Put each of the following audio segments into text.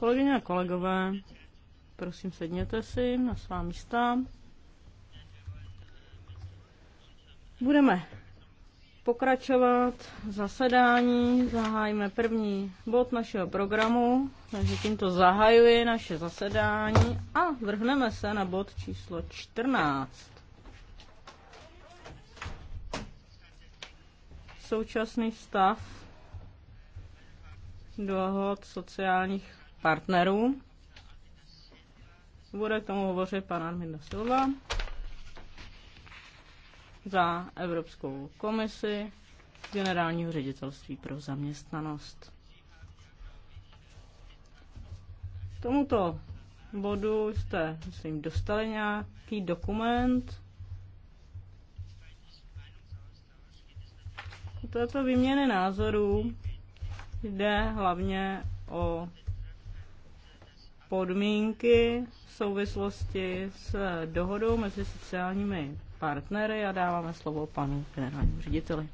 Kolegyně a kolegové, prosím sedněte si na svá místa. Budeme pokračovat zasedání. Zahájíme první bod našeho programu, takže tímto zahajuji naše zasedání a vrhneme se na bod číslo 14. Současný stav dohod sociálních partnerů. Bude k tomu hovořit pan Arminda Silva za Evropskou komisi generálního ředitelství pro zaměstnanost. K tomuto bodu jste, myslím, dostali nějaký dokument. Toto výměny názorů Jde hlavně o podmínky v souvislosti s dohodou mezi sociálními partnery a dáváme slovo panu generálnímu řediteli.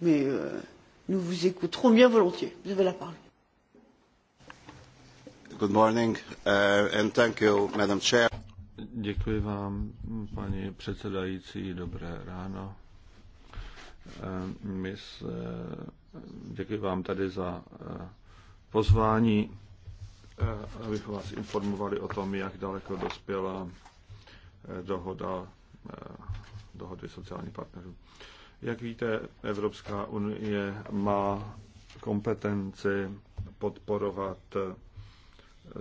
My, euh, nous vous écouterons bien volontiers. Vous avez la parole. Good morning uh, and thank you, Madam Chair. Děkuji vám, paní předsedající. Dobré ráno. Uh, my se Děkuji vám tady za eh, pozvání, eh, abych vás informovali o tom, jak daleko dospěla eh, dohoda, dohody sociálních partnerů. Jak víte, Evropská unie má kompetenci podporovat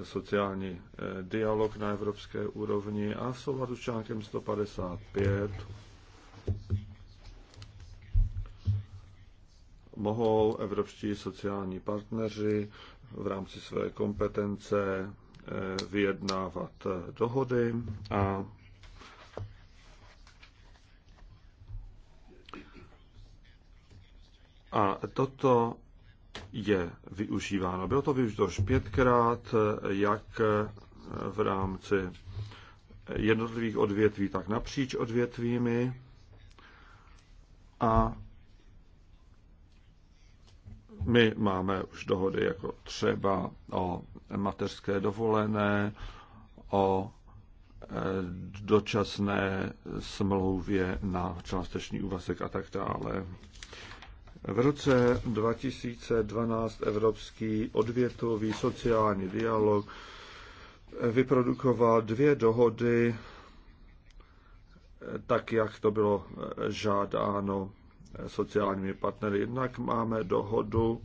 sociální dialog na evropské úrovni a v souladu s článkem 155 mohou evropští sociální partneři v rámci své kompetence eh, vyjednávat eh, dohody a A toto je využíváno. Bylo to využito už pětkrát, eh, jak v rámci jednotlivých odvětví, tak napříč odvětvími. A my máme už dohody jako třeba o mateřské dovolené, o e, dočasné smlouvě na částečný úvazek a tak dále. V roce 2012 Evropský odvětový sociální dialog vyprodukoval dvě dohody, e, tak jak to bylo e, žádáno sociálními partnery. Jednak máme dohodu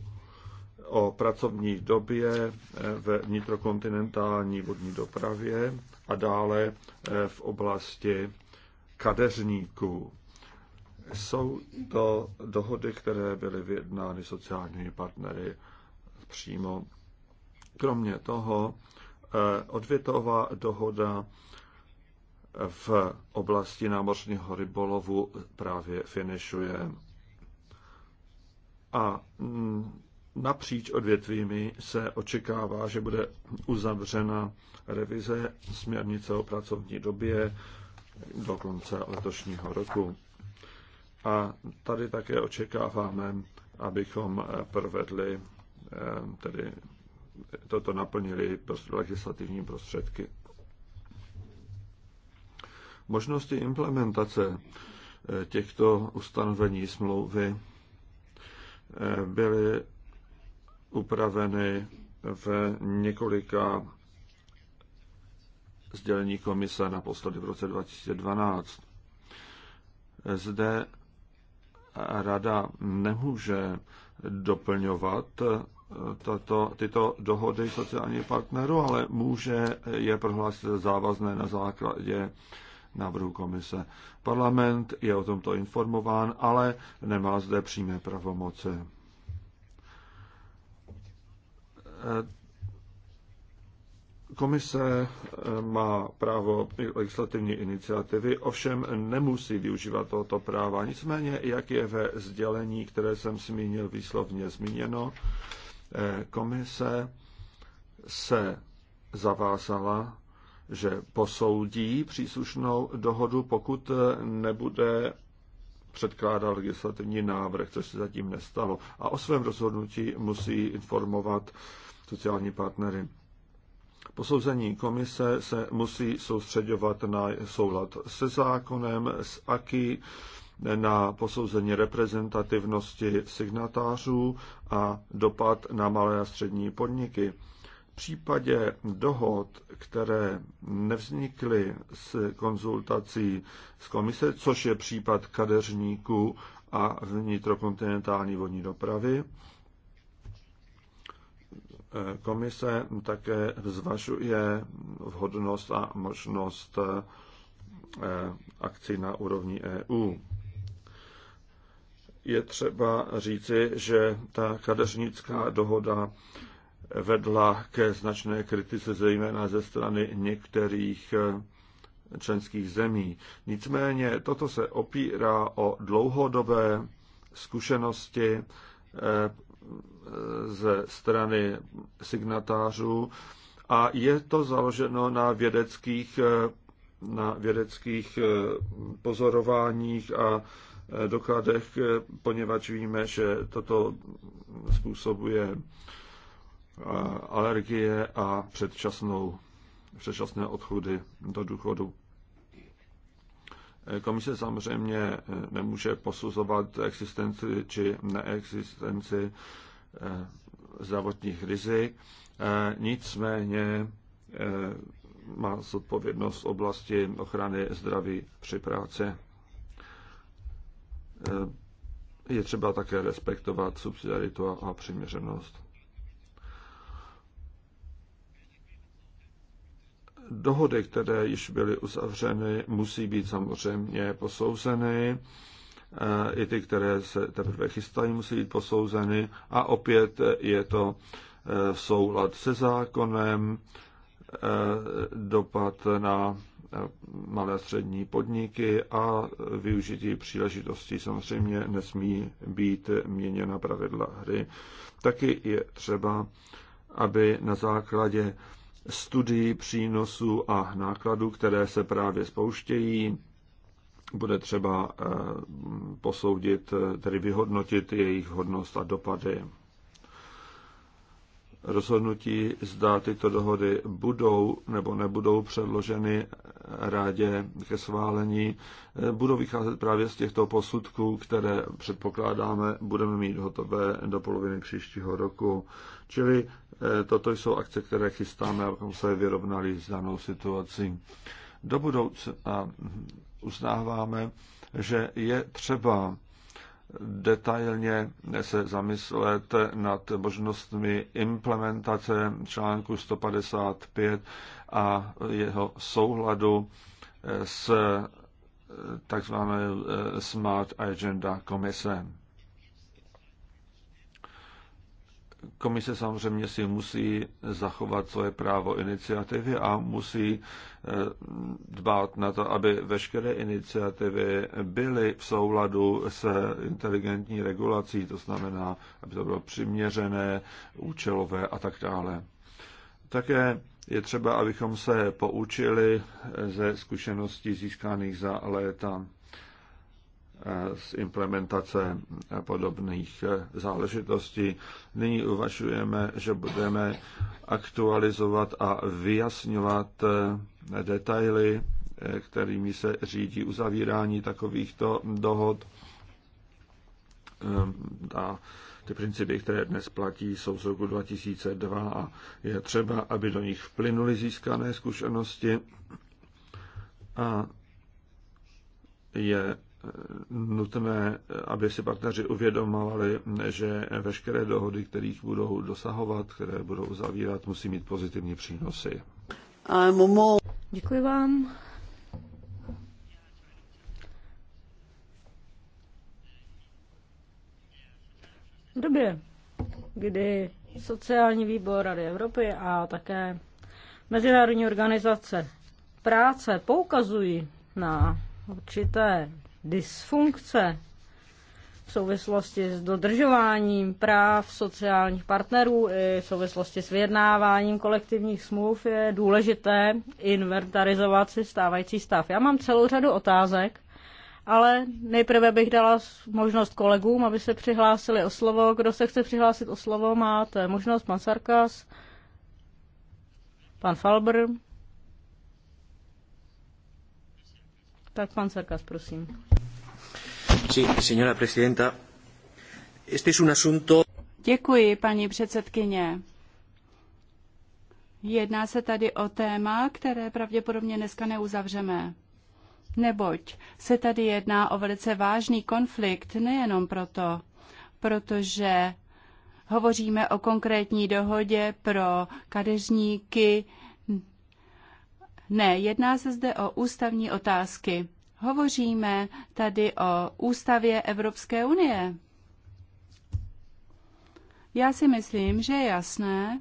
o pracovní době eh, ve vnitrokontinentální vodní dopravě a dále eh, v oblasti kadeřníků. Jsou to dohody, které byly vyjednány sociálními partnery přímo. Kromě toho eh, odvětová dohoda v oblasti námořního rybolovu právě finišuje a mm, napříč odvětvími se očekává, že bude uzavřena revize směrnice o pracovní době do konce letošního roku. A tady také očekáváme, abychom eh, provedli, eh, tedy toto naplnili legislativní prostředky. Možnosti implementace eh, těchto ustanovení smlouvy byly upraveny v několika sdělení komise naposledy v roce 2012. Zde rada nemůže doplňovat tato, tyto dohody sociálních partnerů, ale může je prohlásit závazné na základě návrhu komise. Parlament je o tomto informován, ale nemá zde přímé pravomoci. Eh, komise eh, má právo legislativní iniciativy, ovšem nemusí využívat tohoto práva. Nicméně, jak je ve sdělení, které jsem zmínil, výslovně zmíněno, eh, komise se zavázala, že posoudí příslušnou dohodu, pokud eh, nebude předkládal legislativní návrh, což se zatím nestalo. A o svém rozhodnutí musí informovat sociální partnery. Posouzení komise se musí soustředovat na soulad se zákonem, s AKI, na posouzení reprezentativnosti signatářů a dopad na malé a střední podniky případě dohod, které nevznikly s konzultací s komise, což je případ kadeřníků a vnitrokontinentální vodní dopravy, komise také zvažuje vhodnost a možnost eh, akcí na úrovni EU. Je třeba říci, že ta kadeřnická dohoda vedla ke značné kritice, zejména ze strany některých eh, členských zemí. Nicméně toto se opírá o dlouhodobé zkušenosti eh, ze strany signatářů a je to založeno na vědeckých, eh, na vědeckých pozorováních a dokladech, poněvadž víme, že toto způsobuje alergie a předčasnou, předčasné odchody do důchodu. Komise samozřejmě nemůže posuzovat existenci či neexistenci eh, zdravotních rizik, eh, nicméně eh, má zodpovědnost v oblasti ochrany zdraví při práci. Je třeba také respektovat subsidiaritu a přiměřenost. Dohody, které již byly uzavřeny, musí být samozřejmě posouzeny. E, I ty, které se teprve chystají, musí být posouzeny. A opět je to v e, soulad se zákonem, e, dopad na malé a střední podniky a využití příležitostí samozřejmě nesmí být měněna pravidla hry. Taky je třeba, aby na základě studii přínosu a nákladu, které se právě spouštějí. Bude třeba eh, posoudit, eh, tedy vyhodnotit jejich hodnost a dopady. Rozhodnutí, zda tyto dohody budou nebo nebudou předloženy eh, rádě ke schválení, budou vycházet právě z těchto posudků, které předpokládáme budeme mít hotové do poloviny příštího roku. Čili Eh, toto jsou akce, které chystáme, abychom se vyrovnali s danou situací. Do budoucna hm, uznáváme, že je třeba detailně se zamyslet nad možnostmi implementace článku 155 a jeho souhladu eh, s eh, takzvanou Smart Agenda komise. Komise samozřejmě si musí zachovat svoje právo iniciativy a musí eh, dbát na to, aby veškeré iniciativy byly v souladu s inteligentní regulací, to znamená, aby to bylo přiměřené, účelové a tak dále. Také je třeba, abychom se poučili ze zkušeností získaných za léta. Eh, z implementace eh, podobných eh, záležitostí. Nyní uvažujeme, že budeme aktualizovat a vyjasňovat detaily, kterými se řídí uzavírání takovýchto dohod. A ty principy, které dnes platí, jsou z roku 2002 a je třeba, aby do nich vplynuly získané zkušenosti a je nutné, aby si partneři uvědomovali, že veškeré dohody, kterých budou dosahovat, které budou zavírat, musí mít pozitivní přínosy. Děkuji vám. V době, kdy sociální výbor Rady Evropy a také Mezinárodní organizace práce poukazují na určité dysfunkce v souvislosti s dodržováním práv sociálních partnerů i v souvislosti s vyjednáváním kolektivních smluv je důležité inventarizovat si stávající stav. Já mám celou řadu otázek, ale nejprve bych dala možnost kolegům, aby se přihlásili o slovo. Kdo se chce přihlásit o slovo, máte možnost. Pan Sarkas, pan Falbr, Tak pan prosím. Sí, señora presidenta. Este es un asunto... Děkuji, paní předsedkyně. Jedná se tady o téma, které pravděpodobně dneska neuzavřeme. Neboť se tady jedná o velice vážný konflikt, nejenom proto, protože hovoříme o konkrétní dohodě pro kadeřníky, ne, jedná se zde o ústavní otázky. Hovoříme tady o ústavě Evropské unie. Já si myslím, že je jasné,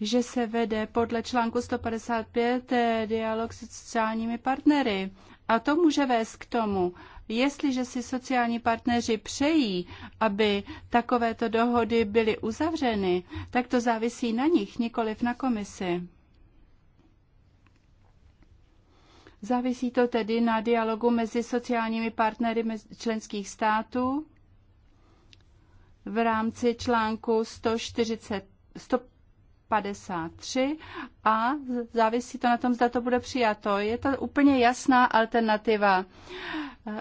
že se vede podle článku 155 eh, dialog se sociálními partnery. A to může vést k tomu, jestliže si sociální partneři přejí, aby takovéto dohody byly uzavřeny, tak to závisí na nich, nikoliv na komisi. Závisí to tedy na dialogu mezi sociálními partnery členských států v rámci článku 140, 153 a závisí to na tom, zda to bude přijato. Je to úplně jasná alternativa.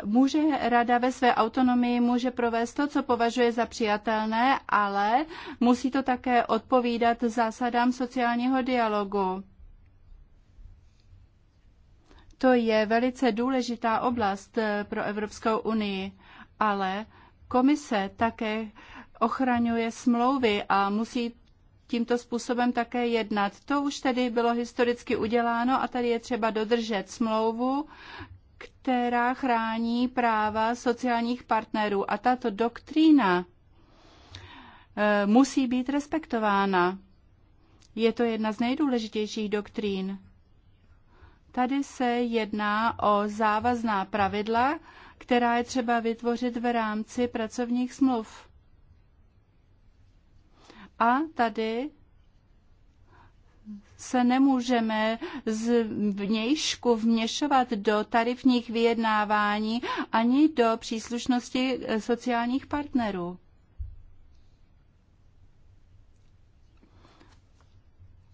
Může rada ve své autonomii může provést to, co považuje za přijatelné, ale musí to také odpovídat zásadám sociálního dialogu. To je velice důležitá oblast eh, pro Evropskou unii, ale komise také ochraňuje smlouvy a musí tímto způsobem také jednat. To už tedy bylo historicky uděláno a tady je třeba dodržet smlouvu, která chrání práva sociálních partnerů. A tato doktrína eh, musí být respektována. Je to jedna z nejdůležitějších doktrín. Tady se jedná o závazná pravidla, která je třeba vytvořit v rámci pracovních smluv. A tady se nemůžeme z vnějšku vměšovat do tarifních vyjednávání ani do příslušnosti sociálních partnerů.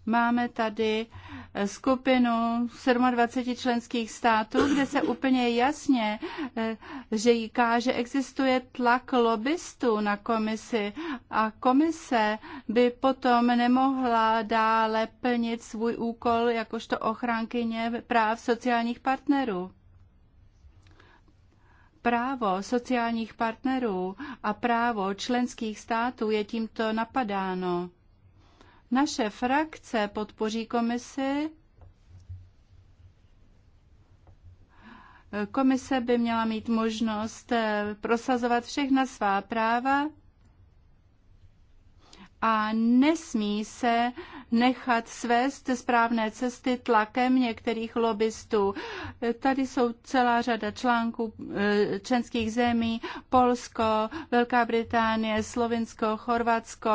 Máme tady eh, skupinu 27 členských států, kde se úplně jasně eh, říká, že existuje tlak lobbystů na komisi a komise by potom nemohla dále plnit svůj úkol jakožto ochránkyně práv sociálních partnerů právo sociálních partnerů a právo členských států je tímto napadáno. Naše frakce podpoří komisi. Komise by měla mít možnost eh, prosazovat všechna svá práva a nesmí se nechat svést správné cesty tlakem některých lobbystů. Tady jsou celá řada článků eh, členských zemí, Polsko, Velká Británie, Slovinsko, Chorvatsko,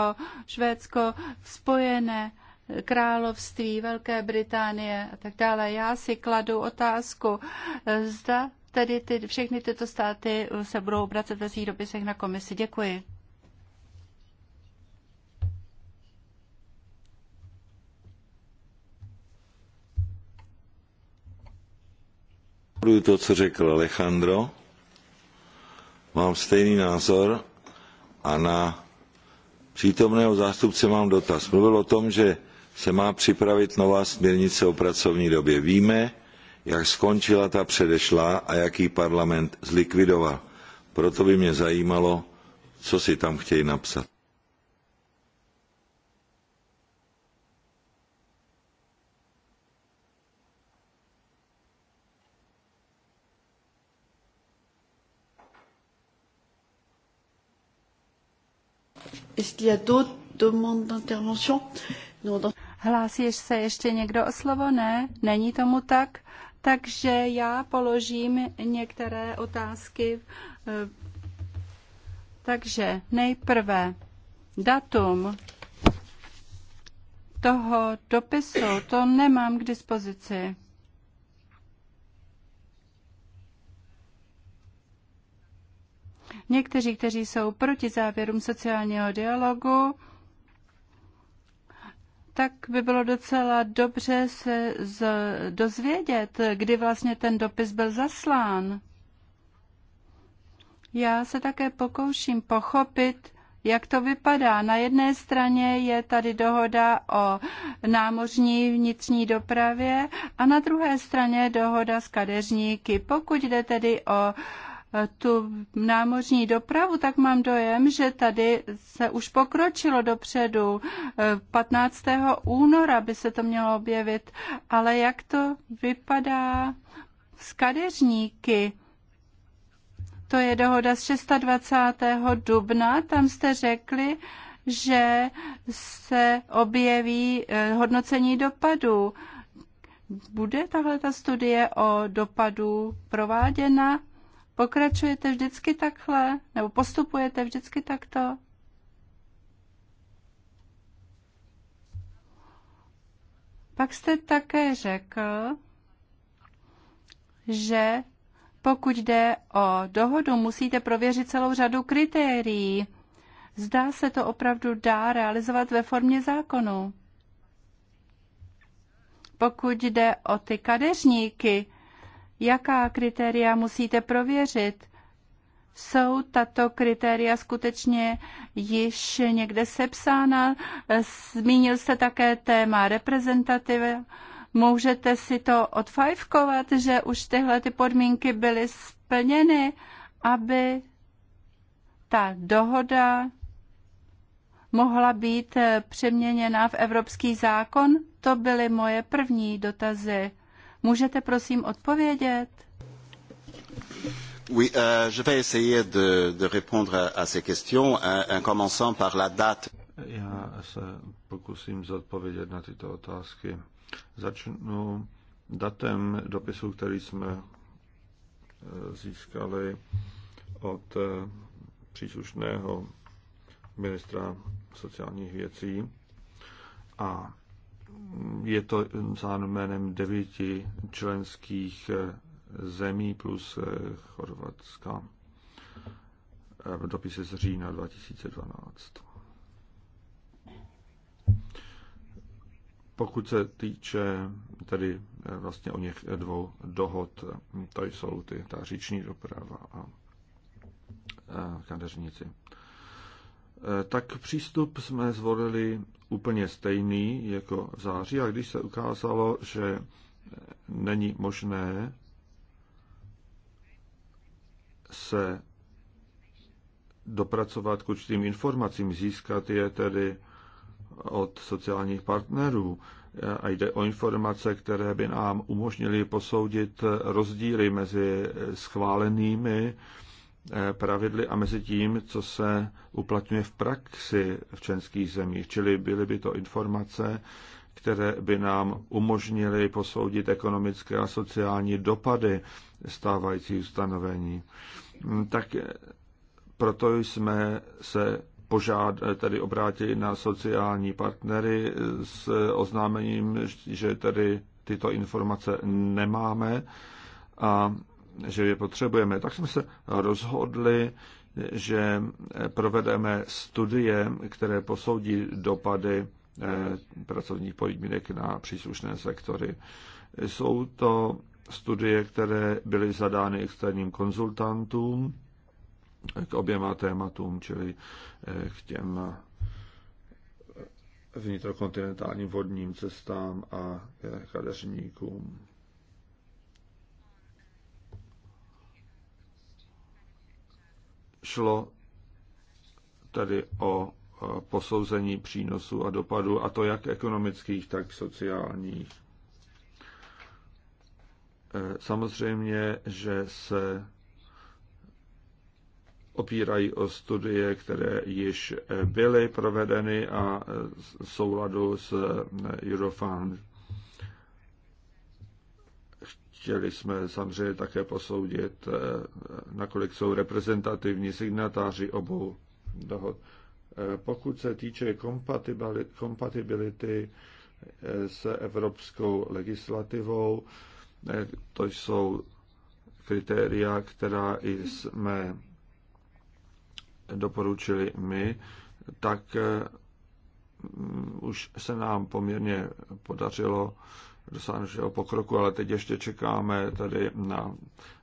Švédsko, Spojené království Velké Británie a tak dále. Já si kladu otázku, eh, zda tedy ty, všechny tyto státy se budou obracet ve svých dopisech na komisi. Děkuji. Podporuji to, co řekl Alejandro. Mám stejný názor a na přítomného zástupce mám dotaz. Mluvil o tom, že se má připravit nová směrnice o pracovní době. Víme, jak skončila ta předešlá a jaký parlament zlikvidoval. Proto by mě zajímalo, co si tam chtějí napsat. Jestli je No, se ještě někdo o slovo? Ne, není tomu tak. Takže já položím některé otázky. Eh, takže nejprve datum toho dopisu, to nemám k dispozici. Někteří, kteří jsou proti závěrům sociálního dialogu, tak by bylo docela dobře se z, dozvědět, kdy vlastně ten dopis byl zaslán. Já se také pokouším pochopit, jak to vypadá. Na jedné straně je tady dohoda o námořní vnitřní dopravě a na druhé straně dohoda s kadeřníky. Pokud jde tedy o tu námořní dopravu, tak mám dojem, že tady se už pokročilo dopředu. 15. Eh, února by se to mělo objevit, ale jak to vypadá s kadeřníky? To je dohoda z 26. dubna, tam jste řekli, že se objeví eh, hodnocení dopadů. Bude tahle ta studie o dopadu prováděna Pokračujete vždycky takhle? Nebo postupujete vždycky takto? Pak jste také řekl, že pokud jde o dohodu, musíte prověřit celou řadu kritérií. Zdá se to opravdu dá realizovat ve formě zákonu. Pokud jde o ty kadeřníky, Jaká kritéria musíte prověřit? Jsou tato kritéria skutečně již někde sepsána? Zmínil se také téma reprezentativy. Můžete si to odfajfkovat, že už tyhle ty podmínky byly splněny, aby ta dohoda mohla být přeměněna v evropský zákon? To byly moje první dotazy. Můžete prosím odpovědět? Oui, euh, je vais essayer de, de répondre à, ces questions en, euh, en commençant par la date. Já se pokusím zodpovědět na tyto otázky. Začnu datem dopisu, který jsme eh, získali od eh, příslušného ministra sociálních věcí a je to psáno jménem devíti členských eh, zemí plus eh, Chorvatska eh, v dopise z října 2012. Pokud se týče tedy vlastně o něch dvou dohod, to jsou ty, ta říční doprava a kadeřnici. Tak přístup jsme zvolili úplně stejný jako v září a když se ukázalo, že není možné se dopracovat k určitým informacím, získat je tedy od sociálních partnerů. A jde o informace, které by nám umožnily posoudit rozdíly mezi schválenými Eh, pravidly a mezi tím, co se uplatňuje v praxi v členských zemích. Čili byly by to informace, které by nám umožnily posoudit ekonomické a sociální dopady stávající ustanovení. Mm, tak eh, proto jsme se požád, eh, tedy obrátili na sociální partnery s oznámením, že tedy tyto informace nemáme a že je potřebujeme, tak jsme se rozhodli, že provedeme studie, které posoudí dopady eh, pracovních podmínek na příslušné sektory. Jsou to studie, které byly zadány externím konzultantům k oběma tématům, čili eh, k těm eh, vnitrokontinentálním vodním cestám a kadeřníkům. šlo tedy o e, posouzení přínosu a dopadu, a to jak ekonomických, tak sociálních. E, samozřejmě, že se opírají o studie, které již e, byly provedeny a souladu s Eurofund chtěli jsme samozřejmě také posoudit, eh, nakolik jsou reprezentativní signatáři obou dohod. Eh, pokud se týče kompatibility eh, s evropskou legislativou, to jsou kritéria, která jsme doporučili my, tak už se nám poměrně podařilo dosáhnutého pokroku, ale teď ještě čekáme tady na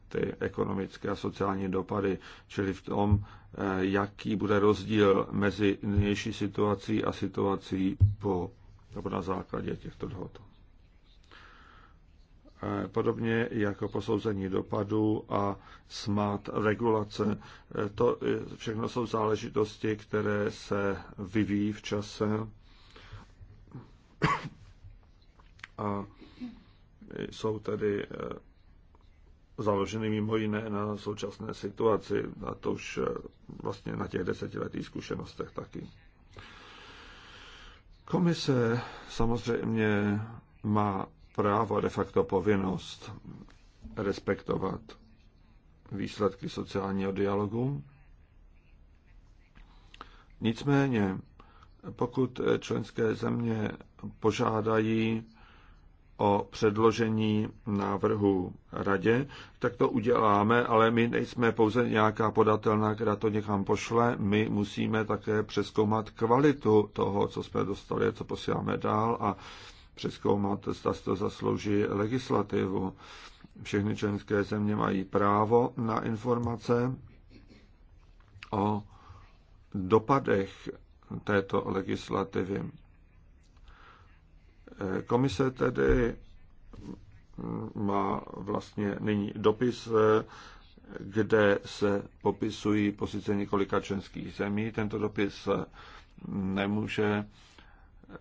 ty ekonomické a sociální dopady, čili v tom, eh, jaký bude rozdíl mezi nynější situací a situací po, nebo na základě těchto dohod. Eh, podobně jako posouzení dopadu a smart regulace. Eh, to všechno jsou záležitosti, které se vyvíjí v čase a jsou tedy eh, založeny mimo jiné na současné situaci, a to už eh, vlastně na těch desetiletých zkušenostech taky. Komise samozřejmě má právo a de facto povinnost respektovat výsledky sociálního dialogu. Nicméně, pokud členské země požádají o předložení návrhu radě, tak to uděláme, ale my nejsme pouze nějaká podatelná, která to někam pošle, my musíme také přeskoumat kvalitu toho, co jsme dostali, co posíláme dál a přeskoumat, zda to zaslouží legislativu. Všechny členské země mají právo na informace o dopadech této legislativy. Komise tedy má vlastně nyní dopis, kde se popisují pozice několika členských zemí. Tento dopis nemůže eh,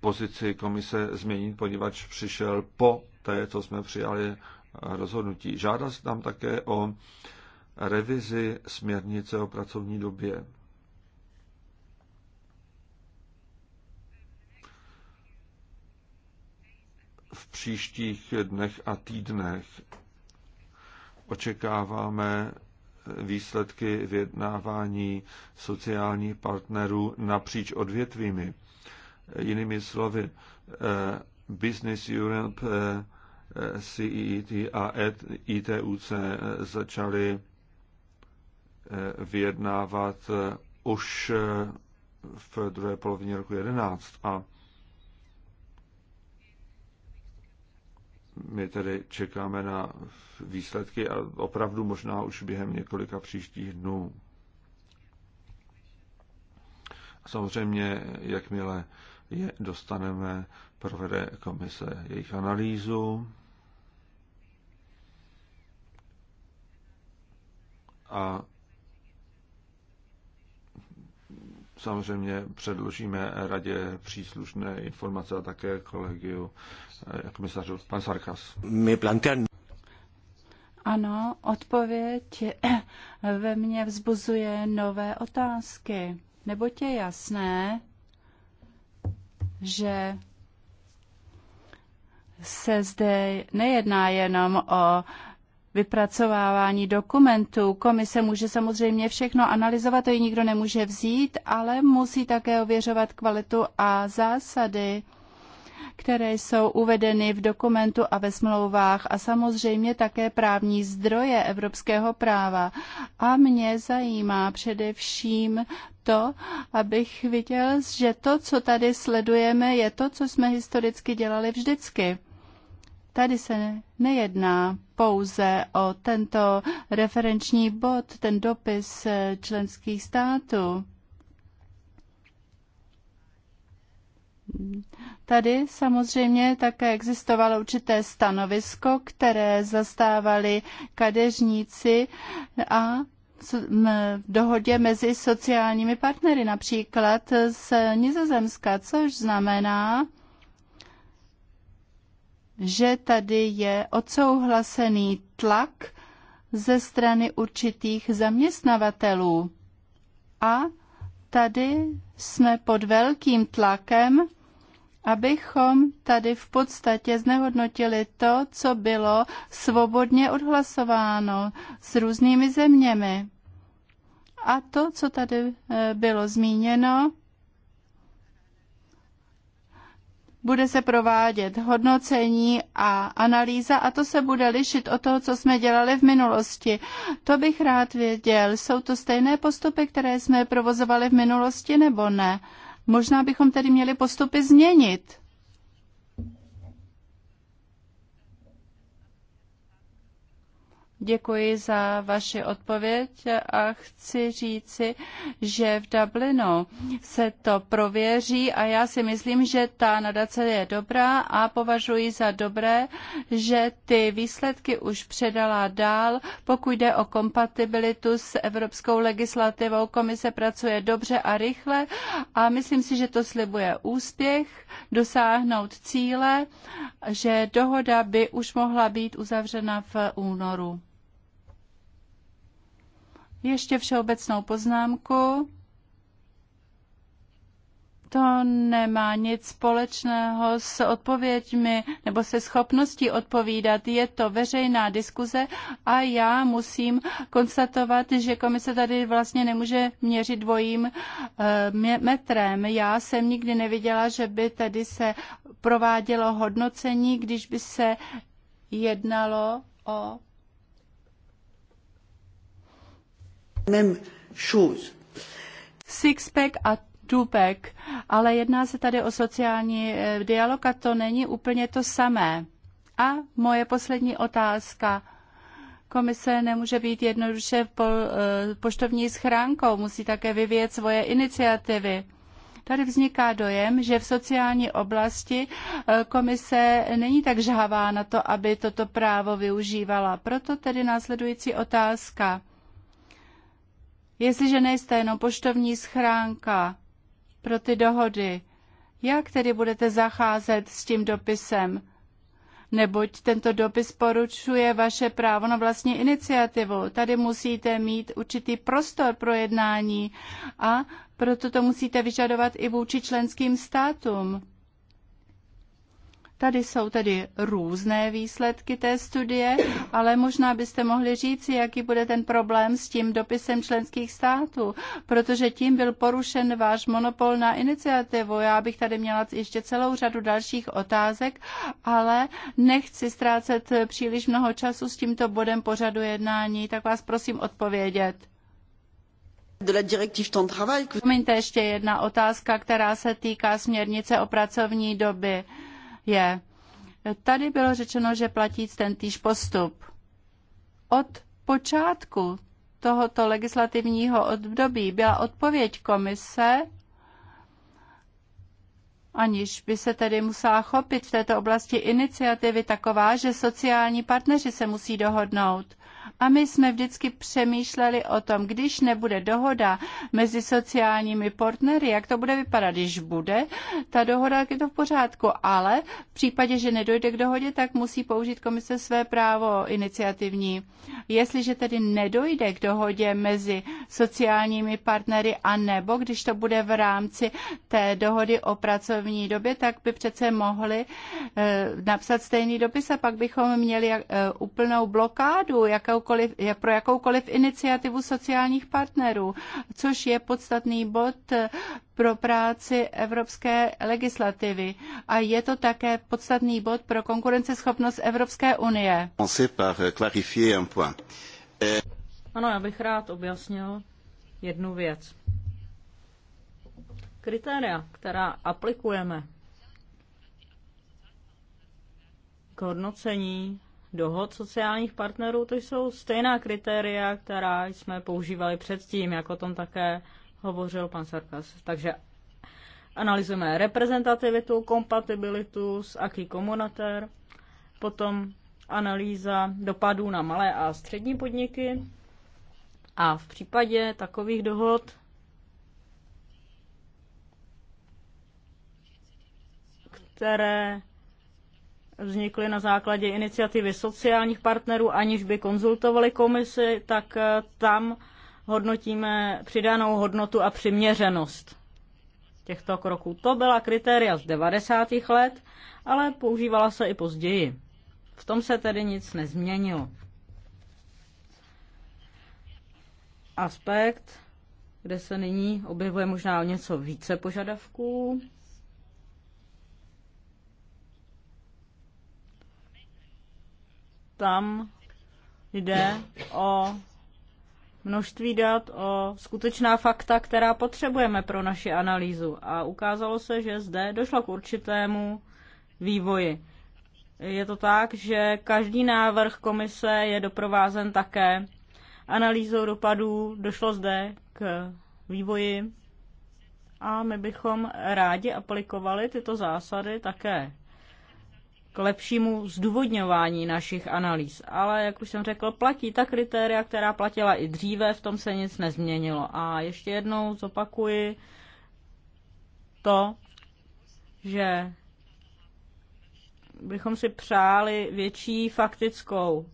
pozici komise změnit, poněvadž přišel po té, co jsme přijali rozhodnutí. Žádá se tam také o revizi směrnice o pracovní době. v příštích dnech a týdnech. Očekáváme výsledky vyjednávání sociálních partnerů napříč odvětvími. Jinými slovy, eh, Business Europe, eh, CET e a e ITUC začaly eh, vyjednávat už v druhé polovině roku 11 a My tedy čekáme na výsledky a opravdu možná už během několika příštích dnů. Samozřejmě, jakmile je dostaneme, provede komise jejich analýzu a samozřejmě předložíme radě příslušné informace a také kolegiu eh, komisařů. Pan Sarkas. My plantean... Ano, odpověď ve mně vzbuzuje nové otázky. Nebo je jasné, že se zde nejedná jenom o vypracovávání dokumentů. Komise může samozřejmě všechno analyzovat, to ji nikdo nemůže vzít, ale musí také ověřovat kvalitu a zásady které jsou uvedeny v dokumentu a ve smlouvách a samozřejmě také právní zdroje evropského práva. A mě zajímá především to, abych viděl, že to, co tady sledujeme, je to, co jsme historicky dělali vždycky. Tady se nejedná pouze o tento referenční bod, ten dopis členských států. Tady samozřejmě také existovalo určité stanovisko, které zastávali kadeřníci a v dohodě mezi sociálními partnery, například z Nizozemska, což znamená, že tady je odsouhlasený tlak ze strany určitých zaměstnavatelů. A tady jsme pod velkým tlakem, abychom tady v podstatě znehodnotili to, co bylo svobodně odhlasováno s různými zeměmi. A to, co tady eh, bylo zmíněno, bude se provádět hodnocení a analýza a to se bude lišit od toho, co jsme dělali v minulosti. To bych rád věděl. Jsou to stejné postupy, které jsme provozovali v minulosti nebo ne? Možná bychom tedy měli postupy změnit. Děkuji za vaši odpověď a chci říci, že v Dublinu se to prověří a já si myslím, že ta nadace je dobrá a považuji za dobré, že ty výsledky už předala dál, pokud jde o kompatibilitu s evropskou legislativou. Komise pracuje dobře a rychle a myslím si, že to slibuje úspěch, dosáhnout cíle, že dohoda by už mohla být uzavřena v únoru. Ještě všeobecnou poznámku. To nemá nic společného s odpověďmi nebo se schopností odpovídat. Je to veřejná diskuze a já musím konstatovat, že komise tady vlastně nemůže měřit dvojím eh, metrem. Já jsem nikdy neviděla, že by tady se provádělo hodnocení, když by se jednalo o Même chose. Sixpack a Tupek, ale jedná se tady o sociální eh, dialog a to není úplně to samé. A moje poslední otázka. Komise nemůže být jednoduše po, eh, poštovní schránkou, musí také vyvíjet svoje iniciativy. Tady vzniká dojem, že v sociální oblasti eh, komise není tak žhavá na to, aby toto právo využívala. Proto tedy následující otázka. Jestliže nejste jenom poštovní schránka pro ty dohody, jak tedy budete zacházet s tím dopisem? Neboť tento dopis poručuje vaše právo na vlastní iniciativu. Tady musíte mít určitý prostor pro jednání a proto to musíte vyžadovat i vůči členským státům. Tady jsou tedy různé výsledky té studie, ale možná byste mohli říci, jaký bude ten problém s tím dopisem členských států, protože tím byl porušen váš monopol na iniciativu. Já bych tady měla ještě celou řadu dalších otázek, ale nechci ztrácet příliš mnoho času s tímto bodem pořadu jednání, tak vás prosím odpovědět de la directive travail. Promiňte, ještě jedna otázka, která se týká směrnice o pracovní době je, tady bylo řečeno, že platí ten týž postup. Od počátku tohoto legislativního období byla odpověď komise, aniž by se tedy musela chopit v této oblasti iniciativy taková, že sociální partneři se musí dohodnout. A my jsme vždycky přemýšleli o tom, když nebude dohoda mezi sociálními partnery, jak to bude vypadat. Když bude ta dohoda, tak je to v pořádku, ale v případě, že nedojde k dohodě, tak musí použít komise své právo iniciativní. Jestliže tedy nedojde k dohodě mezi sociálními partnery a nebo když to bude v rámci té dohody o pracovní době, tak by přece mohli e, napsat stejný dopis a pak bychom měli e, úplnou blokádu, jako jakoukoliv, pro jakoukoliv iniciativu sociálních partnerů, což je podstatný bod eh, pro práci evropské legislativy. A je to také podstatný bod pro konkurenceschopnost Evropské unie. Eh, eh, ano, já bych rád objasnil jednu věc. Kritéria, která aplikujeme k hodnocení dohod sociálních partnerů, to jsou stejná kritéria, která jsme používali předtím, jak o tom také hovořil pan Sarkas. Takže analyzujeme reprezentativitu, kompatibilitu s aký komunatér, potom analýza dopadů na malé a střední podniky a v případě takových dohod které vznikly na základě iniciativy sociálních partnerů, aniž by konzultovali komisi, tak eh, tam hodnotíme přidanou hodnotu a přiměřenost těchto kroků. To byla kritéria z 90. let, ale používala se i později. V tom se tedy nic nezměnilo. Aspekt, kde se nyní objevuje možná něco více požadavků, tam jde o množství dat, o skutečná fakta, která potřebujeme pro naši analýzu. A ukázalo se, že zde došlo k určitému vývoji. Je to tak, že každý návrh komise je doprovázen také analýzou dopadů. Došlo zde k vývoji a my bychom rádi aplikovali tyto zásady také k lepšímu zdůvodňování našich analýz. Ale, jak už jsem řekl, platí ta kritéria, která platila i dříve, v tom se nic nezměnilo. A ještě jednou zopakuji to, že bychom si přáli větší faktickou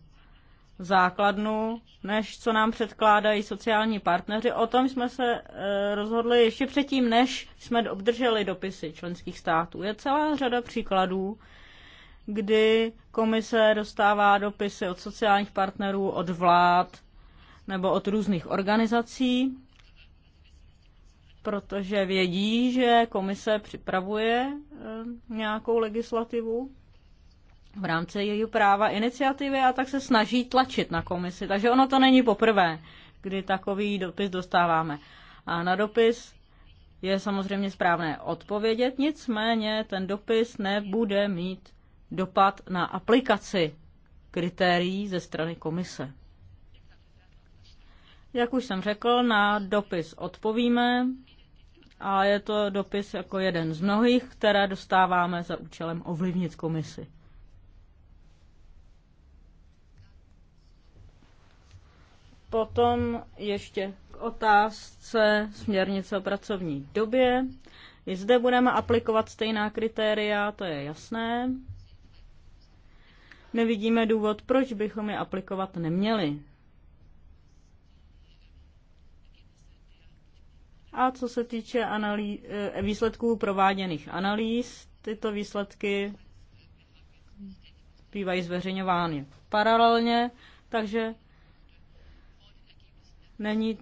základnu, než co nám předkládají sociální partneři. O tom jsme se e, rozhodli ještě předtím, než jsme obdrželi dopisy členských států. Je celá řada příkladů, kdy komise dostává dopisy od sociálních partnerů, od vlád nebo od různých organizací, protože vědí, že komise připravuje eh, nějakou legislativu v rámci jejího práva iniciativy a tak se snaží tlačit na komisi. Takže ono to není poprvé, kdy takový dopis dostáváme. A na dopis je samozřejmě správné odpovědět, nicméně ten dopis nebude mít dopad na aplikaci kritérií ze strany komise. Jak už jsem řekl, na dopis odpovíme a je to dopis jako jeden z mnohých, které dostáváme za účelem ovlivnit komisi. Potom ještě k otázce směrnice o pracovní době. I zde budeme aplikovat stejná kritéria, to je jasné nevidíme důvod, proč bychom je aplikovat neměli. A co se týče analý- eh, výsledků prováděných analýz, tyto výsledky bývají zveřejňovány paralelně, takže není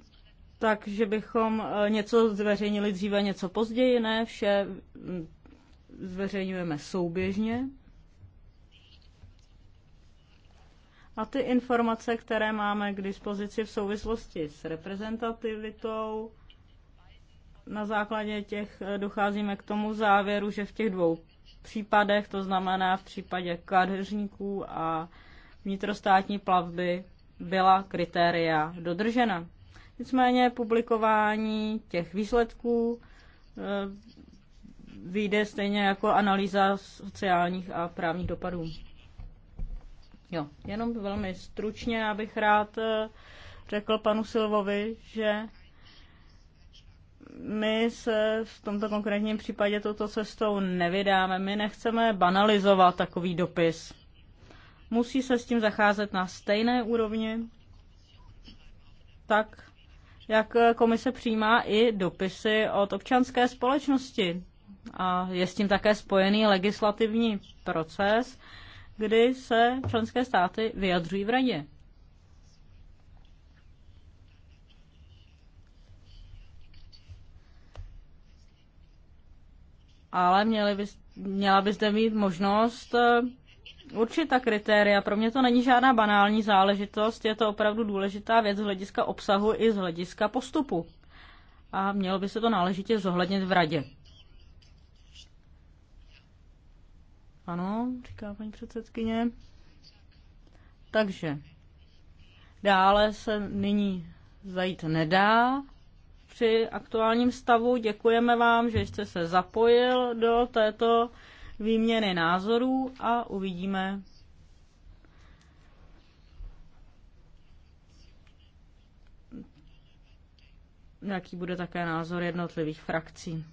tak, že bychom eh, něco zveřejnili dříve, něco později, ne, vše hm, zveřejňujeme souběžně. A ty informace, které máme k dispozici v souvislosti s reprezentativitou, na základě těch eh, docházíme k tomu závěru, že v těch dvou případech, to znamená v případě kadeřníků a vnitrostátní plavby, byla kritéria dodržena. Nicméně publikování těch výsledků eh, vyjde stejně jako analýza sociálních a právních dopadů. Jo, jenom velmi stručně, já bych rád eh, řekl panu Silvovi, že my se v tomto konkrétním případě touto cestou nevydáme. My nechceme banalizovat takový dopis. Musí se s tím zacházet na stejné úrovni, tak jak komise přijímá i dopisy od občanské společnosti. A je s tím také spojený legislativní proces kdy se členské státy vyjadřují v radě. Ale měli by, měla by zde mít možnost eh, určitá kritéria. Pro mě to není žádná banální záležitost, je to opravdu důležitá věc z hlediska obsahu i z hlediska postupu. A mělo by se to náležitě zohlednit v radě. Ano, říká paní předsedkyně. Takže dále se nyní zajít nedá. Při aktuálním stavu děkujeme vám, že jste se zapojil do této výměny názorů a uvidíme, jaký bude také názor jednotlivých frakcí.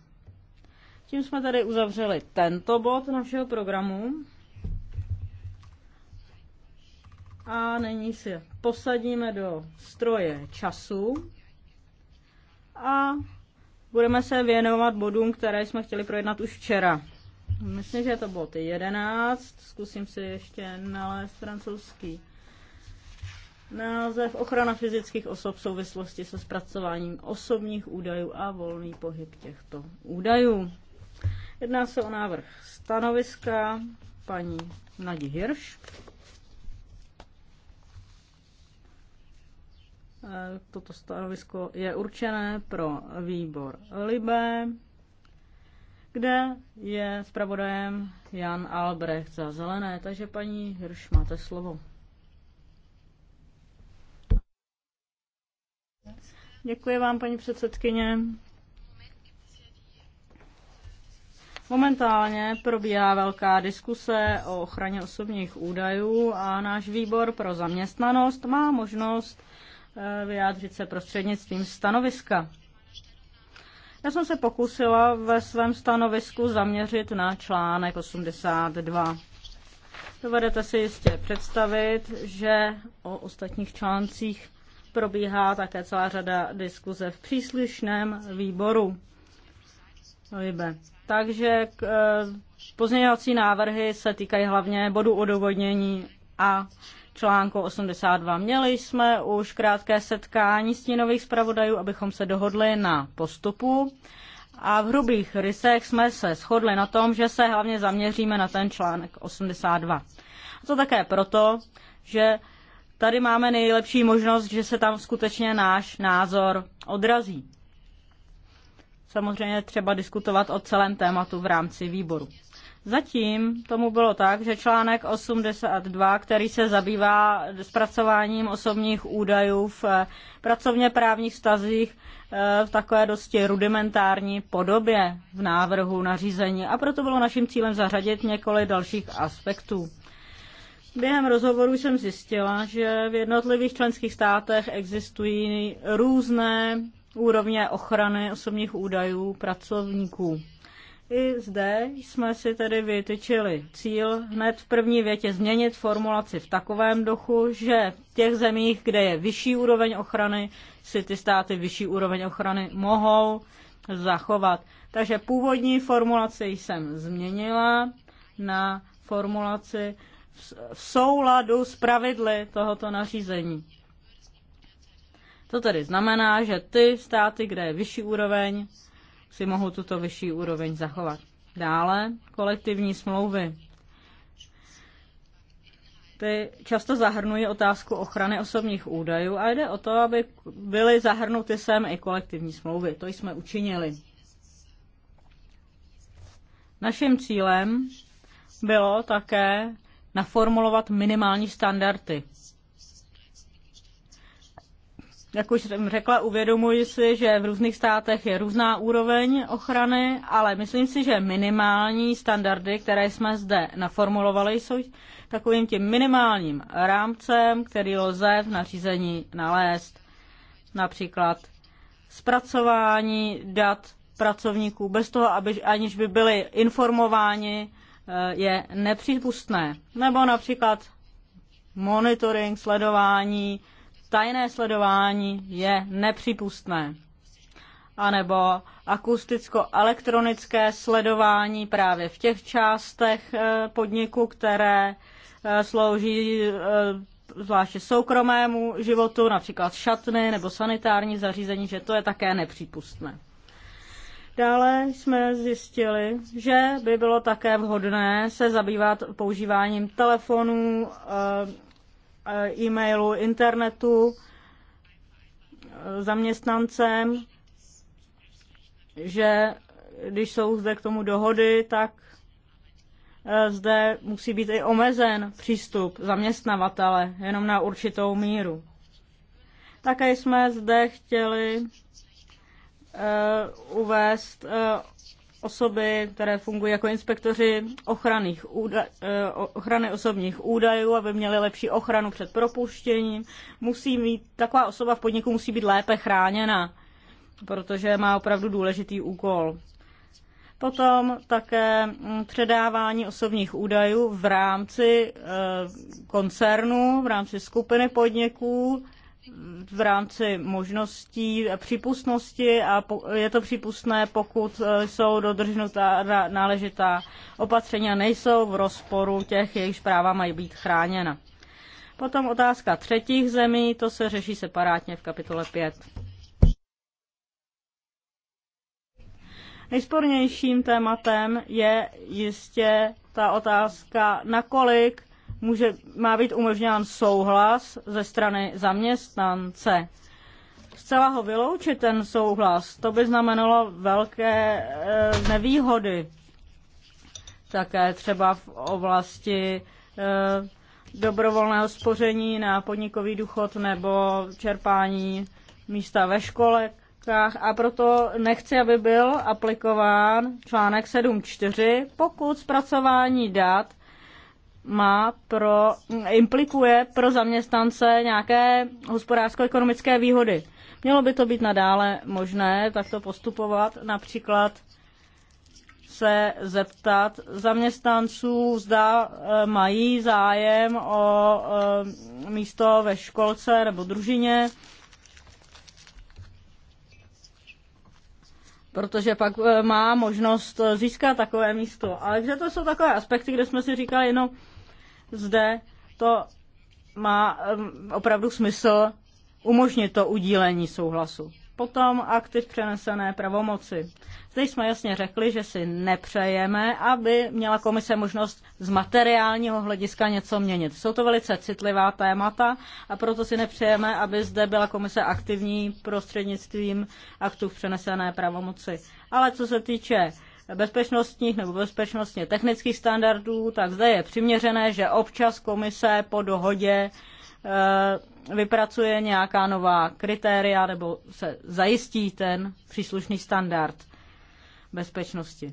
Tím jsme tady uzavřeli tento bod našeho programu. A nyní si posadíme do stroje času a budeme se věnovat bodům, které jsme chtěli projednat už včera. Myslím, že je to bod 11. Zkusím si ještě nalézt francouzský název Ochrana fyzických osob v souvislosti se zpracováním osobních údajů a volný pohyb těchto údajů. Jedná se o návrh stanoviska paní Nadi Hirš. Toto stanovisko je určené pro výbor Libé, kde je zpravodajem Jan Albrecht za zelené. Takže paní Hirš, máte slovo. Děkuji vám, paní předsedkyně. Momentálně probíhá velká diskuse o ochraně osobních údajů a náš výbor pro zaměstnanost má možnost eh, vyjádřit se prostřednictvím stanoviska. Já jsem se pokusila ve svém stanovisku zaměřit na článek 82. Dovedete si jistě představit, že o ostatních článcích probíhá také celá řada diskuze v příslušném výboru. Libe. Takže e, pozměňovací návrhy se týkají hlavně bodu odůvodnění a článku 82. Měli jsme už krátké setkání stínových zpravodajů, abychom se dohodli na postupu. A v hrubých rysech jsme se shodli na tom, že se hlavně zaměříme na ten článek 82. A to také proto, že tady máme nejlepší možnost, že se tam skutečně náš názor odrazí samozřejmě třeba diskutovat o celém tématu v rámci výboru. Zatím tomu bylo tak, že článek 82, který se zabývá zpracováním osobních údajů v eh, pracovně právních stazích eh, v takové dosti rudimentární podobě v návrhu nařízení. A proto bylo naším cílem zařadit několik dalších aspektů. Během rozhovoru jsem zjistila, že v jednotlivých členských státech existují různé úrovně ochrany osobních údajů pracovníků. I zde jsme si tedy vytyčili cíl hned v první větě změnit formulaci v takovém duchu, že v těch zemích, kde je vyšší úroveň ochrany, si ty státy vyšší úroveň ochrany mohou zachovat. Takže původní formulaci jsem změnila na formulaci v souladu s pravidly tohoto nařízení. To tedy znamená, že ty státy, kde je vyšší úroveň, si mohou tuto vyšší úroveň zachovat. Dále kolektivní smlouvy. Ty často zahrnují otázku ochrany osobních údajů a jde o to, aby byly zahrnuty sem i kolektivní smlouvy. To jsme učinili. Naším cílem bylo také naformulovat minimální standardy jak už jsem řekla, uvědomuji si, že v různých státech je různá úroveň ochrany, ale myslím si, že minimální standardy, které jsme zde naformulovali, jsou takovým tím minimálním rámcem, který lze v nařízení nalézt. Například zpracování dat pracovníků bez toho, aby, aniž by byli informováni, eh, je nepřípustné. Nebo například monitoring, sledování tajné sledování je nepřípustné. A nebo akusticko-elektronické sledování právě v těch částech eh, podniku, které eh, slouží eh, zvláště soukromému životu, například šatny nebo sanitární zařízení, že to je také nepřípustné. Dále jsme zjistili, že by bylo také vhodné se zabývat používáním telefonů, Eh, e-mailu, internetu, eh, zaměstnancem, že když jsou zde k tomu dohody, tak eh, zde musí být i omezen přístup zaměstnavatele jenom na určitou míru. Také jsme zde chtěli uvést osoby, které fungují jako inspektoři ochranných údaj, eh, ochrany osobních údajů, aby měli lepší ochranu před propuštěním. Musí mít, taková osoba v podniku musí být lépe chráněna, protože má opravdu důležitý úkol. Potom také mm, předávání osobních údajů v rámci eh, koncernu, v rámci skupiny podniků, v rámci možností přípustnosti a je to přípustné, pokud e, jsou dodržnutá náležitá opatření a nejsou v rozporu těch, jejichž práva mají být chráněna. Potom otázka třetích zemí, to se řeší separátně v kapitole 5. Nejspornějším tématem je jistě ta otázka, nakolik může, má být umožňován souhlas ze strany zaměstnance. Zcela ho vyloučit ten souhlas, to by znamenalo velké e, nevýhody. Také třeba v oblasti e, dobrovolného spoření na podnikový důchod nebo čerpání místa ve škole, a proto nechci, aby byl aplikován článek 7.4, pokud zpracování dat má pro, implikuje pro zaměstnance nějaké hospodářsko-ekonomické výhody. Mělo by to být nadále možné takto postupovat, například se zeptat zaměstnanců, zda eh, mají zájem o eh, místo ve školce nebo družině, protože pak eh, má možnost získat takové místo. Ale že to jsou takové aspekty, kde jsme si říkali, no, zde to má opravdu smysl umožnit to udílení souhlasu. Potom akty přenesené pravomoci. Zde jsme jasně řekli, že si nepřejeme, aby měla komise možnost z materiálního hlediska něco měnit. Jsou to velice citlivá témata a proto si nepřejeme, aby zde byla komise aktivní prostřednictvím aktů přenesené pravomoci. Ale co se týče bezpečnostních nebo bezpečnostně technických standardů, tak zde je přiměřené, že občas komise po dohodě eh, vypracuje nějaká nová kritéria nebo se zajistí ten příslušný standard bezpečnosti.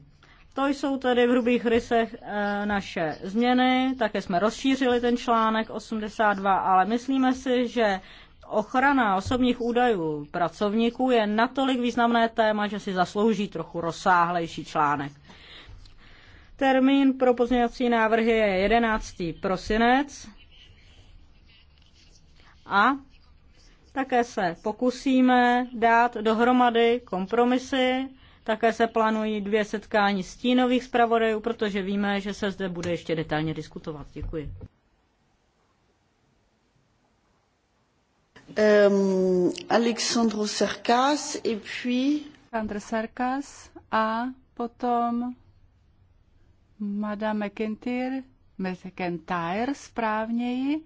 To jsou tedy v hrubých rysech eh, naše změny, také jsme rozšířili ten článek 82, ale myslíme si, že ochrana osobních údajů pracovníků je natolik významné téma, že si zaslouží trochu rozsáhlejší článek. Termín pro pozměňovací návrhy je 11. prosinec a také se pokusíme dát dohromady kompromisy. Také se plánují dvě setkání stínových zpravodajů, protože víme, že se zde bude ještě detailně diskutovat. Děkuji. um, Alexandro Serkas et puis Alexandro Serkas a potom Madame McIntyre, McIntyre správněji.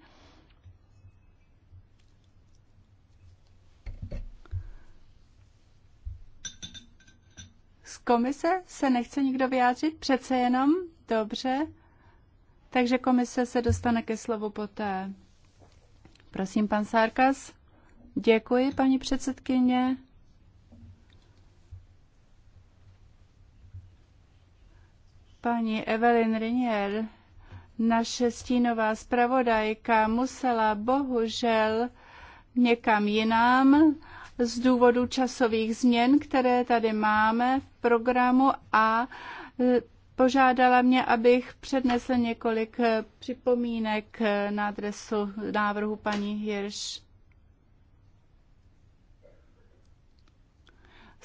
Z komise se nechce nikdo vyjádřit, přece jenom, dobře. Takže komise se dostane ke slovu poté. Prosím, pan Sarkas. Děkuji, paní předsedkyně. Paní Evelyn Rinier, naše stínová zpravodajka, musela bohužel někam jinam z důvodu časových změn, které tady máme v programu a e, požádala mě, abych přednesl několik e, připomínek e, na adresu návrhu paní Hirsch.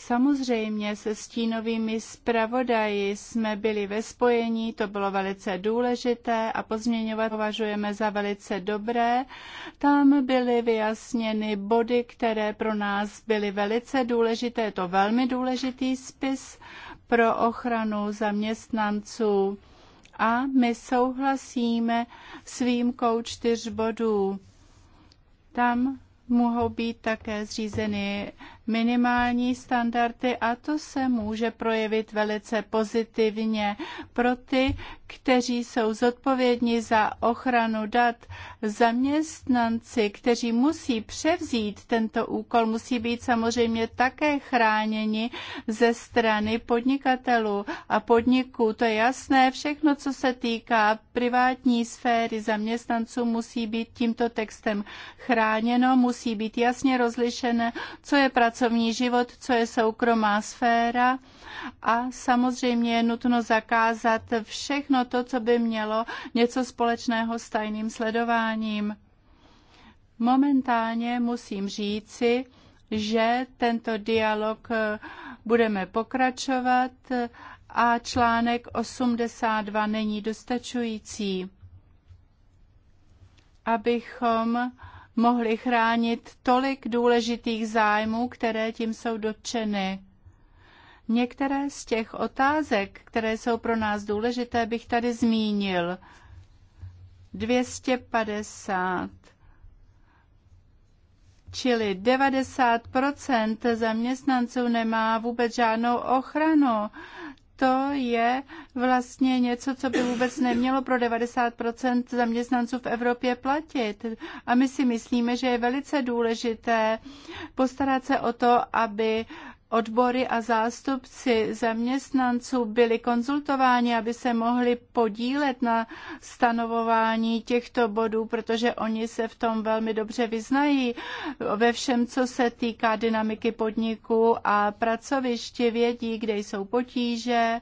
Samozřejmě se stínovými zpravodaji jsme byli ve spojení, to bylo velice důležité a pozměňovat považujeme za velice dobré. Tam byly vyjasněny body, které pro nás byly velice důležité. Je to velmi důležitý spis pro ochranu zaměstnanců a my souhlasíme s výjimkou čtyř bodů. Tam mohou být také zřízeny minimální standardy a to se může projevit velice pozitivně pro ty, kteří jsou zodpovědní za ochranu dat. Zaměstnanci, kteří musí převzít tento úkol, musí být samozřejmě také chráněni ze strany podnikatelů a podniků. To je jasné, všechno, co se týká privátní sféry zaměstnanců, musí být tímto textem chráněno, musí být jasně rozlišené, co je pracovní pracovní život, co je soukromá sféra a samozřejmě je nutno zakázat všechno to, co by mělo něco společného s tajným sledováním. Momentálně musím říci, že tento dialog eh, budeme pokračovat a článek 82 není dostačující, abychom mohli chránit tolik důležitých zájmů, které tím jsou dotčeny. Některé z těch otázek, které jsou pro nás důležité, bych tady zmínil. 250 čili 90 zaměstnanců nemá vůbec žádnou ochranu to je vlastně něco, co by vůbec nemělo pro 90 zaměstnanců v Evropě platit. A my si myslíme, že je velice důležité postarat se o to, aby Odbory a zástupci zaměstnanců byli konzultováni, aby se mohli podílet na stanovování těchto bodů, protože oni se v tom velmi dobře vyznají ve všem, co se týká dynamiky podniku a pracoviště vědí, kde jsou potíže,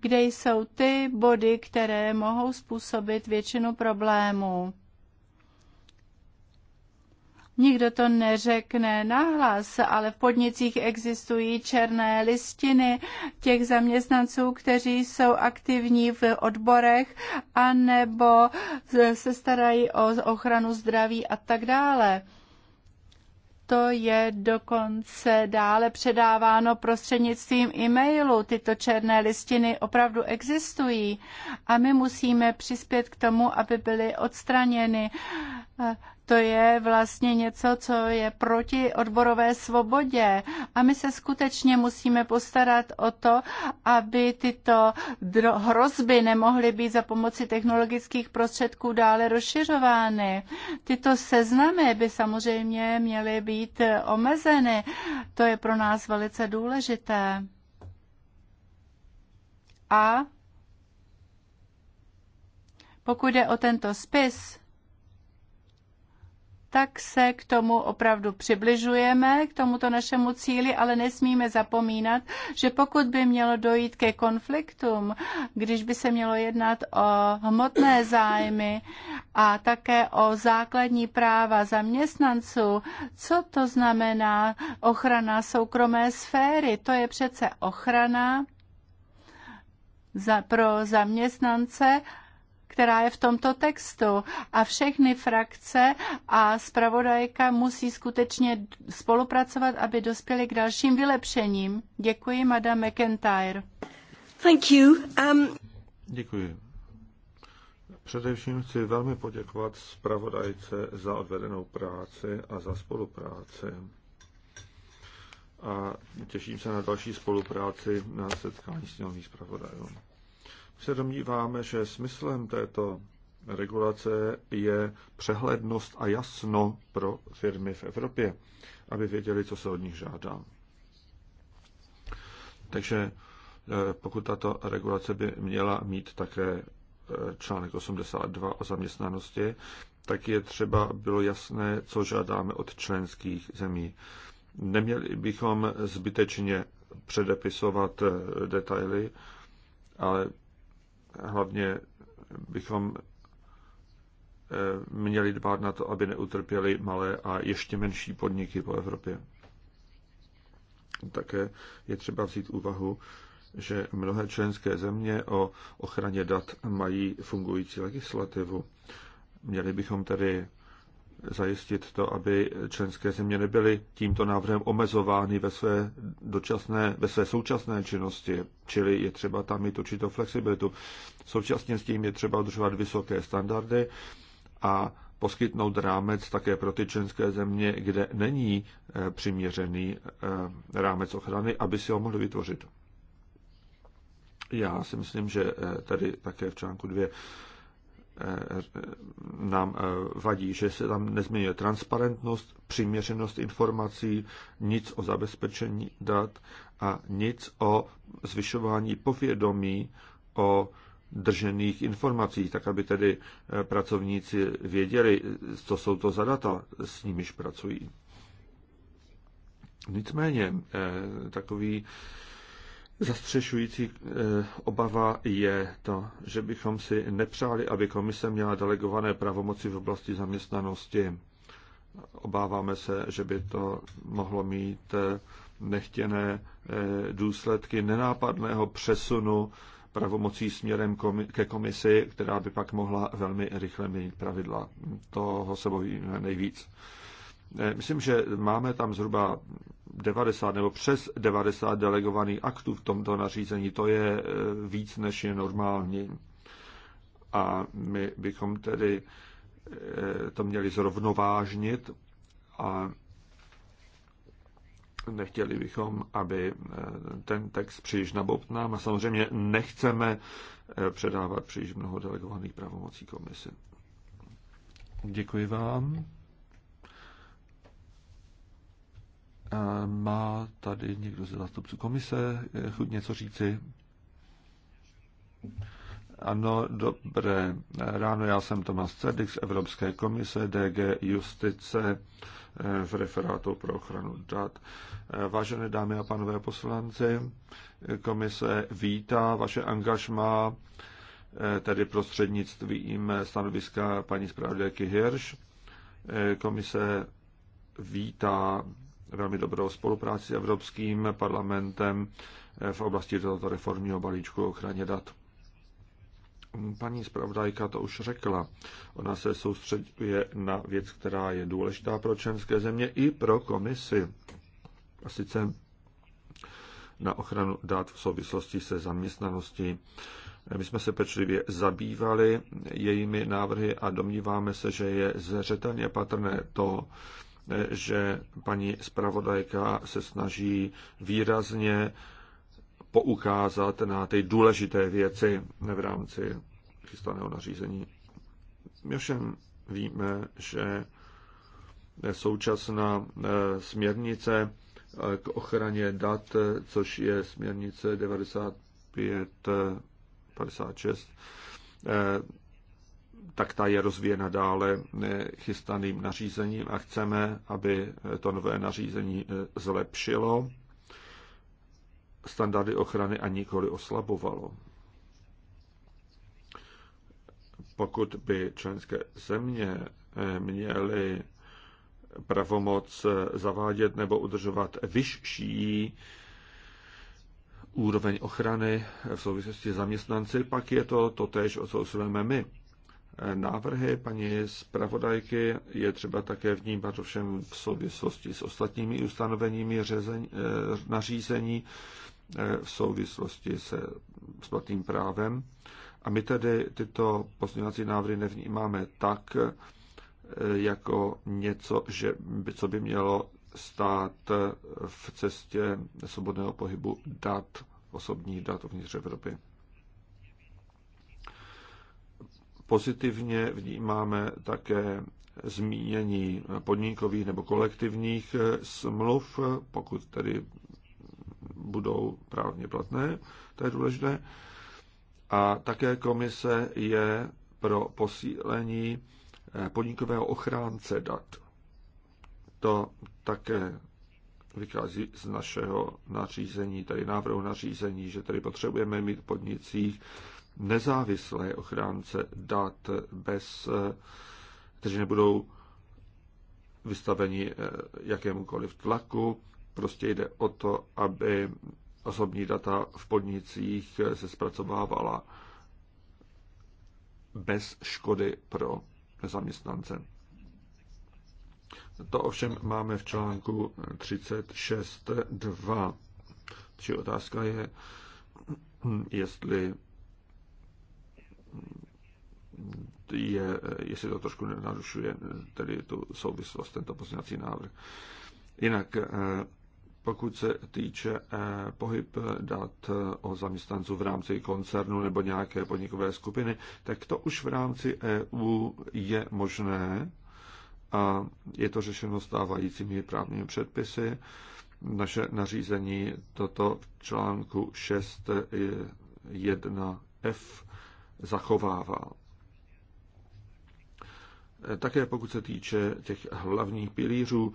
kde jsou ty body, které mohou způsobit většinu problémů. Nikdo to neřekne nahlas, ale v podnicích existují černé listiny těch zaměstnanců, kteří jsou aktivní v odborech a nebo se starají o ochranu zdraví a tak dále to je dokonce dále předáváno prostřednictvím e-mailu. Tyto černé listiny opravdu existují a my musíme přispět k tomu, aby byly odstraněny. To je vlastně něco, co je proti odborové svobodě. A my se skutečně musíme postarat o to, aby tyto hrozby nemohly být za pomoci technologických prostředků dále rozšiřovány. Tyto seznamy by samozřejmě měly být omezeny. To je pro nás velice důležité. A pokud jde o tento spis, tak se k tomu opravdu přibližujeme, k tomuto našemu cíli, ale nesmíme zapomínat, že pokud by mělo dojít ke konfliktům, když by se mělo jednat o hmotné zájmy a také o základní práva zaměstnanců, co to znamená ochrana soukromé sféry? To je přece ochrana za, pro zaměstnance která je v tomto textu. A všechny frakce a zpravodajka musí skutečně spolupracovat, aby dospěli k dalším vylepšením. Děkuji, Madame McIntyre. Thank you. Um... Děkuji. Především chci velmi poděkovat zpravodajce za odvedenou práci a za spolupráci. A těším se na další spolupráci na setkání s těmi zpravodajům se domníváme, že smyslem této regulace je přehlednost a jasno pro firmy v Evropě, aby věděli, co se od nich žádá. Takže e, pokud tato regulace by měla mít také e, článek 82 o zaměstnanosti, tak je třeba bylo jasné, co žádáme od členských zemí. Neměli bychom zbytečně předepisovat e, detaily, ale hlavně bychom eh, měli dbát na to, aby neutrpěli malé a ještě menší podniky po Evropě. Také je třeba vzít úvahu, že mnohé členské země o ochraně dat mají fungující legislativu. Měli bychom tedy zajistit to, aby členské země nebyly tímto návrhem omezovány ve své, dočasné, ve své současné činnosti, čili je třeba tam mít určitou flexibilitu. Současně s tím je třeba udržovat vysoké standardy a poskytnout rámec také pro ty členské země, kde není eh, přiměřený eh, rámec ochrany, aby si ho mohli vytvořit. Já si myslím, že eh, tady také v článku 2 nám eh, vadí, že se tam nezměňuje transparentnost, přiměřenost informací, nic o zabezpečení dat a nic o zvyšování povědomí o držených informacích, tak aby tedy eh, pracovníci věděli, co jsou to za data, s nimiž pracují. Nicméně eh, takový Zastřešující eh, obava je to, že bychom si nepřáli, aby komise měla delegované pravomoci v oblasti zaměstnanosti. Obáváme se, že by to mohlo mít eh, nechtěné eh, důsledky nenápadného přesunu pravomocí směrem ke komisi, která by pak mohla velmi rychle měnit pravidla. Toho se bojíme nejvíc. Myslím, že máme tam zhruba 90 nebo přes 90 delegovaných aktů v tomto nařízení. To je eh, víc, než je normální. A my bychom tedy eh, to měli zrovnovážnit a nechtěli bychom, aby eh, ten text příliš nabobtnám nám a samozřejmě nechceme předávat příliš mnoho delegovaných pravomocí komisy. Děkuji vám. Má tady někdo ze zástupců komise chuť něco říci? Ano, dobré ráno, já jsem Tomas Cedik z Evropské komise DG Justice eh, v referátu pro ochranu dat. Eh, vážené dámy a pánové poslanci, eh, komise vítá vaše angažma, tedy prostřednictvím stanoviska paní zpravodajky Hirsch. Komise vítá velmi dobrou spolupráci s Evropským parlamentem v oblasti tohoto reformního balíčku ochraně dat. Paní zpravodajka to už řekla. Ona se soustředuje na věc, která je důležitá pro členské země i pro komisi. A sice na ochranu dat v souvislosti se zaměstnaností. My jsme se pečlivě zabývali jejími návrhy a domníváme se, že je zřetelně patrné to, že paní zpravodajka se snaží výrazně poukázat na ty důležité věci v rámci chystaného nařízení. My všem víme, že současná eh, směrnice eh, k ochraně dat, což je směrnice 95 56, tak ta je rozvíjena dále eh, chystaným nařízením a chceme, aby eh, to nové nařízení eh, zlepšilo standardy ochrany a nikoli oslabovalo. Pokud by členské země měly pravomoc zavádět nebo udržovat vyšší úroveň ochrany v souvislosti s zaměstnanci, pak je to totéž, o co usilujeme my návrhy paní zpravodajky je třeba také vnímat ovšem v souvislosti s ostatními ustanoveními eh, nařízení eh, v souvislosti se splatným právem. A my tedy tyto pozměňovací návrhy nevnímáme tak, eh, jako něco, že by, co by mělo stát v cestě svobodného pohybu dat, osobních dat uvnitř Evropy. Pozitivně vnímáme také zmínění podnikových nebo kolektivních eh, smluv, pokud tedy budou právně platné, to je důležité. A také komise je pro posílení eh, podnikového ochránce dat. To také vychází z našeho nařízení, tedy návrhu nařízení, že tedy potřebujeme mít v podnicích nezávislé ochránce dat bez, kteří eh, nebudou vystaveni eh, jakémukoliv tlaku. Prostě jde o to, aby osobní data v podnicích eh, se zpracovávala bez škody pro zaměstnance. To ovšem máme v článku 36.2. Tři otázka je, jestli je, jestli to trošku narušuje tedy tu souvislost, tento pozměňovací návrh. Jinak, eh, pokud se týče eh, pohyb dat eh, o zaměstnanců v rámci koncernu nebo nějaké podnikové skupiny, tak to už v rámci EU je možné a je to řešeno stávajícími právními předpisy. Naše nařízení toto v článku 6.1f zachovával. E, také pokud se týče těch hlavních pilířů, e,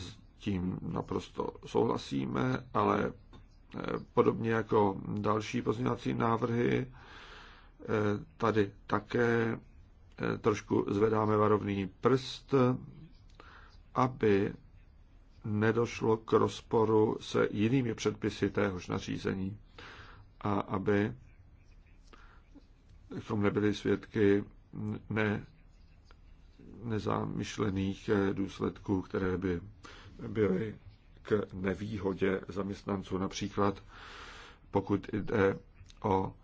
s tím naprosto souhlasíme, ale e, podobně jako další pozměňovací návrhy, tady také trošku zvedáme varovný prst, aby nedošlo k rozporu se jinými předpisy téhož nařízení a aby bychom nebyli svědky ne, nezamyšlených eh, důsledků, které by byly k nevýhodě zaměstnanců. Například pokud jde o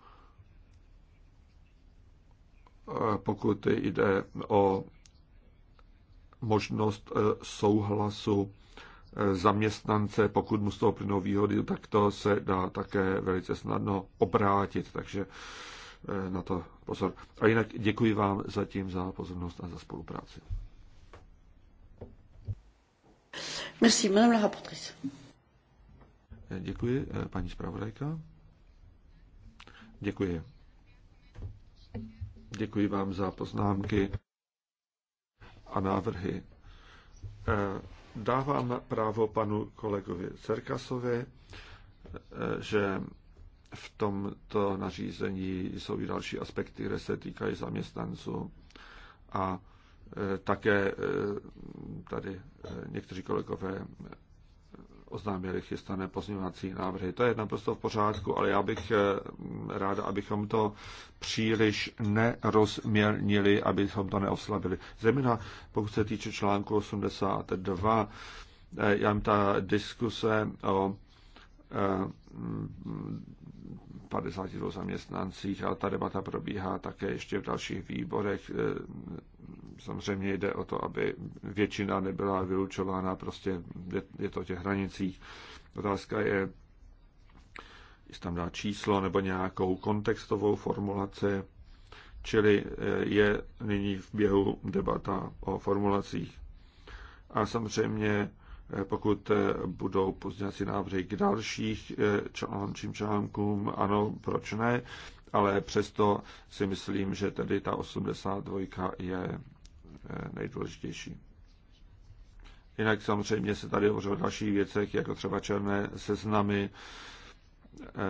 eh, pokud jde o možnost eh, souhlasu zaměstnance, pokud mu z toho plynou výhody, tak to se dá také velice snadno obrátit. Takže Eh, na to pozor. A jinak děkuji vám zatím za pozornost a za spolupráci. Merci, madame la rapportrice. Eh, děkuji, eh, paní zpravodajka. Děkuji. Děkuji vám za poznámky a návrhy. Dávám právo panu kolegovi Cerkasovi, že v tomto nařízení jsou i další aspekty, které se týkají zaměstnanců a e, také e, tady e, někteří kolegové oznámili chystané pozměňovací návrhy. To je naprosto v pořádku, ale já bych ráda, abychom to příliš nerozmělnili, abychom to neoslabili. Zejména pokud se týče článku 82, já ta diskuse o 52 zaměstnancích ale ta debata probíhá také ještě v dalších výborech. Eh, samozřejmě jde o to, aby většina nebyla vylučována, prostě je to o těch hranicích. Otázka je, jestli tam dá číslo nebo nějakou kontextovou formulaci, čili eh, je nyní v běhu debata o formulacích. A samozřejmě Eh, pokud eh, budou pozdělací návrhy k dalších eh, článčím článkům, ano, proč ne, ale přesto si myslím, že tedy ta 82 je nejdůležitější. Jinak samozřejmě se tady hovoří o dalších věcech, jako třeba černé seznamy,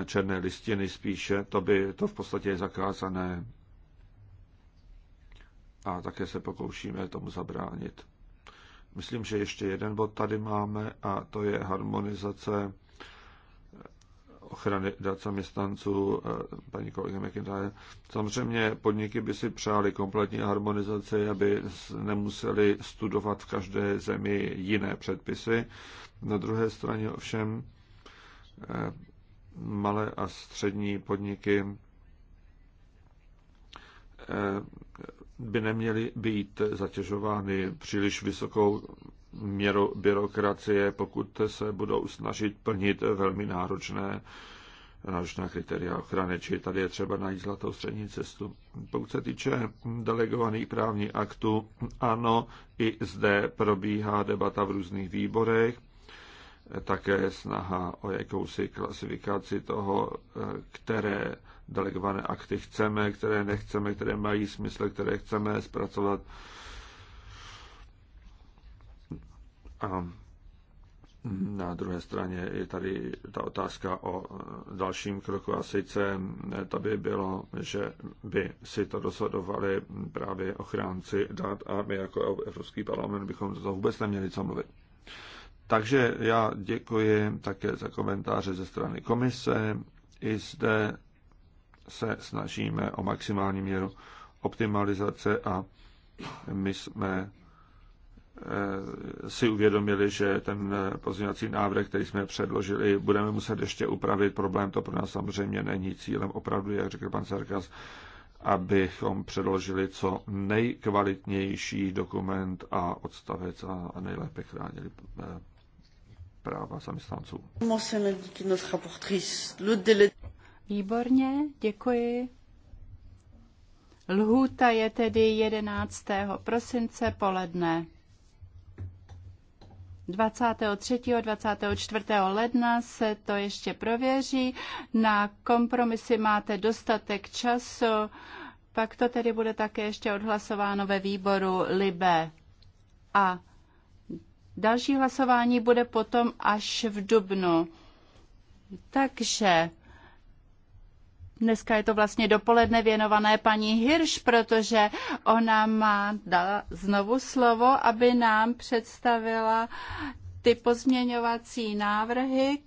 černé listiny spíše, to by to v podstatě je zakázané. A také se pokoušíme tomu zabránit. Myslím, že ještě jeden bod tady máme a to je harmonizace ochrany dat zaměstnanců, eh, paní kolega McIntyre. Samozřejmě podniky by si přáli kompletní harmonizaci, aby nemuseli studovat v každé zemi jiné předpisy. Na druhé straně ovšem eh, malé a střední podniky Eh, by neměly být zatěžovány příliš vysokou měru byrokracie, pokud se budou snažit plnit velmi náročné, náročná kritéria ochrany, či tady je třeba najít zlatou střední cestu. Pokud se týče delegovaných právních aktů, ano, i zde probíhá debata v různých výborech, také snaha o jakousi klasifikaci toho, eh, které delegované akty chceme, které nechceme, které mají smysl, které chceme zpracovat. A na druhé straně je tady ta otázka o dalším kroku a sice to by bylo, že by si to rozhodovali právě ochránci dat a my jako Evropský parlament bychom to vůbec neměli co mluvit. Takže já děkuji také za komentáře ze strany komise. I zde se snažíme o maximální měru optimalizace a my jsme eh, si uvědomili, že ten eh, pozměňovací návrh, který jsme předložili, budeme muset ještě upravit. Problém to pro nás samozřejmě není cílem opravdu, jak řekl pan Sarkas, abychom předložili co nejkvalitnější dokument a odstavec a, a nejlépe chránili eh, práva zaměstnanců. Výborně, děkuji. Lhůta je tedy 11. prosince poledne. 23. 24. ledna se to ještě prověří. Na kompromisy máte dostatek času, pak to tedy bude také ještě odhlasováno ve výboru Libe. A další hlasování bude potom až v dubnu. Takže Dneska je to vlastně dopoledne věnované paní Hirš, protože ona má dala znovu slovo, aby nám představila ty pozměňovací návrhy,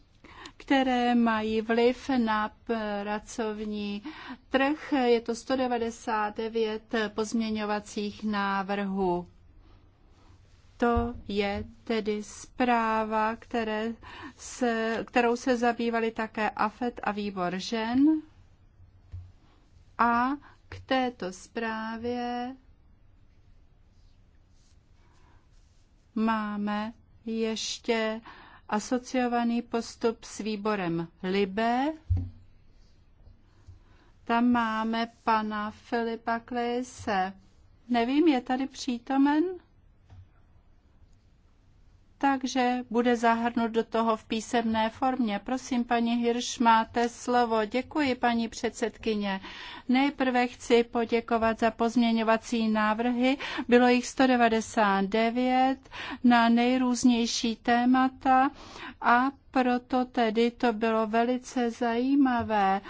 které mají vliv na pracovní trh. Je to 199 pozměňovacích návrhů. To je tedy zpráva, které se, kterou se zabývali také AFET a výbor žen. A k této zprávě máme ještě asociovaný postup s výborem Libe. Tam máme pana Filipa Klejse. Nevím, je tady přítomen? takže bude zahrnut do toho v písemné formě. Prosím, paní Hirš, máte slovo. Děkuji, paní předsedkyně. Nejprve chci poděkovat za pozměňovací návrhy. Bylo jich 199 na nejrůznější témata a proto tedy to bylo velice zajímavé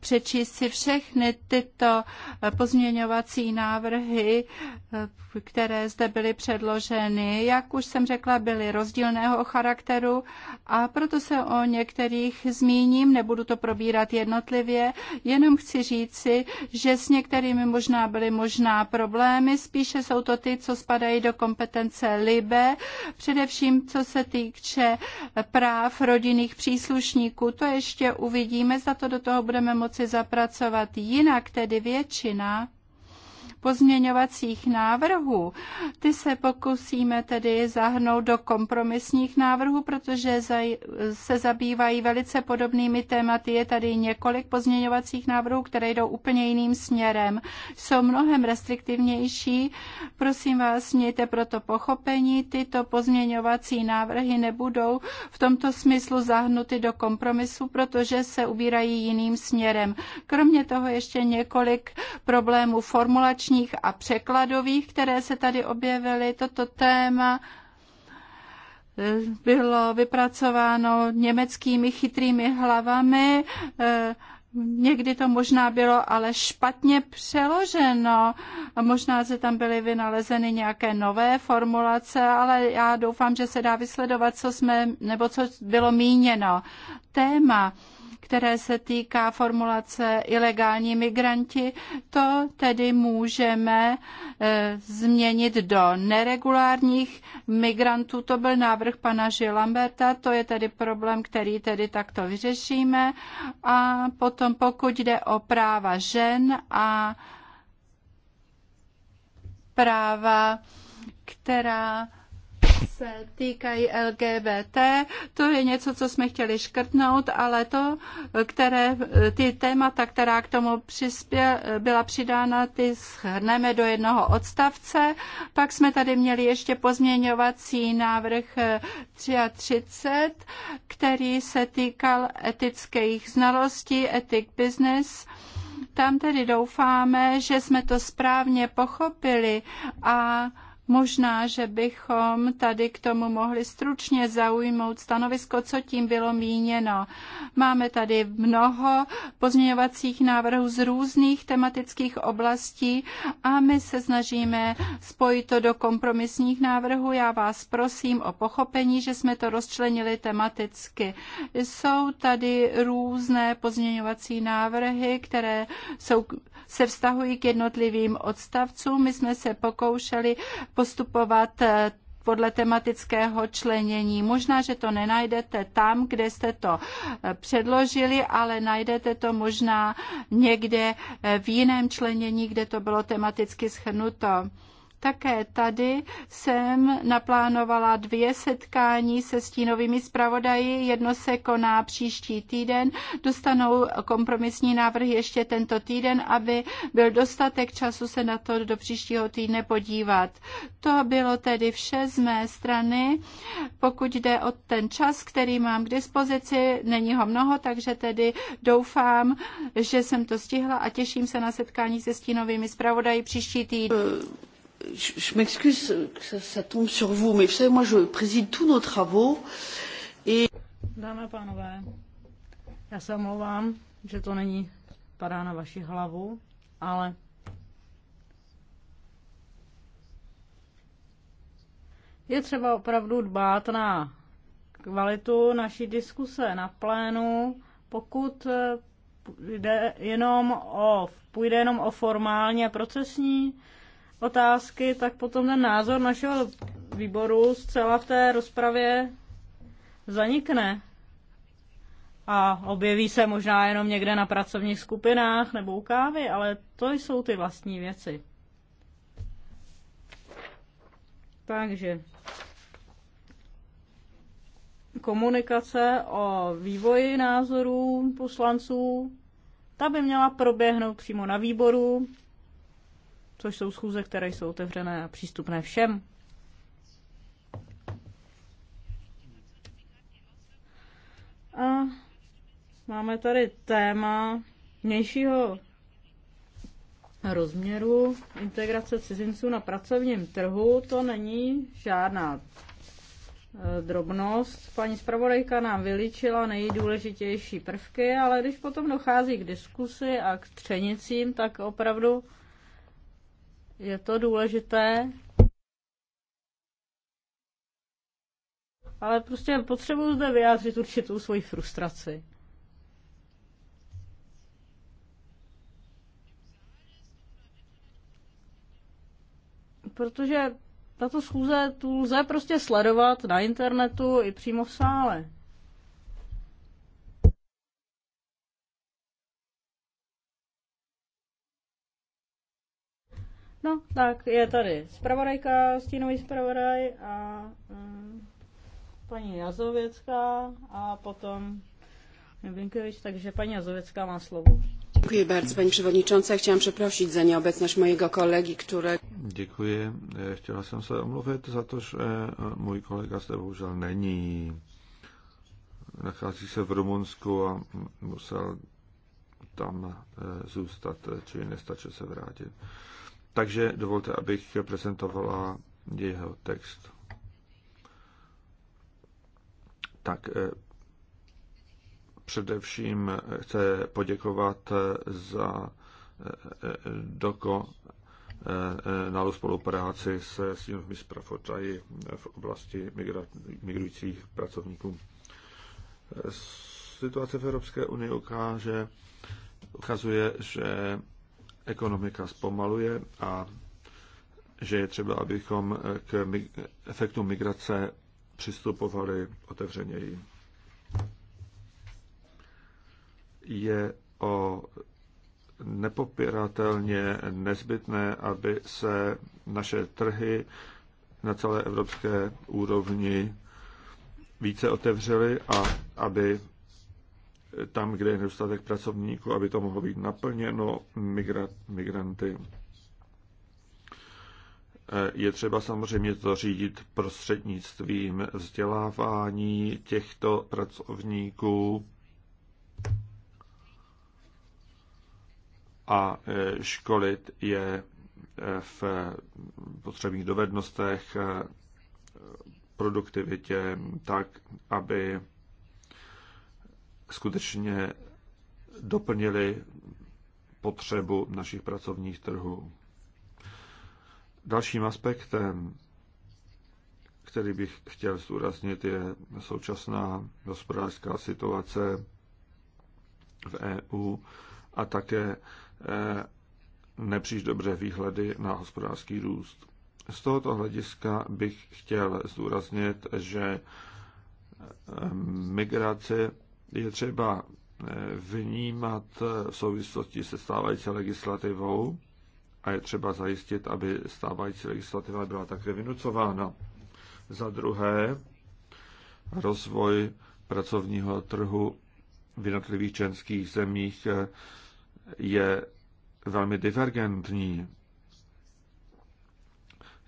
přečíst si všechny tyto pozměňovací návrhy které zde byly předloženy, jak už jsem řekla, byly rozdílného charakteru a proto se o některých zmíním, nebudu to probírat jednotlivě, jenom chci říci, že s některými možná byly možná problémy, spíše jsou to ty, co spadají do kompetence LIBE, především co se týče práv rodinných příslušníků, to ještě uvidíme, za to do toho budeme moci zapracovat. Jinak tedy většina pozměňovacích návrhů. Ty se pokusíme tedy zahrnout do kompromisních návrhů, protože se zabývají velice podobnými tématy. Je tady několik pozměňovacích návrhů, které jdou úplně jiným směrem. Jsou mnohem restriktivnější. Prosím vás, mějte proto pochopení. Tyto pozměňovací návrhy nebudou v tomto smyslu zahnuty do kompromisu, protože se ubírají jiným směrem. Kromě toho ještě několik problémů formulačních tradičních a překladových, které se tady objevily. Toto téma eh, bylo vypracováno německými chytrými hlavami. Eh, někdy to možná bylo ale špatně přeloženo. Možná se tam byly vynalezeny nějaké nové formulace, ale já doufám, že se dá vysledovat, co jsme, nebo co bylo míněno. Téma které se týká formulace ilegální migranti, to tedy můžeme eh, změnit do neregulárních migrantů. To byl návrh pana Žilamberta, to je tedy problém, který tedy takto vyřešíme. A potom pokud jde o práva žen a práva, která se týkají LGBT, to je něco, co jsme chtěli škrtnout, ale to, které, ty témata, která k tomu přispě, byla přidána, ty shrneme do jednoho odstavce. Pak jsme tady měli ještě pozměňovací návrh 33, který se týkal etických znalostí, etik business tam tedy doufáme, že jsme to správně pochopili a Možná, že bychom tady k tomu mohli stručně zaujmout stanovisko, co tím bylo míněno. Máme tady mnoho pozměňovacích návrhů z různých tematických oblastí a my se snažíme spojit to do kompromisních návrhů. Já vás prosím o pochopení, že jsme to rozčlenili tematicky. Jsou tady různé pozměňovací návrhy, které jsou, se vztahují k jednotlivým odstavcům. My jsme se pokoušeli postupovat eh, podle tematického členění. Možná, že to nenajdete tam, kde jste to eh, předložili, ale najdete to možná někde eh, v jiném členění, kde to bylo tematicky schrnuto. Také tady jsem naplánovala dvě setkání se stínovými zpravodaji. Jedno se koná příští týden. Dostanou kompromisní návrh ještě tento týden, aby byl dostatek času se na to do příštího týdne podívat. To bylo tedy vše z mé strany. Pokud jde o ten čas, který mám k dispozici, není ho mnoho, takže tedy doufám, že jsem to stihla a těším se na setkání se stínovými zpravodaji příští týden je, m'excuse que ça, ça tombe sur vous, mais vous savez, moi, je préside tous nos travaux. Et... Dámy a pánové, já se omlouvám, že to není padá na vaši hlavu, ale je třeba opravdu dbát na kvalitu naší diskuse na plénu, pokud eh, jde jenom o, půjde jenom o formálně procesní otázky, tak potom ten názor našeho výboru zcela v té rozpravě zanikne. A objeví se možná jenom někde na pracovních skupinách nebo u kávy, ale to jsou ty vlastní věci. Takže komunikace o vývoji názorů poslanců, ta by měla proběhnout přímo na výboru, což jsou schůze, které jsou otevřené a přístupné všem. A máme tady téma mějšího rozměru integrace cizinců na pracovním trhu. To není žádná e, drobnost. Paní zpravodajka nám vylíčila nejdůležitější prvky, ale když potom dochází k diskusi a k třenicím, tak opravdu je to důležité, ale prostě potřebuji zde vyjádřit určitou svoji frustraci. Protože tato schůze tu lze prostě sledovat na internetu i přímo v sále. No, tak je tady zpravodajka, stínový zpravodaj a mm, paní Jazověcká a potom Vinkovič, takže paní Jazověcká má slovo. Dziękuję bardzo Pani Przewodnicząca. Chciałam przeprosić za nieobecność mojego kolegi, który... Dziękuję. Eh, Chciałam jsem se omluvit za to, že eh, můj kolega zde bohužel není. Nachází se v Rumunsku a musel tam eh, zůstat, nie stać se vrátit. Takže dovolte, abych prezentovala jeho text. Tak eh, především eh, chce poděkovat eh, za doko na spolupráci se svými zpravodaji v oblasti migrujících pracovníků. Situace v Evropské unii ukáže, ukazuje, že ekonomika zpomaluje a že je třeba, abychom k efektu migrace přistupovali otevřeněji. Je o nepopiratelně nezbytné, aby se naše trhy na celé evropské úrovni více otevřely a aby tam, kde je nedostatek pracovníků, aby to mohlo být naplněno migra- migranty. Eh, je třeba samozřejmě to řídit prostřednictvím vzdělávání těchto pracovníků a eh, školit je eh, v potřebných dovednostech, produktivitě, tak, aby skutečně doplnili potřebu našich pracovních trhů. Dalším aspektem, který bych chtěl zdůraznit, je současná hospodářská situace v EU a také eh, nepříliš dobré výhledy na hospodářský růst. Z tohoto hlediska bych chtěl zdůraznit, že eh, migrace je třeba eh, vnímat eh, v souvislosti se stávající legislativou a je třeba zajistit, aby stávající legislativa byla také vynucována. Za druhé, rozvoj pracovního trhu v jednotlivých členských zemích eh, je velmi divergentní.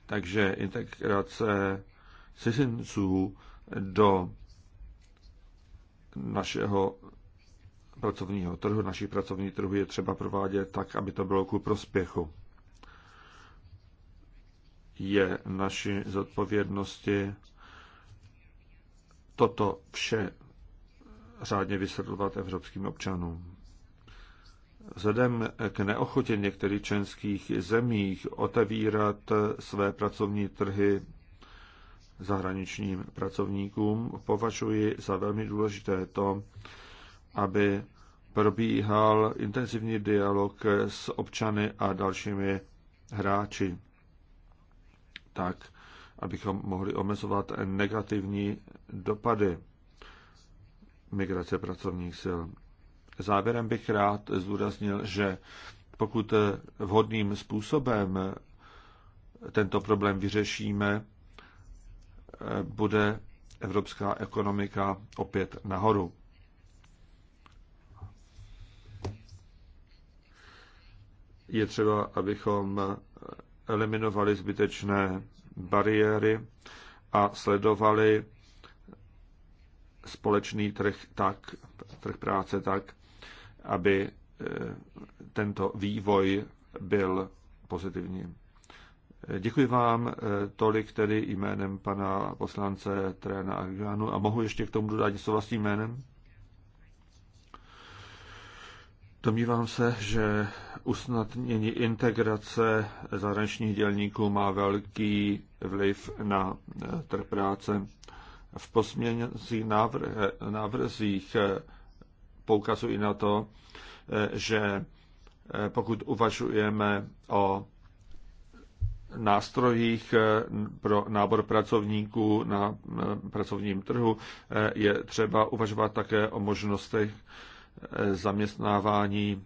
Takže integrace cizinců do našeho pracovního trhu, naší pracovní trhu je třeba provádět tak, aby to bylo ku prospěchu. Je naší zodpovědnosti toto vše řádně vysvětlovat evropským občanům. Vzhledem k neochotě některých členských zemích otevírat své pracovní trhy zahraničním pracovníkům. Považuji za velmi důležité to, aby probíhal intenzivní dialog s občany a dalšími hráči, tak, abychom mohli omezovat negativní dopady migrace pracovních sil. Závěrem bych rád zdůraznil, že pokud vhodným způsobem tento problém vyřešíme, bude evropská ekonomika opět nahoru. Je třeba, abychom eliminovali zbytečné bariéry a sledovali společný trh, tak, trh práce tak, aby eh, tento vývoj byl pozitivní. Děkuji vám eh, tolik tedy jménem pana poslance Tréna Agránu a mohu ještě k tomu dodat něco vlastním jménem? Domnívám se, že usnadnění integrace zahraničních dělníků má velký vliv na eh, trh práce. V návrh eh, návrzích poukazují na to, že pokud uvažujeme o nástrojích eh, pro nábor pracovníků na pracovním trhu eh, je třeba uvažovat také o možnostech eh, zaměstnávání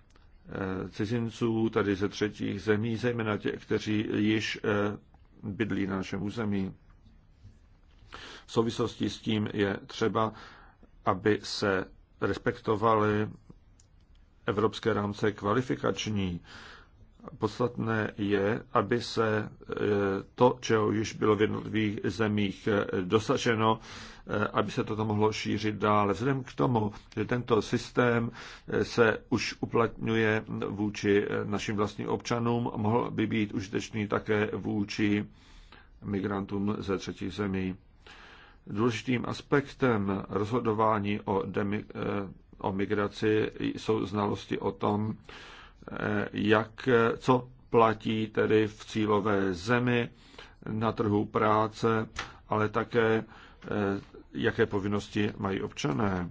cizinců, tedy ze třetích zemí, zejména těch, kteří již bydlí na našem území. V souvislosti s tím je třeba, aby se respektovaly evropské rámce kvalifikační, Podstatné je, aby se eh, to, čeho již bylo v jednotlivých zemích eh, dosaženo, eh, aby se toto mohlo šířit dále. Vzhledem k tomu, že tento systém se už uplatňuje vůči našim vlastním občanům, mohl by být užitečný také vůči migrantům ze třetích zemí. Důležitým aspektem rozhodování o, demi, o migraci jsou znalosti o tom, Eh, jak, eh, co platí tedy v cílové zemi na trhu práce, ale také eh, jaké povinnosti mají občané.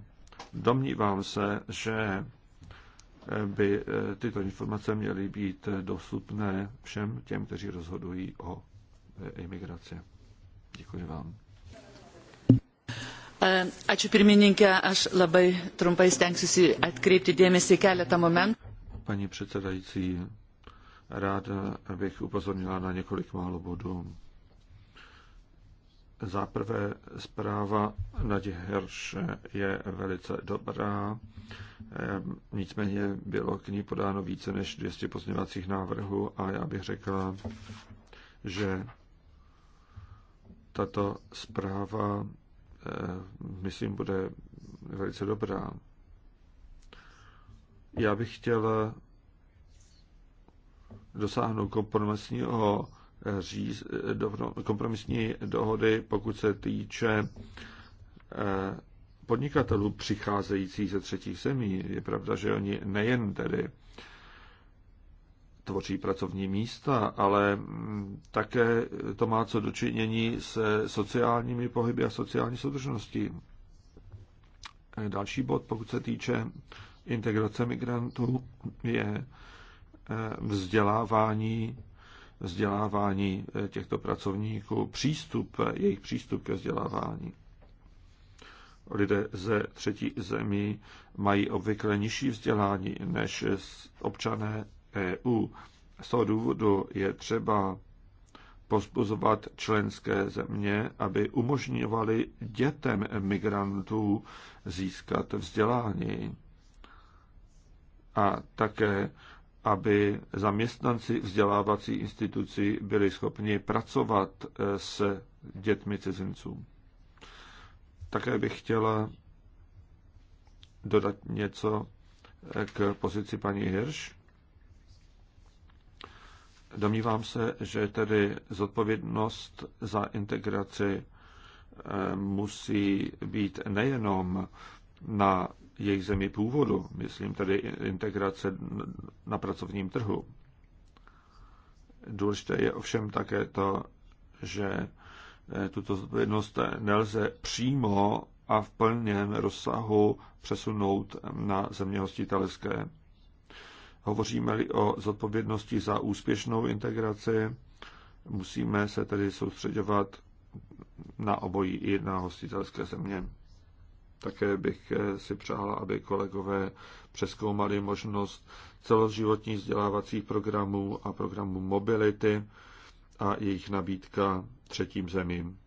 Domnívám se, že by tyto informace měly být dostupné všem těm, kteří rozhodují o imigraci. Děkuji vám. Ačiū pirmininkė, aš labai trumpai stengsiuosi atkreipti dėmesį keletą momentų paní předsedající. Ráda bych upozornila na několik málo bodů. Za prvé, zpráva Nadě Herše je velice dobrá, ehm, nicméně bylo k ní podáno více než 200 pozměňovacích návrhů a já bych řekla, že tato zpráva, ehm, myslím, bude velice dobrá. Já bych chtěl eh, dosáhnout kompromisního eh, říz, eh, no, kompromisní dohody, pokud se týče podnikatelů přicházejících ze třetích zemí. Je pravda, že oni nejen tedy tvoří pracovní místa, ale mm, také to má co dočinění se sociálními pohyby a sociální soudržností. Další bod, pokud se týče integrace migrantů je eh, vzdělávání, vzdělávání eh, těchto pracovníků, přístup, eh, jejich přístup ke vzdělávání. Lidé ze třetí zemí mají obvykle nižší vzdělání než občané EU. Z toho důvodu je třeba pozbuzovat členské země, aby umožňovali dětem migrantů získat vzdělání a také, aby zaměstnanci vzdělávací institucí byli schopni pracovat eh, s dětmi cizinců. Také bych chtěla dodat něco eh, k pozici paní Hirsch. Domnívám se, že tedy zodpovědnost za integraci eh, musí být nejenom na jejich zemi původu, myslím tedy integrace na pracovním trhu. Důležité je ovšem také to, že eh, tuto zodpovědnost nelze přímo a v plném rozsahu přesunout na země hostitelské. Hovoříme-li o zodpovědnosti za úspěšnou integraci, musíme se tedy soustředovat na obojí i na hostitelské země. Také bych eh, si přála, aby kolegové přeskoumali možnost celoživotních vzdělávacích programů a programů mobility a jejich nabídka třetím zemím.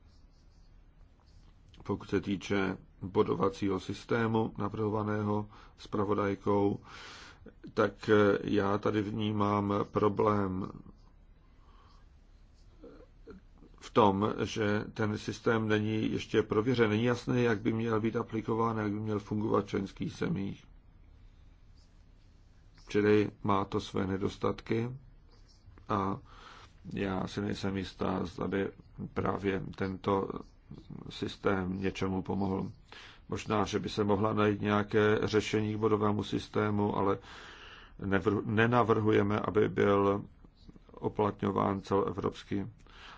Pokud se týče bodovacího systému navrhovaného pravodajkou, tak eh, já tady vnímám problém v tom, že ten systém není ještě prověřen. Není jasné, jak by měl být aplikován, jak by měl fungovat v členských zemích. Čili má to své nedostatky a já si nejsem jistá, zda by právě tento systém něčemu pomohl. Možná, že by se mohla najít nějaké řešení k bodovému systému, ale nenavrhujeme, aby byl oplatňován celoevropský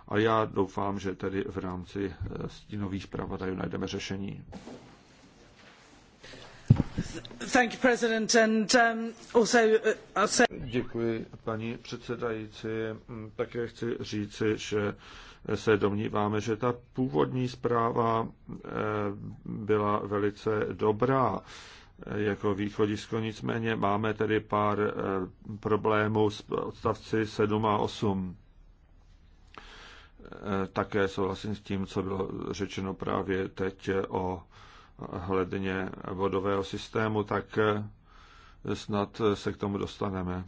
a já doufám, že tedy v rámci eh, stínových zpravodajů najdeme řešení. Um, uh, Děkuji, paní předsedající. Mm, také chci říci, že se domníváme, že ta původní zpráva eh, byla velice dobrá eh, jako východisko, nicméně máme tedy pár problémů s odstavci 7 a 8. Eh, také souhlasím s tím, co bylo řečeno právě teď o hledně vodového systému, tak eh, snad eh, se k tomu dostaneme.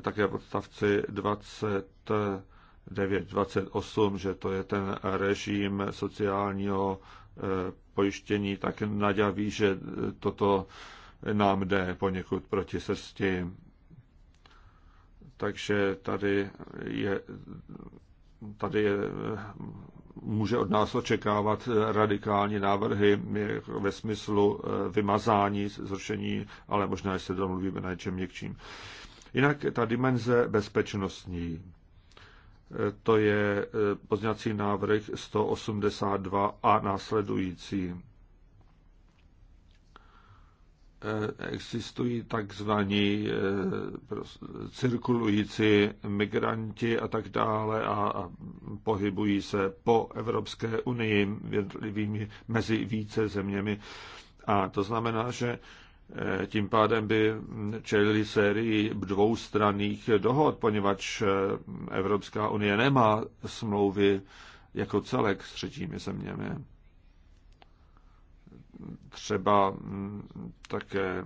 Také v odstavci 29, 28, že to je ten režim sociálního pojištění, tak Nadia ví, že toto nám jde poněkud proti srsti. Takže tady je tady je, může od nás očekávat radikální návrhy ve smyslu eh, vymazání, zrušení, ale možná, se domluvíme na něčem měkčím. Jinak ta dimenze bezpečnostní, eh, to je eh, pozněcí návrh 182 a následující. Eh, existují takzvaní eh, cirkulující migranti a tak dále a pohybují se po Evropské unii mezi více zeměmi. A to znamená, že eh, tím pádem by čelili sérii dvoustranných dohod, poněvadž Evropská unie nemá smlouvy jako celek s třetími zeměmi třeba mm, také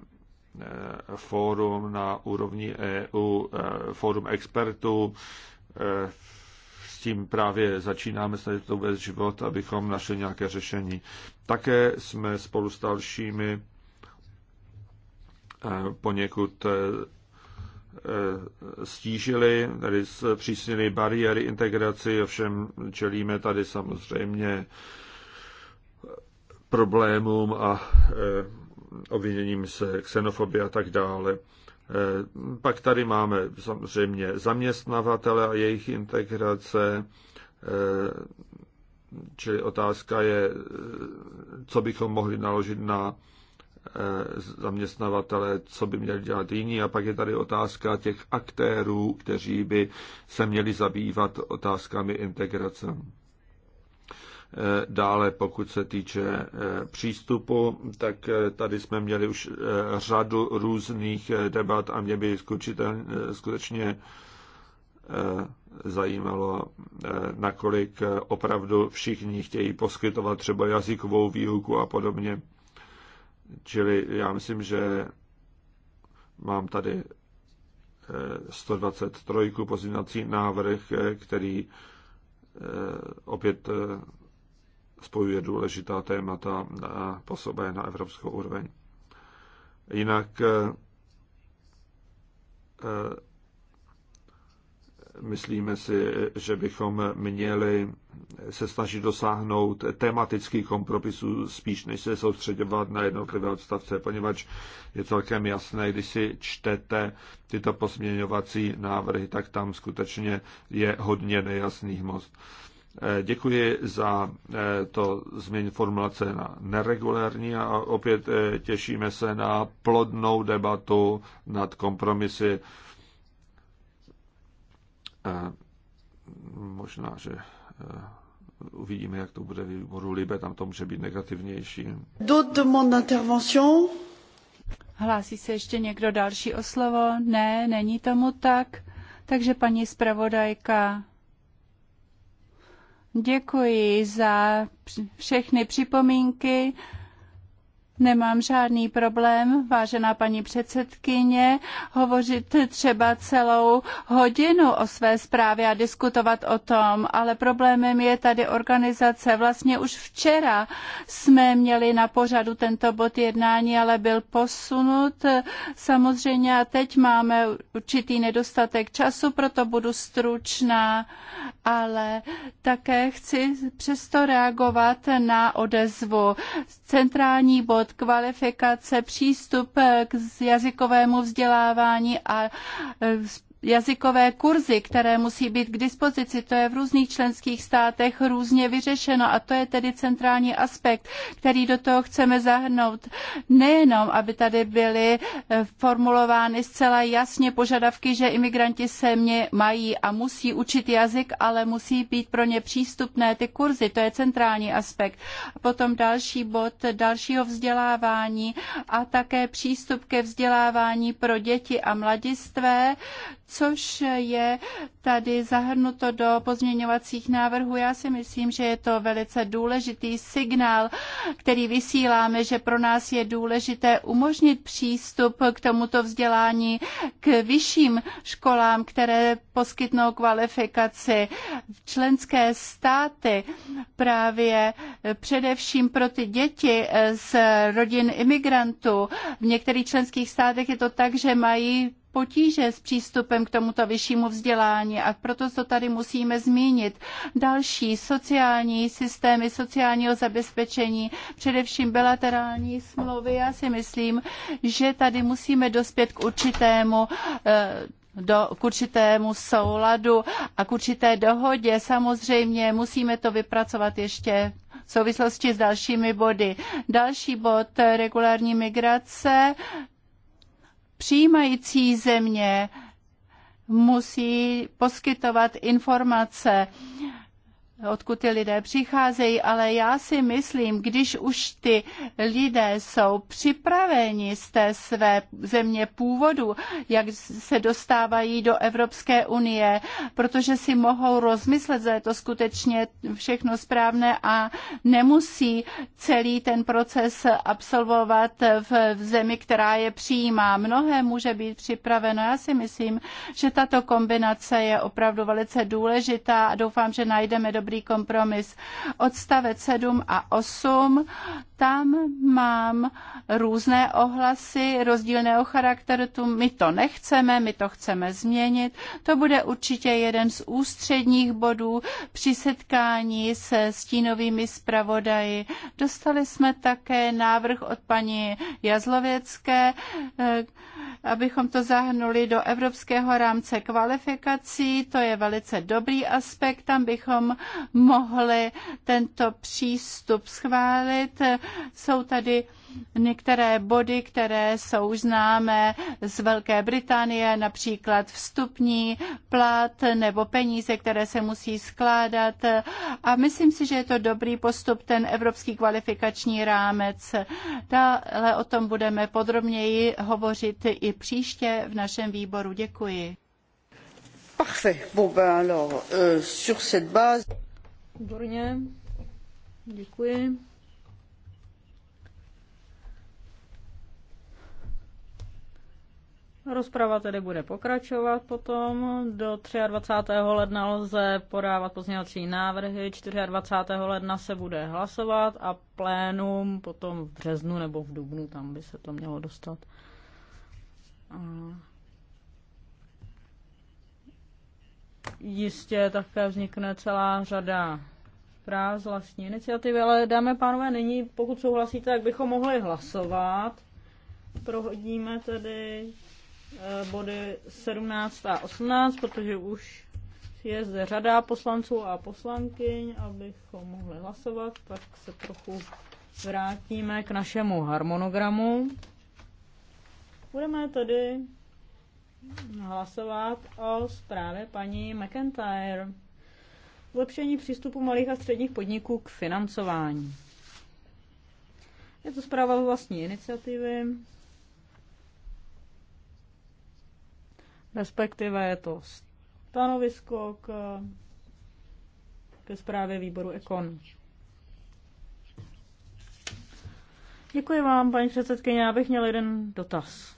eh, fórum na úrovni EU, eh, fórum expertů. Eh, s tím právě začínáme snažit to vůbec život, abychom našli nějaké řešení. Také jsme spolu s dalšími poněkud stížili, tedy zpřísnili bariéry integraci, ovšem čelíme tady samozřejmě problémům a eh, obviněním se xenofobie a tak dále. Eh, pak tady máme samozřejmě zaměstnavatele a jejich integrace, eh, čili otázka je, co bychom mohli naložit na zaměstnavatele, co by měli dělat jiní. A pak je tady otázka těch aktérů, kteří by se měli zabývat otázkami integrace. Eh, dále, pokud se týče eh, přístupu, tak eh, tady jsme měli už řadu různých debat a mě by skutečně zajímalo, nakolik opravdu všichni chtějí poskytovat třeba jazykovou výuku a podobně. Čili já myslím, že mám tady 123 pozměňovací návrh, který opět spojuje důležitá témata po sobě na evropskou úroveň. Jinak eh, eh, myslíme si, že bychom měli se snažit dosáhnout tematických kompromisů spíš, než se soustředovat na jednotlivé odstavce, poněvadž je celkem jasné, když si čtete tyto posměňovací návrhy, tak tam skutečně je hodně nejasných most. Eh, děkuji za eh, to změn formulace na neregulární a opět eh, těšíme se na plodnou debatu nad kompromisy. Možná, že uvidíme, jak to bude výboru Libe, tam to může být negativnější. Hlásí se ještě někdo další o slovo? Ne, není tomu tak. Takže paní zpravodajka Děkuji za všechny připomínky Nemám žádný problém, vážená paní předsedkyně, hovořit třeba celou hodinu o své zprávě a diskutovat o tom, ale problémem je tady organizace. Vlastně už včera jsme měli na pořadu tento bod jednání, ale byl posunut. Samozřejmě a teď máme určitý nedostatek času, proto budu stručná, ale také chci přesto reagovat na odezvu. Centrální bod například kvalifikace, přístup eh, k jazykovému vzdělávání a eh, jazykové kurzy, které musí být k dispozici. To je v různých členských státech různě vyřešeno a to je tedy centrální aspekt, který do toho chceme zahrnout. Nejenom, aby tady byly eh, formulovány zcela jasně požadavky, že imigranti se mě mají a musí učit jazyk, ale musí být pro ně přístupné ty kurzy. To je centrální aspekt. A potom další bod dalšího vzdělávání a také přístup ke vzdělávání pro děti a mladistvé což je tady zahrnuto do pozměňovacích návrhů. Já si myslím, že je to velice důležitý signál, který vysíláme, že pro nás je důležité umožnit přístup k tomuto vzdělání k vyšším školám, které poskytnou kvalifikaci. Členské státy právě především pro ty děti z rodin imigrantů. V některých členských státech je to tak, že mají potíže s přístupem k tomuto vyššímu vzdělání a proto to tady musíme zmínit. Další sociální systémy sociálního zabezpečení, především bilaterální smlouvy, já si myslím, že tady musíme dospět k určitému eh, do, k určitému souladu a k určité dohodě. Samozřejmě musíme to vypracovat ještě v souvislosti s dalšími body. Další bod eh, regulární migrace, přijímající země musí poskytovat informace odkud ty lidé přicházejí, ale já si myslím, když už ty lidé jsou připraveni z té své země původu, jak se dostávají do Evropské unie, protože si mohou rozmyslet, že je to skutečně všechno správné a nemusí celý ten proces absolvovat v zemi, která je přijímá. Mnohé může být připraveno. Já si myslím, že tato kombinace je opravdu velice důležitá a doufám, že najdeme dobré dobrý kompromis. Odstavec 7 a 8 tam mám různé ohlasy rozdílného charakteru. Tu my to nechceme, my to chceme změnit. To bude určitě jeden z ústředních bodů při setkání se stínovými zpravodaji. Dostali jsme také návrh od paní Jazlověcké, eh, abychom to zahrnuli do evropského rámce kvalifikací. To je velice dobrý aspekt. Tam bychom mohli tento přístup schválit jsou tady některé body, které jsou známé z Velké Británie, například vstupní plat nebo peníze, které se musí skládat. A myslím si, že je to dobrý postup, ten evropský kvalifikační rámec. Dále o tom budeme podrobněji hovořit i příště v našem výboru. Děkuji. Parfait. Bon, ben alors, euh, sur cette base. Děkuji. Rozprava tedy bude pokračovat potom. Do 23. ledna lze podávat pozměňovací návrhy, 24. ledna se bude hlasovat a plénum potom v březnu nebo v dubnu, tam by se to mělo dostat. A jistě také vznikne celá řada zpráv z vlastní iniciativy, ale dáme pánové, nyní, pokud souhlasíte, tak bychom mohli hlasovat. Prohodíme tedy Eh, body 17 a 18, protože už je zde řada poslanců a poslankyň, abychom mohli hlasovat, tak se trochu vrátíme k našemu harmonogramu. Budeme tedy hlasovat o zprávě paní McIntyre. Zlepšení přístupu malých a středních podniků k financování. Je to zpráva vlastní iniciativy. respektive je to stanovisko k, ke zprávě výboru Ekon. Děkuji vám, paní předsedkyně. Já bych měl jeden dotaz.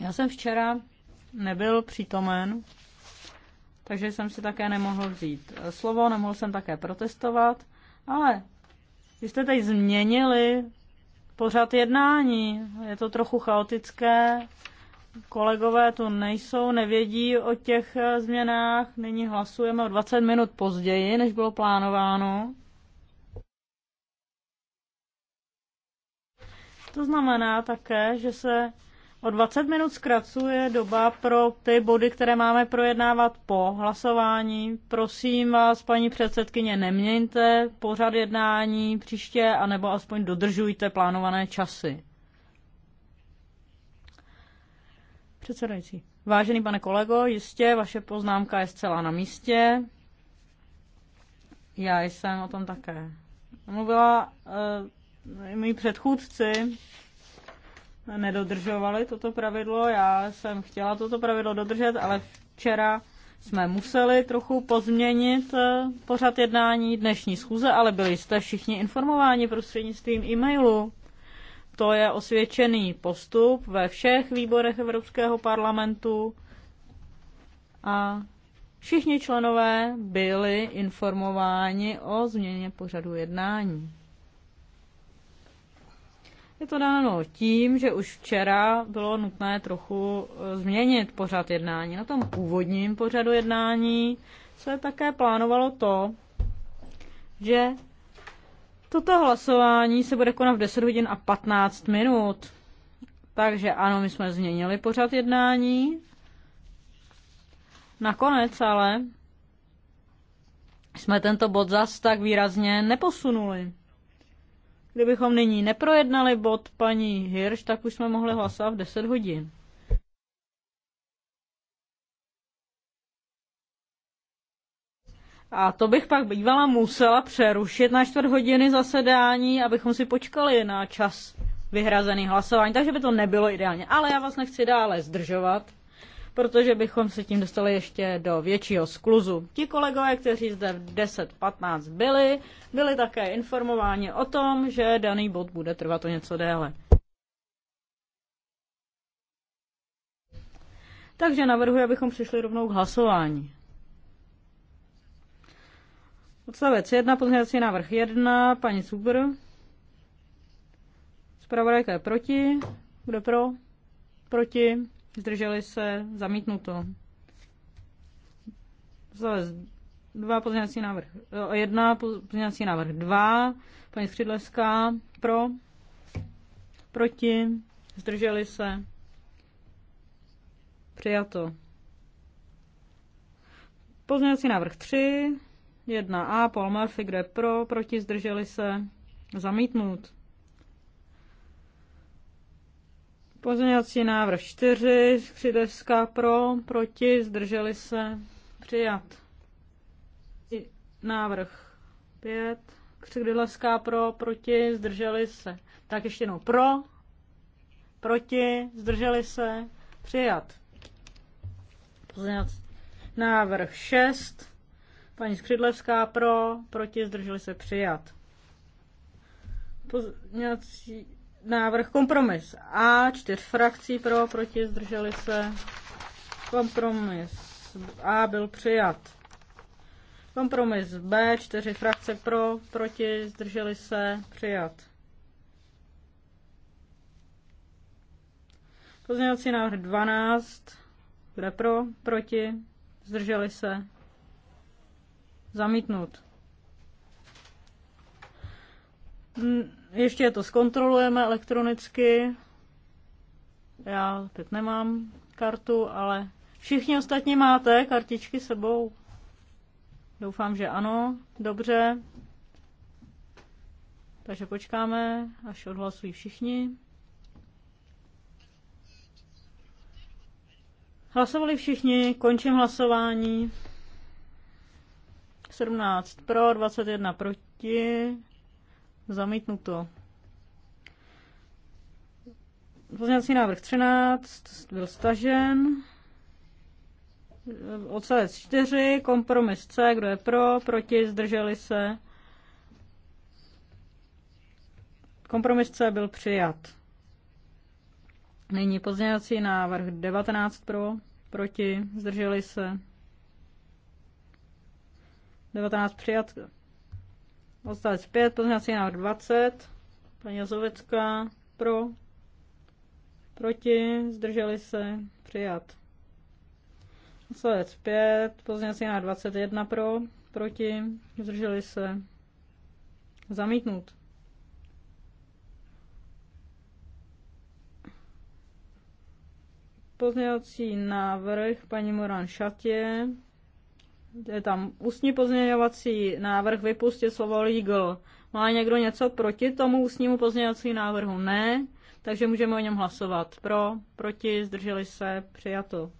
Já jsem včera nebyl přítomen, takže jsem si také nemohl vzít slovo, nemohl jsem také protestovat, ale vy jste teď změnili pořád jednání. Je to trochu chaotické, kolegové tu nejsou, nevědí o těch eh, změnách. Nyní hlasujeme o 20 minut později, než bylo plánováno. To znamená také, že se o 20 minut zkracuje doba pro ty body, které máme projednávat po hlasování. Prosím vás, paní předsedkyně, neměňte pořad jednání příště, anebo aspoň dodržujte plánované časy. Předsedající. Vážený pane kolego, jistě, vaše poznámka je zcela na místě. Já jsem o tom také mluvila. Uh, eh, mý předchůdci nedodržovali toto pravidlo. Já jsem chtěla toto pravidlo dodržet, ale včera jsme museli trochu pozměnit eh, pořad jednání dnešní schůze, ale byli jste všichni informováni prostřednictvím e-mailu. To je osvědčený postup ve všech výborech Evropského parlamentu a všichni členové byli informováni o změně pořadu jednání. Je to dáno tím, že už včera bylo nutné trochu e, změnit pořad jednání. Na tom původním pořadu jednání se také plánovalo to, že Toto hlasování se bude konat v 10 hodin a 15 minut. Takže ano, my jsme změnili pořad jednání. Nakonec ale jsme tento bod zas tak výrazně neposunuli. Kdybychom nyní neprojednali bod paní Hirš, tak už jsme mohli hlasovat v 10 hodin. A to bych pak bývala musela přerušit na čtvrt hodiny zasedání, abychom si počkali na čas vyhrazený hlasování, takže by to nebylo ideálně. Ale já vás nechci dále zdržovat, protože bychom se tím dostali ještě do většího skluzu. Ti kolegové, kteří zde v 10.15 byli, byli také informováni o tom, že daný bod bude trvat o něco déle. Takže navrhuji, abychom přišli rovnou k hlasování. Odstavec 1, pozměňovací návrh 1, paní Super. Zpravodajka je proti. Kdo pro? Proti. Zdrželi se. Zamítnuto. Odstavec 2, pozměňovací návrh 1, eh, pozměňovací návrh 2, paní Skřidleská. Pro. Proti. Zdrželi se. Přijato. Pozměňovací návrh 3. 1A, Paul Murphy, kde pro, proti, zdrželi se, zamítnut. Pozměňovací návrh 4, skřidevská pro, proti, zdrželi se, přijat. Návrh 5, křidlevská pro, proti, zdrželi se. Tak ještě jednou pro, proti, zdrželi se, přijat. Pozměňovací návrh 6, Paní Skřidlevská pro, proti, zdrželi se přijat. Pozměňovací návrh kompromis A, čtyř frakcí pro, proti, zdrželi se. Kompromis A byl přijat. Kompromis B, čtyři frakce pro, proti, zdrželi se, přijat. Pozměňovací návrh 12, kde pro, proti, zdrželi se, Zamítnout. Ještě to zkontrolujeme elektronicky. Já teď nemám kartu, ale všichni ostatní máte kartičky sebou. Doufám, že ano. Dobře. Takže počkáme, až odhlasují všichni. Hlasovali všichni, končím hlasování. 17 pro, 21 proti. Zamítnuto. Pozměňovací návrh 13 byl stažen. Odstavec 4, kompromis C, kdo je pro, proti, zdrželi se. Kompromis C byl přijat. Nyní pozměňovací návrh 19 pro, proti, zdrželi se. 19 přijat. Odstavec 5, pozměňovací návrh 20. Paní Jazovecká pro. Proti, zdrželi se, přijat. Odstavec 5, pozměňovací návrh 21 pro. Proti, zdrželi se, zamítnut. Pozměňovací návrh paní Moran Šatě je tam ústní pozměňovací návrh vypustit slovo legal. Má někdo něco proti tomu ústnímu pozměňovacímu návrhu? Ne, takže můžeme o něm hlasovat. Pro, proti, zdrželi se, přijato.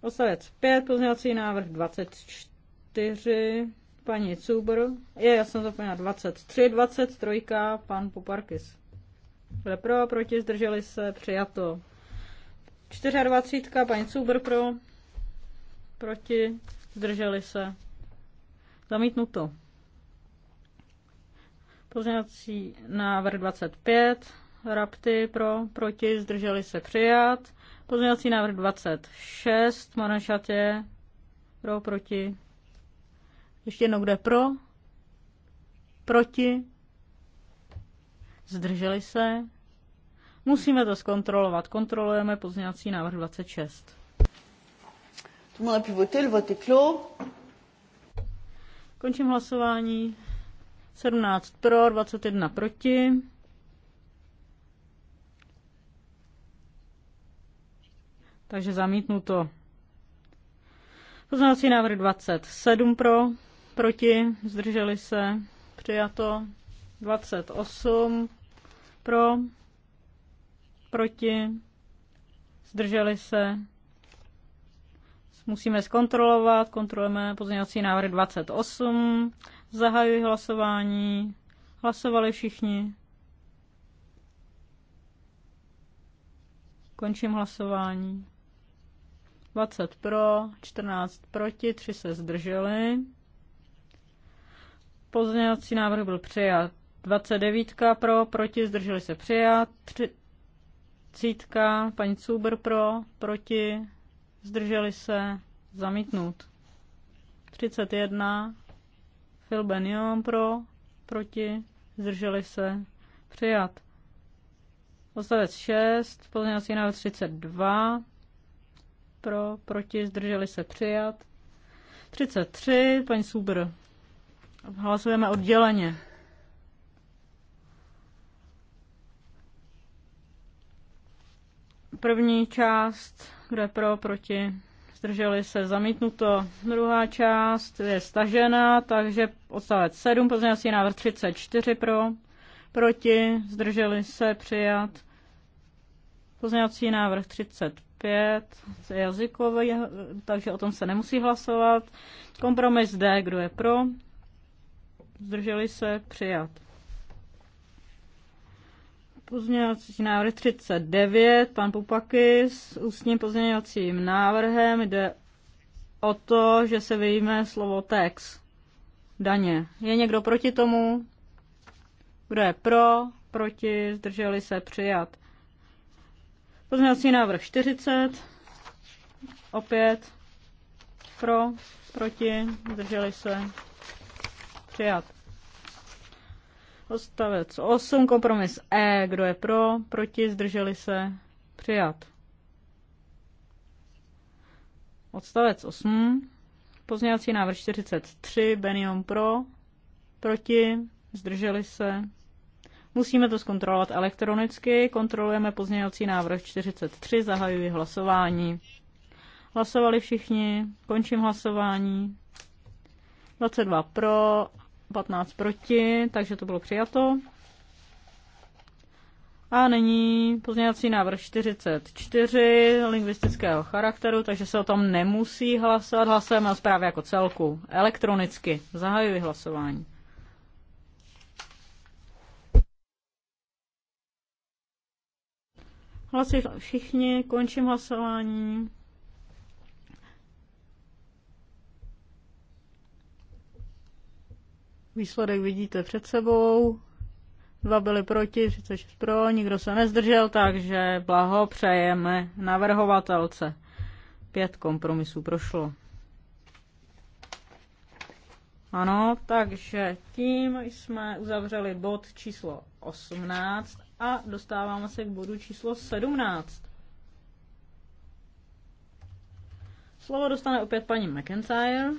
Osavec 5, pozměňovací návrh 24, paní Cubr, je, já jsem zapomněla, 23, 23, pan Poparkis. Kde pro, proti, zdrželi se, přijato. 24, paní Cubr pro, Proti? Zdrželi se? Zamítnuto. Pozměňovací návrh 25. Rapty pro, proti, zdrželi se přijat. Pozměňovací návrh 26. Manašatě pro, proti. Ještě jednou, kde pro? Proti? Zdrželi se? Musíme to zkontrolovat. Kontrolujeme pozměňovací návrh 26. Tout le monde a pu voter, le vote est clos. Končím hlasování. 17 pro, 21 proti. Takže zamítnu to. Poznávací návrh 27 pro, proti, zdrželi se, přijato. 28 pro, proti, zdrželi se, musíme zkontrolovat. Kontrolujeme pozměňovací návrh 28. Zahajuji hlasování. Hlasovali všichni. Končím hlasování. 20 pro, 14 proti, 3 se zdrželi. Pozměňovací návrh byl přijat. 29 pro, proti, zdrželi se přijat. 30 paní Cuber pro, proti, zdrželi se, zamítnout. 31, Phil Benion pro, proti, zdrželi se, přijat. Odstavec 6, pozměňovací návrh 32, pro, proti, zdrželi se, přijat. 33, paní Subr, hlasujeme odděleně. První část kdo je pro, proti? Zdrželi se zamítnuto. Druhá část je stažena, takže odstavec 7, pozměňovací návrh 34 pro, proti, zdrželi se přijat. Pozměňovací návrh 35 je jazykový, takže o tom se nemusí hlasovat. Kompromis D, kdo je pro, zdrželi se přijat. Pozměňovací návrh 39, pan Pupaky s ústním pozměňovacím návrhem jde o to, že se vyjme slovo tax, daně. Je někdo proti tomu? Kdo je pro? Proti? Zdrželi se přijat. Pozměňovací návrh 40, opět pro, proti, zdrželi se přijat. Odstavec 8, kompromis E, kdo je pro, proti, zdrželi se, přijat. Odstavec 8, pozměňovací návrh 43, Benion pro, proti, zdrželi se. Musíme to zkontrolovat elektronicky, kontrolujeme pozměňovací návrh 43, zahajuji hlasování. Hlasovali všichni, končím hlasování. 22 pro 15 proti, takže to bylo přijato. A nyní pozměňovací návrh 44 lingvistického charakteru, takže se o tom nemusí hlasovat. Hlasujeme o zprávě jako celku. Elektronicky. Zahajuji hlasování. Hlasují všichni, končím hlasování. Výsledek vidíte před sebou. Dva byli proti, 36 pro, nikdo se nezdržel, takže blaho přejeme navrhovatelce. Pět kompromisů prošlo. Ano, takže tím jsme uzavřeli bod číslo 18 a dostáváme se k bodu číslo 17. Slovo dostane opět paní McIntyre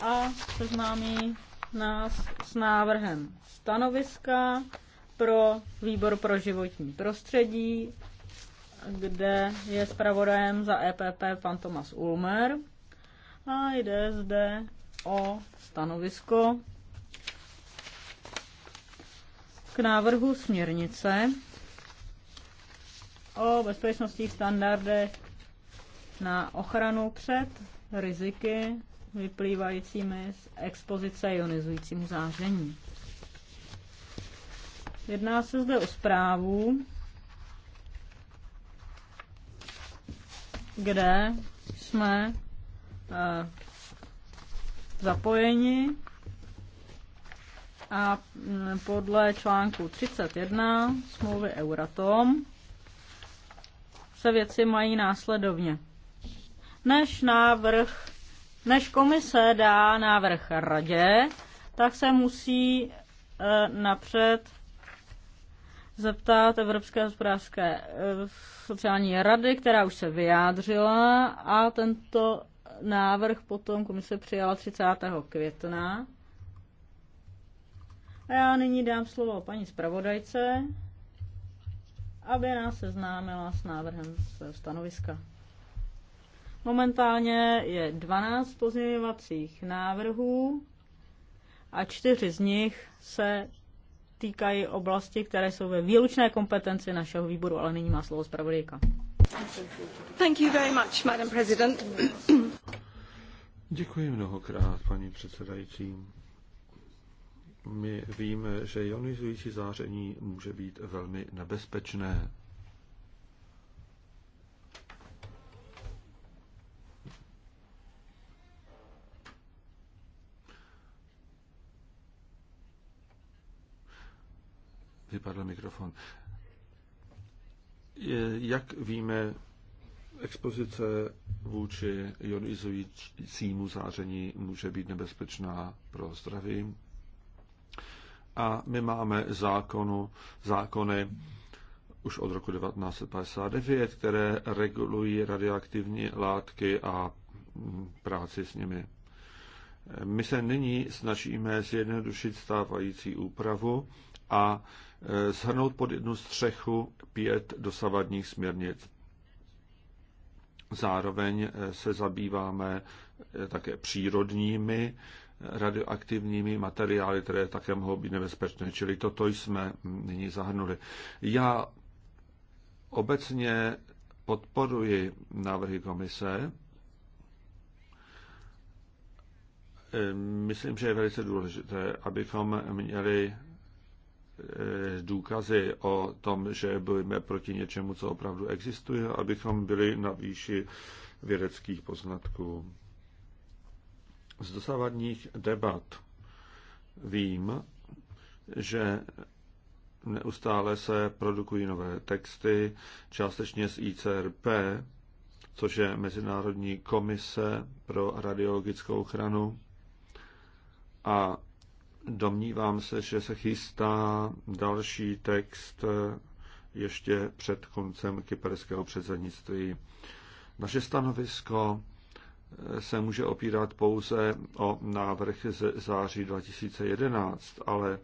a seznámí nás s návrhem stanoviska pro výbor pro životní prostředí, kde je zpravodajem za EPP pan Tomas Ulmer. A jde zde o stanovisko k návrhu směrnice o bezpečnostních standardech na ochranu před riziky vyplývajícími z expozice ionizujícímu záření. Jedná se zde o zprávu, kde jsme eh, zapojeni a mm, podle článku 31 smlouvy Euratom se věci mají následovně. Než návrh než komise dá návrh radě, tak se musí eh, napřed zeptat Evropské hospodářské eh, sociální rady, která už se vyjádřila a tento návrh potom komise přijala 30. května. A já nyní dám slovo paní zpravodajce, aby nás seznámila s návrhem svého stanoviska. Momentálně je 12 pozměňovacích návrhů a čtyři z nich se týkají oblasti, které jsou ve výlučné kompetenci našeho výboru, ale nyní má slovo zpravodajka. Thank you very much, Madam President. Děkuji mnohokrát, paní předsedající. My víme, že ionizující záření může být velmi nebezpečné. vypadl mikrofon. Jak víme, expozice vůči ionizujícímu záření může být nebezpečná pro zdraví. A my máme zákonu, zákony už od roku 1959, které regulují radioaktivní látky a práci s nimi. My se nyní snažíme zjednodušit stávající úpravu a Eh, shrnout pod jednu střechu pět dosavadních směrnic. Zároveň eh, se zabýváme eh, také přírodními radioaktivními materiály, které také mohou být nebezpečné. Čili toto jsme nyní zahrnuli. Já obecně podporuji návrhy komise. Myslím, že je velice důležité, abychom měli Eh, důkazy o tom, že bojíme proti něčemu, co opravdu existuje, abychom byli na výši vědeckých poznatků. Z dosavadních debat vím, že neustále se produkují nové texty, částečně z ICRP, což je Mezinárodní komise pro radiologickou ochranu. A Domnívám se, že se chystá další text eh, ještě před koncem kyperského předsednictví. Naše stanovisko eh, se může opírat pouze o návrh ze září 2011, ale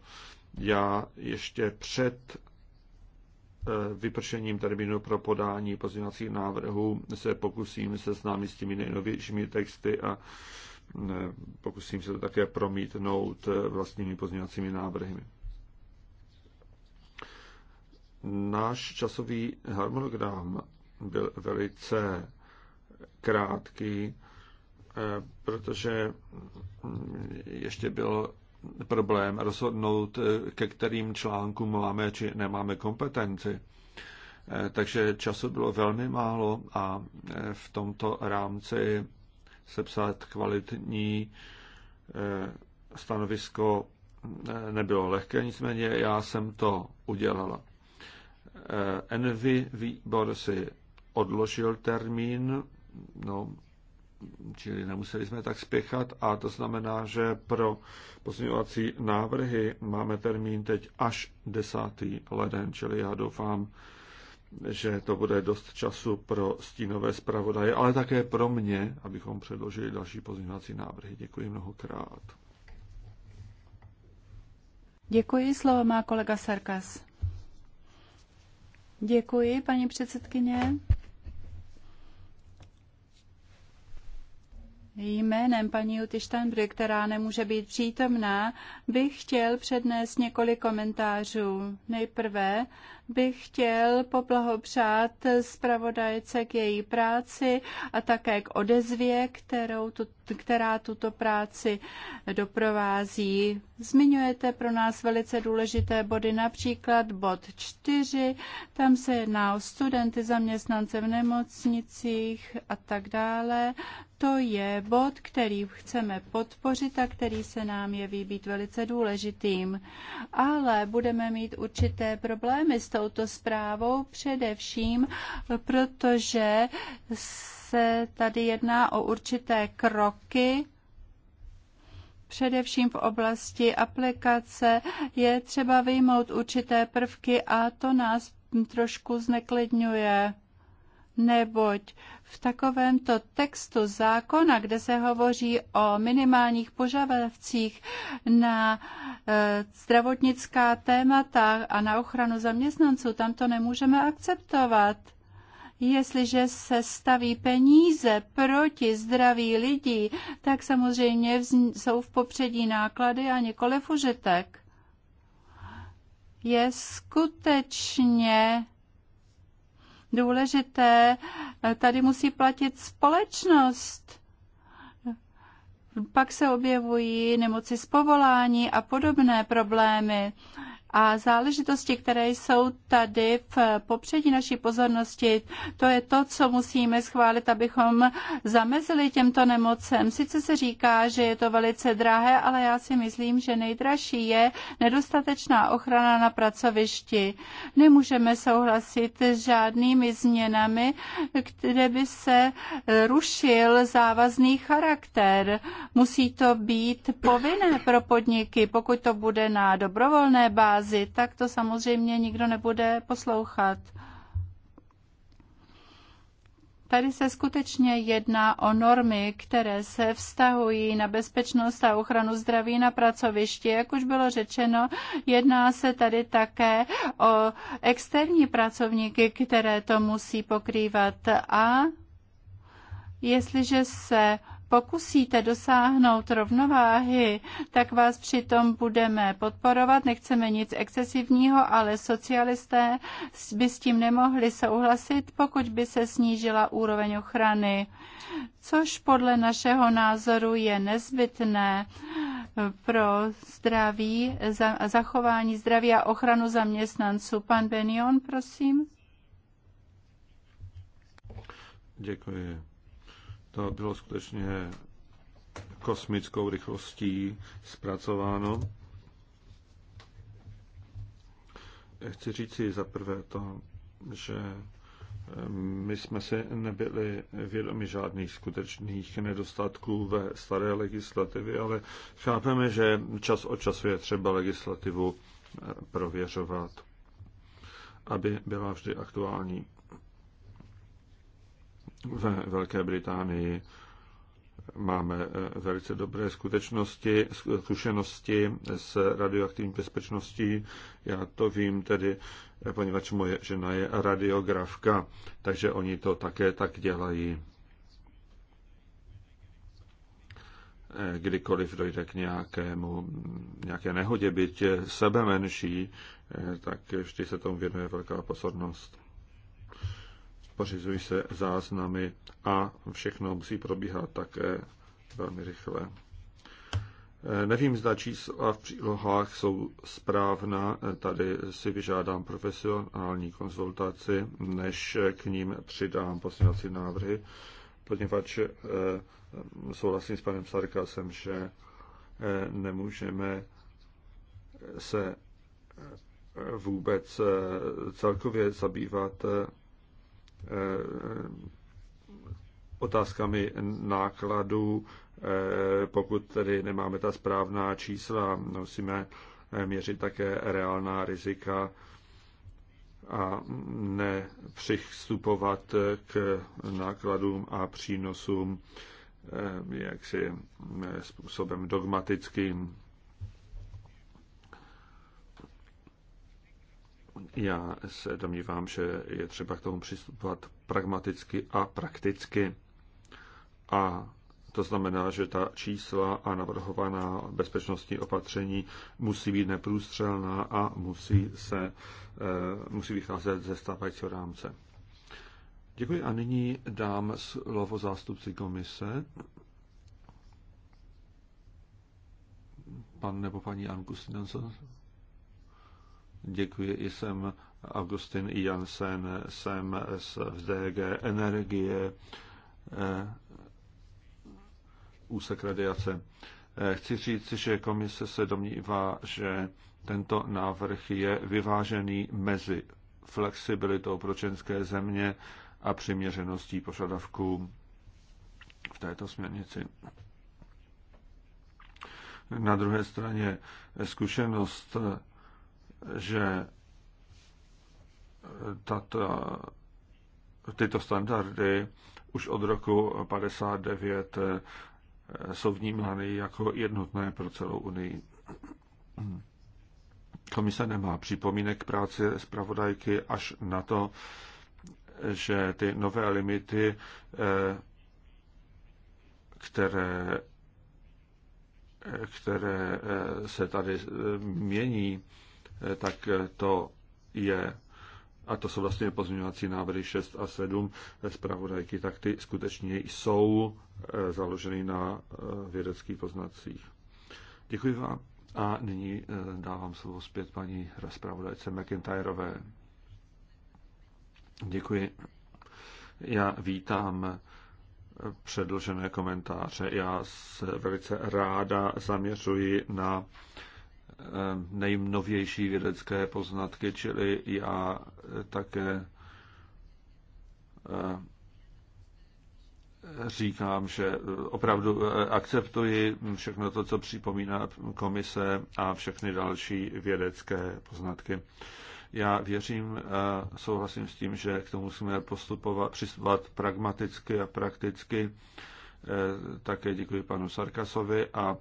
já ještě před eh, vypršením termínu pro podání pozměňovacích návrhů se pokusím seznámit s těmi nejnovějšími texty a pokusím se to také promítnout eh, vlastními pozměňovacími návrhy. Náš časový harmonogram byl velice krátký, eh, protože hm, ještě byl problém rozhodnout, eh, ke kterým článkům máme či nemáme kompetenci. Takže času bylo velmi málo a v tomto rámci sepsat kvalitní eh, stanovisko eh, nebylo lehké, nicméně já jsem to udělala. Envy eh, výbor si odložil termín, no, čili nemuseli jsme tak spěchat a to znamená, že pro pozměňovací návrhy máme termín teď až 10. leden, čili já doufám, že to bude dost času pro stínové zpravodaje, ale také pro mě, abychom předložili další pozměňovací návrhy. Děkuji mnohokrát. Děkuji, slovo má kolega Sarkas. Děkuji, paní předsedkyně. Jménem paní Juty která nemůže být přítomná, bych chtěl přednést několik komentářů. Nejprve bych chtěl poblahopřát zpravodajce k její práci a také k odezvě, kterou tu, která tuto práci doprovází. Zmiňujete pro nás velice důležité body, například bod 4, tam se jedná o studenty, zaměstnance v nemocnicích a tak dále. To je bod, který chceme podpořit a který se nám jeví být velice důležitým. Ale budeme mít určité problémy s touto zprávou, především protože se tady jedná o určité kroky, především v oblasti aplikace, je třeba vyjmout určité prvky a to nás trošku zneklidňuje neboť v takovémto textu zákona, kde se hovoří o minimálních požadavcích na e, zdravotnická témata a na ochranu zaměstnanců, tam to nemůžeme akceptovat. Jestliže se staví peníze proti zdraví lidí, tak samozřejmě jsou v popředí náklady a nikoli užitek. Je skutečně důležité. Tady musí platit společnost. Pak se objevují nemoci z povolání a podobné problémy. A záležitosti, které jsou tady v popředí naší pozornosti, to je to, co musíme schválit, abychom zamezili těmto nemocem. Sice se říká, že je to velice drahé, ale já si myslím, že nejdražší je nedostatečná ochrana na pracovišti. Nemůžeme souhlasit s žádnými změnami, kde by se rušil závazný charakter. Musí to být povinné pro podniky, pokud to bude na dobrovolné bázi dotazy, tak to samozřejmě nikdo nebude poslouchat. Tady se skutečně jedná o normy, které se vztahují na bezpečnost a ochranu zdraví na pracovišti. Jak už bylo řečeno, jedná se tady také o externí pracovníky, které to musí pokrývat. A jestliže se pokusíte dosáhnout rovnováhy, tak vás přitom budeme podporovat. Nechceme nic excesivního, ale socialisté by s tím nemohli souhlasit, pokud by se snížila úroveň ochrany, což podle našeho názoru je nezbytné pro zdraví, za, zachování zdraví a ochranu zaměstnanců. Pan Benion, prosím. Děkuji. To bylo skutečně kosmickou rychlostí zpracováno. Chci říct si za prvé to, že eh, my jsme si nebyli vědomi žádných skutečných nedostatků ve staré legislativě, ale chápeme, že čas od času je třeba legislativu eh, prověřovat, aby byla vždy aktuální. Ve Velké Británii máme eh, velice dobré skutečnosti, zkušenosti s radioaktivní bezpečností. Já to vím tedy, eh, poněvadž moje žena je radiografka, takže oni to také tak dělají. Eh, kdykoliv dojde k nějakému, nějaké nehodě, byť sebe menší, tak vždy se tomu věnuje velká pozornost pořizují se záznamy a všechno musí probíhat také velmi rychle. Eh, nevím, zda čísla v přílohách jsou správná. Eh, tady si vyžádám profesionální konzultaci, než k ním přidám poslední návrhy, poněvadž eh, souhlasím s panem Sarkasem, že nemůžeme se vůbec celkově zabývat Eh, otázkami nákladů, eh, pokud tedy nemáme ta správná čísla, musíme eh, měřit také reálná rizika a ne přistupovat k nákladům a přínosům jaksi způsobem dogmatickým. Já se domnívám, že je třeba k tomu přistupovat pragmaticky a prakticky. A to znamená, že ta čísla a navrhovaná bezpečnostní opatření musí být neprůstřelná a musí, se, eh, musí vycházet ze stávajícího rámce. Děkuji a nyní dám slovo zástupci komise. Pan nebo paní Anku Stinson, Děkuji i jsem Augustin Jansen, jsem z DG Energie, eh, úsek radiace. Eh, chci říct, že komise se domnívá, že tento návrh je vyvážený mezi flexibilitou pro české země a přiměřeností požadavků v této směrnici. Na druhé straně zkušenost že tato, tyto standardy už od roku 59 jsou vnímány jako jednotné pro celou Unii. Komise nemá připomínek k práci zpravodajky až na to, že ty nové limity, které, které se tady mění, Eh, tak eh, to je, a to jsou vlastně pozměňovací návrhy 6 a 7 eh, zpravodajky, tak ty skutečně jsou založeny na vědeckých poznacích. Děkuji vám a nyní dávám slovo zpět paní zpravodajce McIntyrové. Děkuji. Já vítám předložené komentáře. Já se velice ráda zaměřuji na Eh, nejnovější vědecké poznatky, čili já také eh, říkám, že opravdu eh, akceptuji všechno to, co připomíná komise a všechny další vědecké poznatky. Já věřím a souhlasím s tím, že k tomu musíme postupovat, přistupovat pragmaticky a prakticky. Také děkuji panu Sarkasovi a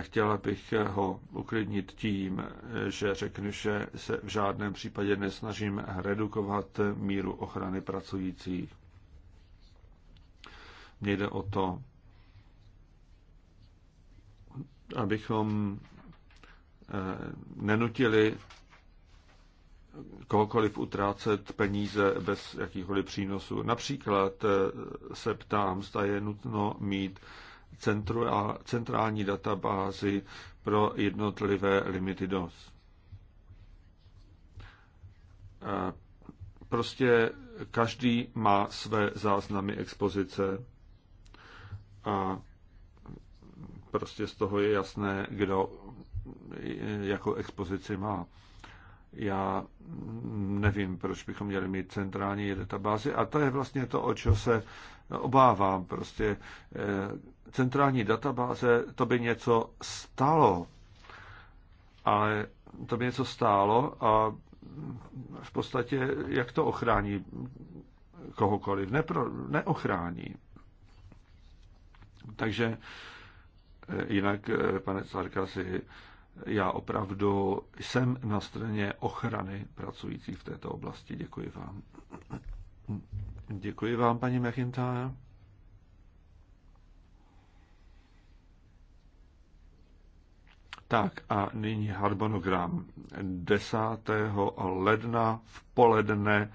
Chtěla bych ho uklidnit tím, že řeknu, že se v žádném případě nesnažím redukovat míru ochrany pracujících. Mně jde o to, abychom eh, nenutili kohokoliv utrácet peníze bez jakýchkoliv přínosů. Například eh, se ptám, zda je nutno mít centru a centrální databázi pro jednotlivé limity DOS. Prostě každý má své záznamy expozice a prostě z toho je jasné, kdo jakou expozici má. Já nevím, proč bychom měli mít centrální databázy a to je vlastně to, o čeho se obávám. Prostě eh, centrální databáze, to by něco stalo. Ale to by něco stálo a v podstatě, jak to ochrání kohokoliv? Nepro, neochrání. Takže eh, jinak, eh, pane Sarkasi, já opravdu jsem na straně ochrany pracujících v této oblasti. Děkuji vám. Děkuji vám, paní McIntyre. Tak a nyní harmonogram. 10. ledna v poledne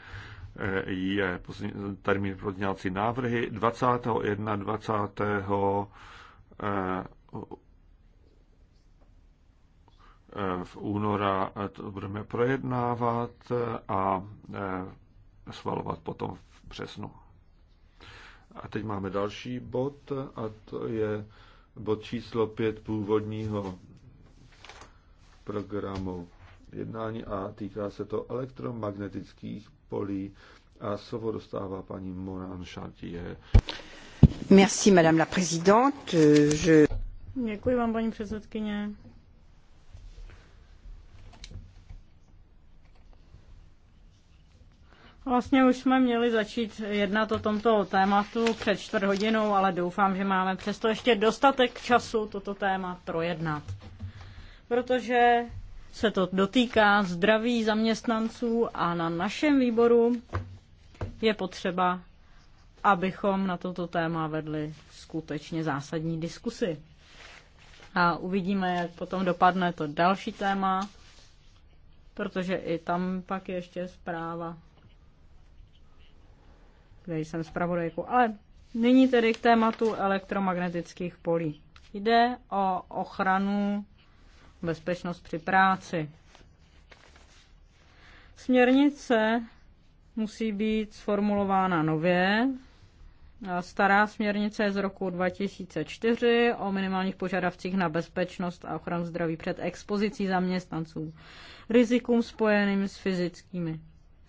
eh, je termín pro dňácí návrhy 21. 20. Eh, v února eh, to budeme projednávat eh, a eh, svalovat potom v březnu. A teď máme další bod a to je bod číslo 5 původního programu jednání a týká se to elektromagnetických polí a slovo dostává paní Morán Chartier. Merci, madame la présidente. Je... Děkuji vám, paní předsedkyně. Vlastně už jsme měli začít jednat o tomto tématu před čtvrt hodinou, ale doufám, že máme přesto ještě dostatek času toto téma projednat protože se to dotýká zdraví zaměstnanců a na našem výboru je potřeba, abychom na toto téma vedli skutečně zásadní diskusy. A uvidíme, jak potom dopadne to další téma, protože i tam pak je ještě zpráva, kde jsem zpravodajku. Ale nyní tedy k tématu elektromagnetických polí. Jde o ochranu bezpečnost při práci. Směrnice musí být sformulována nově. Stará směrnice je z roku 2004 o minimálních požadavcích na bezpečnost a ochranu zdraví před expozicí zaměstnanců rizikům spojeným s fyzickými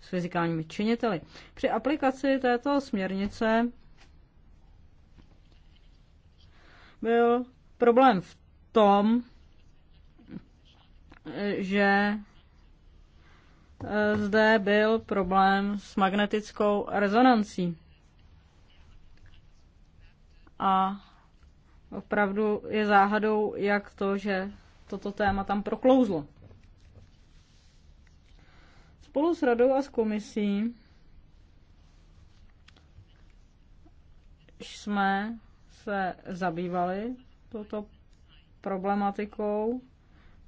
s fyzikálními činiteli. Při aplikaci této směrnice byl problém v tom, že e, zde byl problém s magnetickou rezonancí. A opravdu je záhadou, jak to, že toto téma tam proklouzlo. Spolu s radou a s komisí jsme se zabývali touto problematikou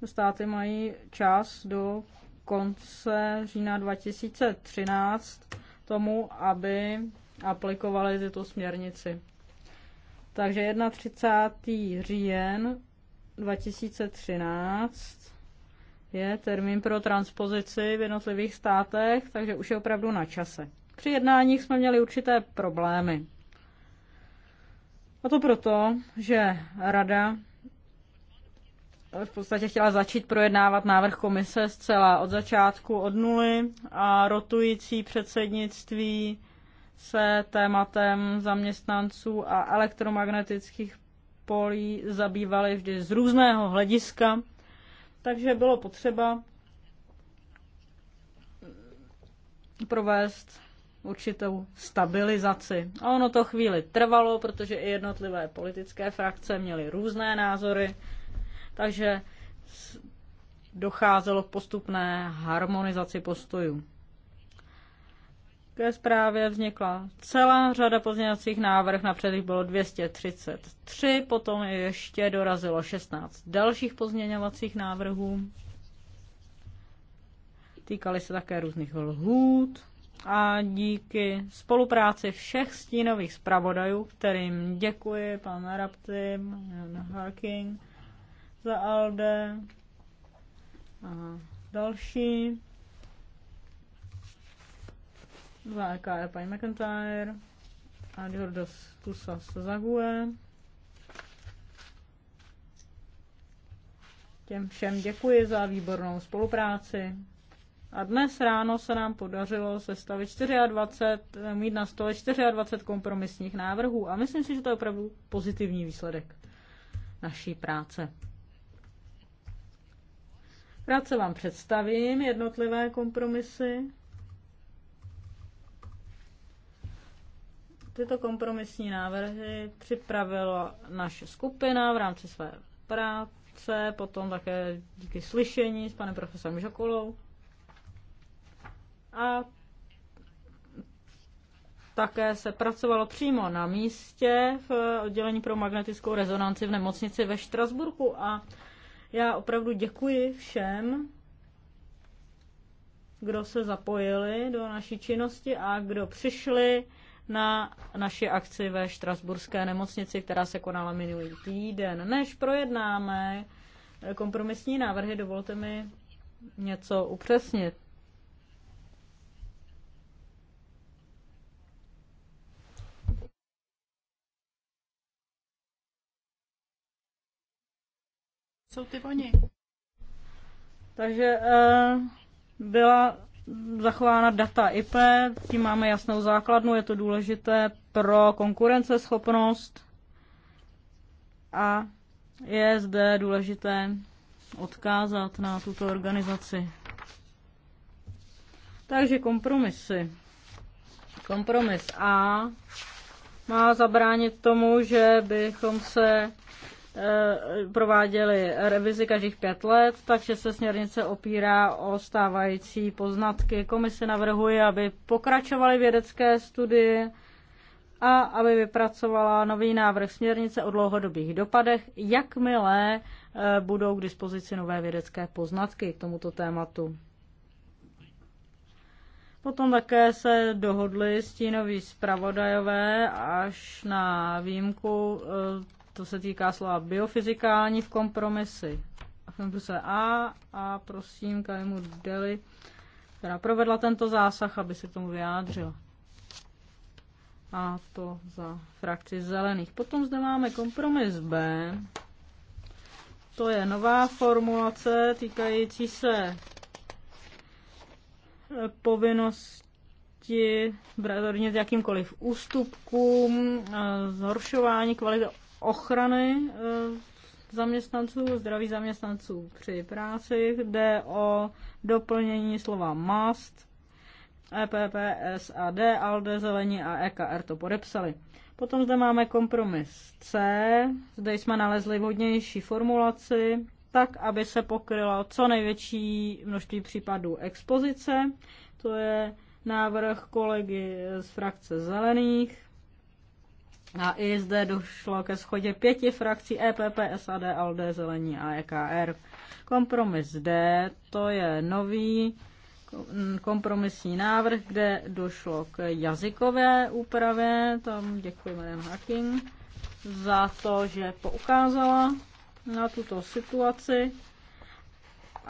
Státy mají čas do konce října 2013 tomu, aby aplikovali tyto směrnici. Takže 31. říjen 2013 je termín pro transpozici v jednotlivých státech, takže už je opravdu na čase. Při jednáních jsme měli určité problémy. A to proto, že Rada v podstatě chtěla začít projednávat návrh komise zcela od začátku, od nuly a rotující předsednictví se tématem zaměstnanců a elektromagnetických polí zabývaly vždy z různého hlediska, takže bylo potřeba provést určitou stabilizaci. A ono to chvíli trvalo, protože i jednotlivé politické frakce měly různé názory takže docházelo k postupné harmonizaci postojů. Ke zprávě vznikla celá řada pozměňovacích návrh, napřed jich bylo 233, potom ještě dorazilo 16 dalších pozměňovacích návrhů. Týkaly se také různých lhůt a díky spolupráci všech stínových zpravodajů, kterým děkuji, pan Raptim, Harking, za ALDE a další. Za EKR paní McIntyre a Jordas Tusas za GUE. Těm všem děkuji za výbornou spolupráci. A dnes ráno se nám podařilo sestavit 24, mít na stole 24 kompromisních návrhů a myslím si, že to je opravdu pozitivní výsledek naší práce se vám představím jednotlivé kompromisy. Tyto kompromisní návrhy připravila naše skupina v rámci své práce, potom také díky slyšení s panem profesorem Žokolou. A také se pracovalo přímo na místě v oddělení pro magnetickou rezonanci v nemocnici ve Štrasburku a já opravdu děkuji všem, kdo se zapojili do naší činnosti a kdo přišli na naši akci ve Štrasburské nemocnici, která se konala minulý týden. Než projednáme kompromisní návrhy, dovolte mi něco upřesnit. jsou ty oni. Takže eh, byla zachována data IP, tím máme jasnou základnu, je to důležité pro konkurenceschopnost a je zde důležité odkázat na tuto organizaci. Takže kompromisy. Kompromis A má zabránit tomu, že bychom se Eh, prováděli revizi každých pět let, takže se směrnice opírá o stávající poznatky. Komise navrhuje, aby pokračovaly vědecké studie a aby vypracovala nový návrh směrnice o dlouhodobých dopadech, jakmile eh, budou k dispozici nové vědecké poznatky k tomuto tématu. Potom také se dohodli stínoví zpravodajové až na výjimku eh, to se týká slova biofyzikální v kompromisy. A v kompromise A a prosím Karimu Deli, která provedla tento zásah, aby se k tomu vyjádřila. A to za frakci zelených. Potom zde máme kompromis B. To je nová formulace týkající se povinnosti bránit jakýmkoliv ústupkům, zhoršování kvality ochrany eh, zaměstnanců, zdraví zaměstnanců při práci. Jde o doplnění slova mast, EPP, SAD, ALDE, Zelení a EKR to podepsali. Potom zde máme kompromis C. Zde jsme nalezli vhodnější formulaci, tak aby se pokrylo co největší množství případů expozice. To je návrh kolegy z frakce Zelených a i zde došlo ke schodě pěti frakcí EPP, SAD, ALD, Zelení a EKR. Kompromis D, to je nový kompromisní návrh, kde došlo k jazykové úpravě. Tam děkuji Marian Hacking za to, že poukázala na tuto situaci.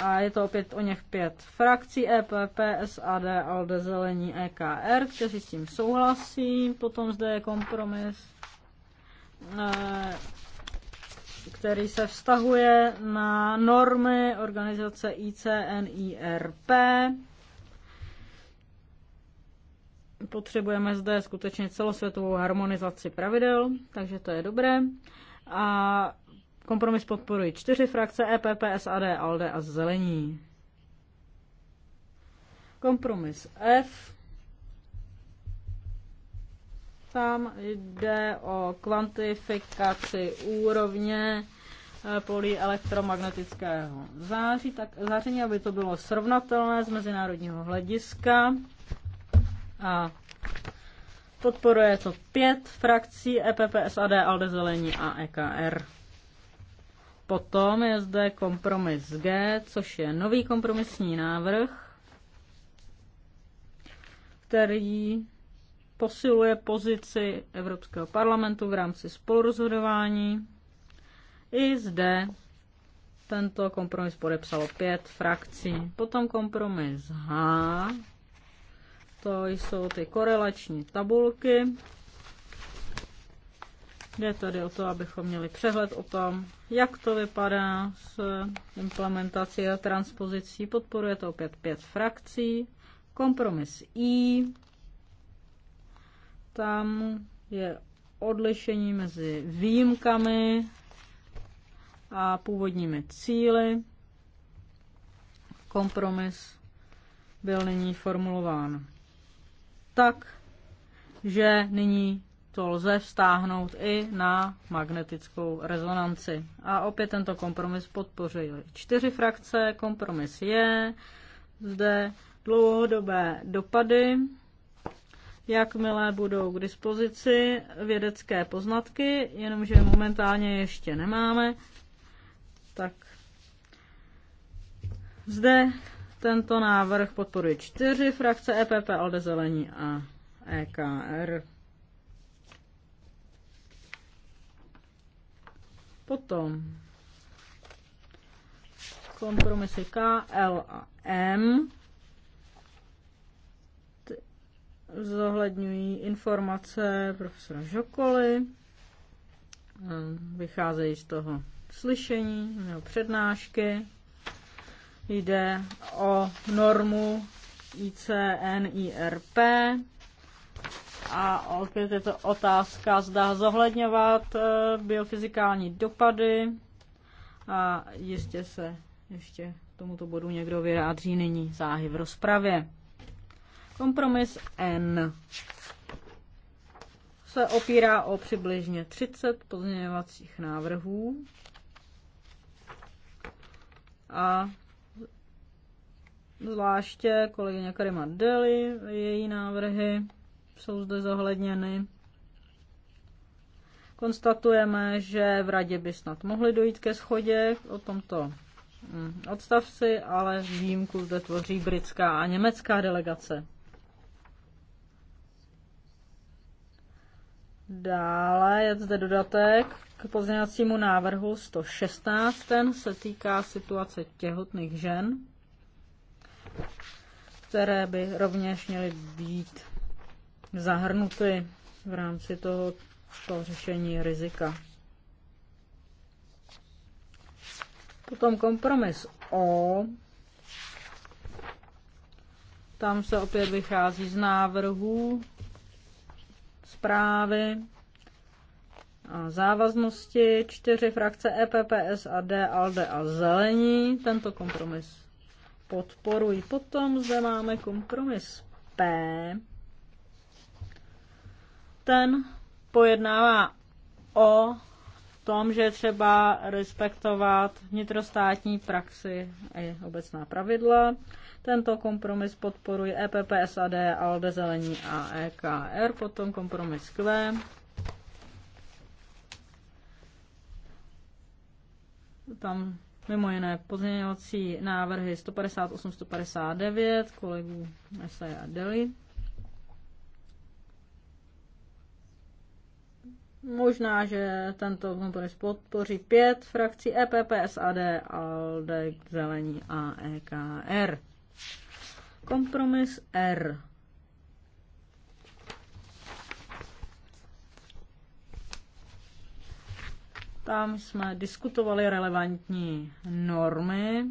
A je to opět o něch pět frakcí EPP, SAD, ALDE, Zelení, EKR, kteří s tím souhlasí. Potom zde je kompromis Eh, který se vztahuje na normy organizace ICNIRP. Potřebujeme zde skutečně celosvětovou harmonizaci pravidel, takže to je dobré. A kompromis podporují čtyři frakce EPP, SAD, ALDE a Zelení. Kompromis F tam jde o kvantifikaci úrovně eh, polielektromagnetického září, tak záření, aby to bylo srovnatelné z mezinárodního hlediska. A podporuje to pět frakcí EPP, SAD, ALDE, Zelení a EKR. Potom je zde kompromis G, což je nový kompromisní návrh, který posiluje pozici Evropského parlamentu v rámci spolurozhodování. I zde tento kompromis podepsalo pět frakcí. Potom kompromis H, to jsou ty korelační tabulky. Jde tady o to, abychom měli přehled o tom, jak to vypadá s implementací a transpozicí. Podporuje to opět pět frakcí. Kompromis I, tam je odlišení mezi výjimkami a původními cíly. Kompromis byl nyní formulován tak, že nyní to lze vztáhnout i na magnetickou rezonanci. A opět tento kompromis podpořili čtyři frakce. Kompromis je zde dlouhodobé dopady jakmile budou k dispozici vědecké poznatky, jenomže momentálně ještě nemáme, tak zde tento návrh podporuje čtyři frakce EPP, ALDE, Zelení a EKR. Potom kompromisy K, L a M zohledňují informace profesora Žokoly, ehm, vycházejí z toho slyšení nebo přednášky. Jde o normu ICNIRP a opět je to otázka, zda zohledňovat eh, biofyzikální dopady a jistě se ještě tomuto bodu někdo vyjádří nyní záhy v rozpravě. Kompromis N se opírá o přibližně 30 pozměňovacích návrhů a zvláště kolegyně Karima Deli, její návrhy jsou zde zohledněny. Konstatujeme, že v radě by snad mohly dojít ke schodě o tomto mm, odstavci, ale výjimku zde tvoří britská a německá delegace. Dále je zde dodatek k pozměňovacímu návrhu 116. Ten se týká situace těhotných žen, které by rovněž měly být zahrnuty v rámci toho, toho řešení rizika. Potom kompromis O. Tam se opět vychází z návrhů zprávy a závaznosti čtyři frakce e a D, ALDE a Zelení tento kompromis podporují. Potom zde máme kompromis P. Ten pojednává o tom, že je třeba respektovat vnitrostátní praxi a obecná pravidla. Tento kompromis podporuje EPP, SAD, ALDE, Zelení a EKR, potom kompromis Q. Tam mimo jiné pozměňovací návrhy 158-159 kolegů Esaja a Deli. Možná, že tento kompromis podpoří pět frakcí EPP, SAD, ALDE, Zelení a EKR. Kompromis R. Tam jsme diskutovali relevantní normy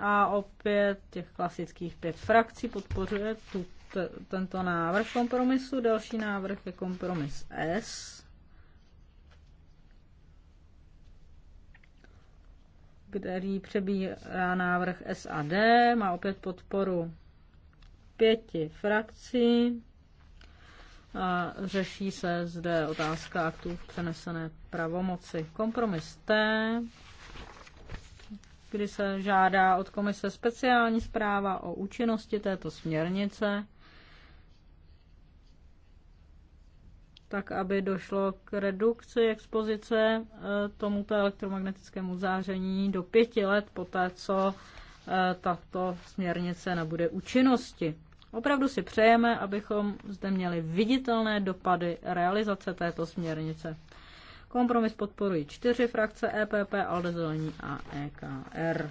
a opět těch klasických pět frakcí podpořuje tu, t, tento návrh kompromisu. Další návrh je kompromis S. který přebírá návrh SAD, má opět podporu pěti frakcí a řeší se zde otázka aktů v přenesené pravomoci. Kompromis T, kdy se žádá od komise speciální zpráva o účinnosti této směrnice, tak aby došlo k redukci expozice e, tomuto elektromagnetickému záření do pěti let poté, co e, tato směrnice nabude účinnosti. Opravdu si přejeme, abychom zde měli viditelné dopady realizace této směrnice. Kompromis podporují čtyři frakce EPP, ALDE, Zelení a EKR.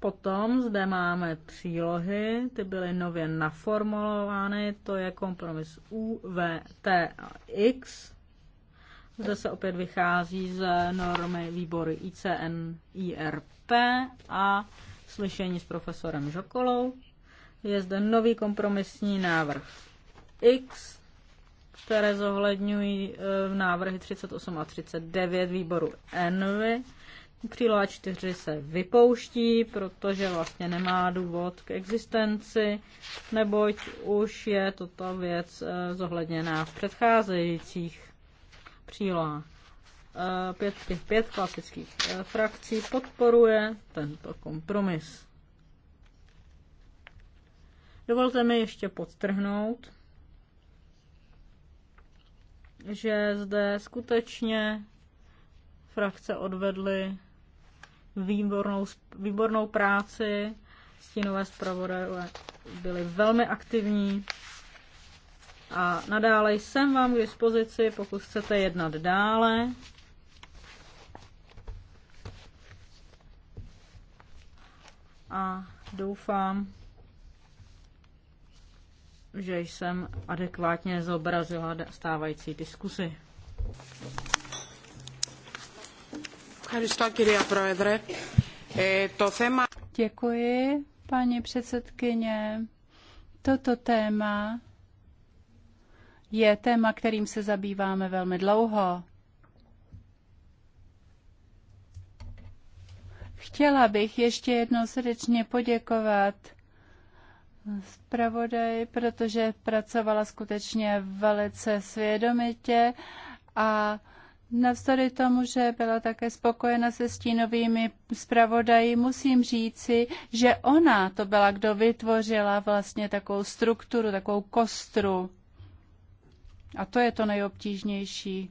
Potom zde máme přílohy, ty byly nově naformulovány, to je kompromis U, V, T a X. Zde se opět vychází z normy výbory ICN, IRP a slyšení s profesorem Žokolou. Je zde nový kompromisní návrh X, které zohledňují eh, v návrhy 38 a 39 výboru NV. Příloha 4 se vypouští, protože vlastně nemá důvod k existenci, neboť už je toto věc eh, zohledněná v předcházejících přílohách. Eh, pět, těch pět klasických eh, frakcí podporuje tento kompromis. Dovolte mi ještě podtrhnout, že zde skutečně frakce odvedly výbornou, výbornou práci. Stínové zpravodajové byli velmi aktivní. A nadále jsem vám k dispozici, pokud chcete jednat dále. a doufám, že jsem adekvátně zobrazila stávající diskusy. Děkuji, paní předsedkyně. Toto téma je téma, kterým se zabýváme velmi dlouho. Chtěla bych ještě jednou srdečně poděkovat zpravodaji, protože pracovala skutečně velice svědomitě a Navzdory tomu, že byla také spokojena se stínovými zpravodaji, musím říci, že ona to byla, kdo vytvořila vlastně takovou strukturu, takovou kostru. A to je to nejobtížnější.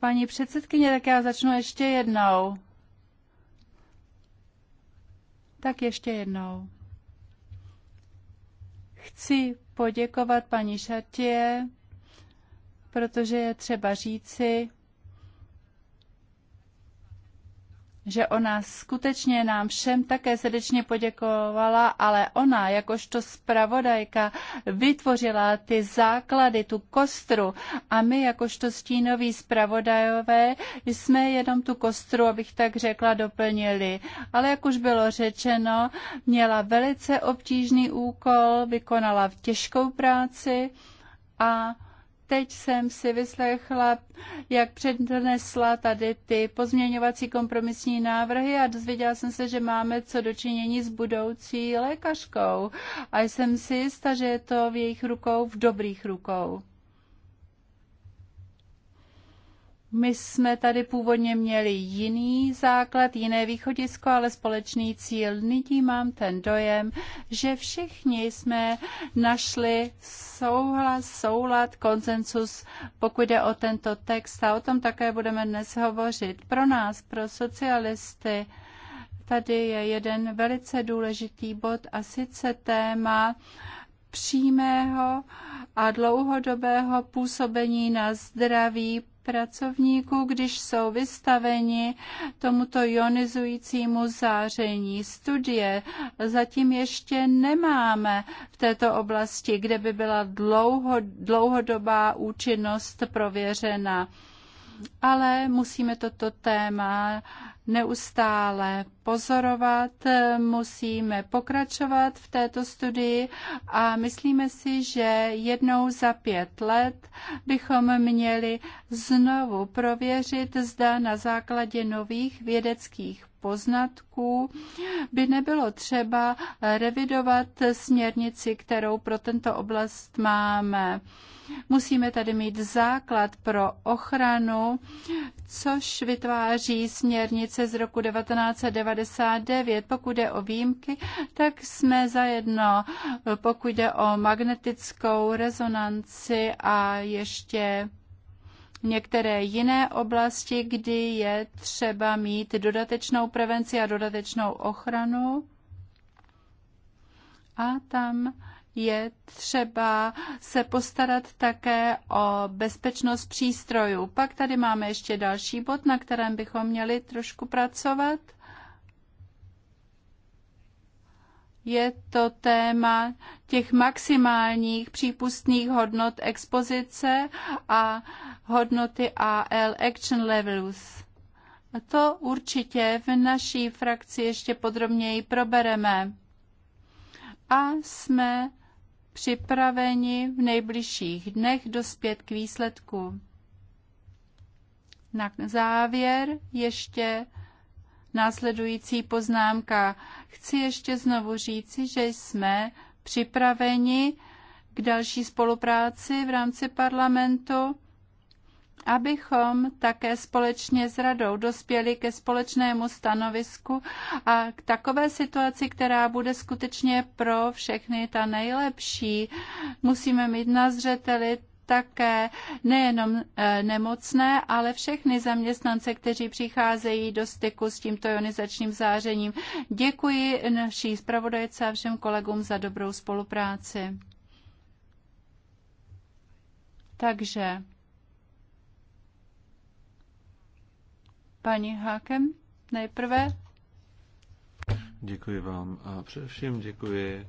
Paní předsedkyně, tak já začnu ještě jednou. Tak ještě jednou. Chci poděkovat paní Šatě, protože je třeba říci, že ona skutečně nám všem také srdečně poděkovala, ale ona jakožto spravodajka vytvořila ty základy, tu kostru a my jakožto stínoví spravodajové jsme jenom tu kostru, abych tak řekla, doplnili. Ale jak už bylo řečeno, měla velice obtížný úkol, vykonala těžkou práci a Teď jsem si vyslechla, jak přednesla tady ty pozměňovací kompromisní návrhy a dozvěděla jsem se, že máme co dočinění s budoucí lékařkou. A jsem si jista, že je to v jejich rukou, v dobrých rukou. My jsme tady původně měli jiný základ, jiné východisko, ale společný cíl. Nyní mám ten dojem, že všichni jsme našli souhlas, soulad, konsensus, pokud jde o tento text a o tom také budeme dnes hovořit. Pro nás, pro socialisty, tady je jeden velice důležitý bod a sice téma přímého a dlouhodobého působení na zdraví pracovníků, když jsou vystaveni tomuto ionizujícímu záření. Studie zatím ještě nemáme v této oblasti, kde by byla dlouho, dlouhodobá účinnost prověřena ale musíme toto téma neustále pozorovat, musíme pokračovat v této studii a myslíme si, že jednou za pět let bychom měli znovu prověřit, zda na základě nových vědeckých poznatků by nebylo třeba revidovat směrnici, kterou pro tento oblast máme. Musíme tady mít základ pro ochranu, což vytváří směrnice z roku 1999. Pokud jde o výjimky, tak jsme zajedno. Pokud jde o magnetickou rezonanci a ještě některé jiné oblasti, kdy je třeba mít dodatečnou prevenci a dodatečnou ochranu. A tam je třeba se postarat také o bezpečnost přístrojů. Pak tady máme ještě další bod, na kterém bychom měli trošku pracovat. Je to téma těch maximálních přípustných hodnot expozice a hodnoty AL Action Levels. A to určitě v naší frakci ještě podrobněji probereme. A jsme připraveni v nejbližších dnech dospět k výsledku. Na závěr ještě následující poznámka. Chci ještě znovu říci, že jsme připraveni k další spolupráci v rámci parlamentu abychom také společně s radou dospěli ke společnému stanovisku a k takové situaci, která bude skutečně pro všechny ta nejlepší. Musíme mít na zřeteli také nejenom e, nemocné, ale všechny zaměstnance, kteří přicházejí do styku s tímto ionizačním zářením. Děkuji naší zpravodajce a všem kolegům za dobrou spolupráci. Takže Paní Hákem nejprve. Děkuji vám a především děkuji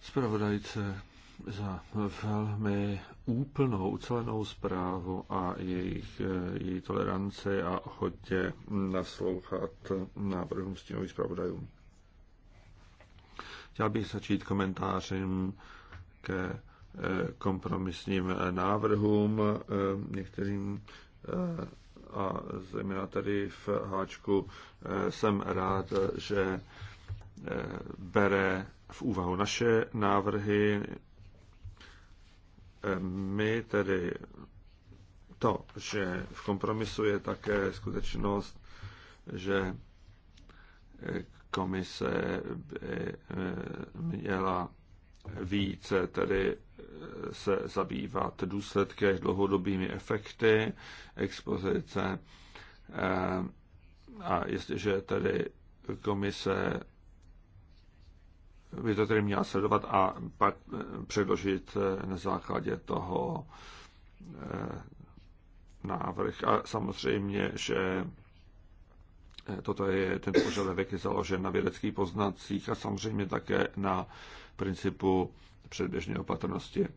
zpravodajce za velmi úplnou, ucelenou zprávu a jejich, její toleranci a ochotě naslouchat návrhům stínových zpravodajů. Chtěl bych začít komentářem ke eh, kompromisním návrhům, eh, některým eh, a zejména tady v Háčku eh, jsem rád, že eh, bere v úvahu naše návrhy. Eh, my tedy to, že v kompromisu je také skutečnost, že komise by měla více tedy se zabývat důsledky dlouhodobými efekty expozice. Eh, a jestliže tedy komise by to tedy měla sledovat a pak eh, předložit eh, na základě toho návrh. A samozřejmě, že toto je, ten požadavek je založen na vědeckých poznacích a samozřejmě také na principu předběžné opatrnosti.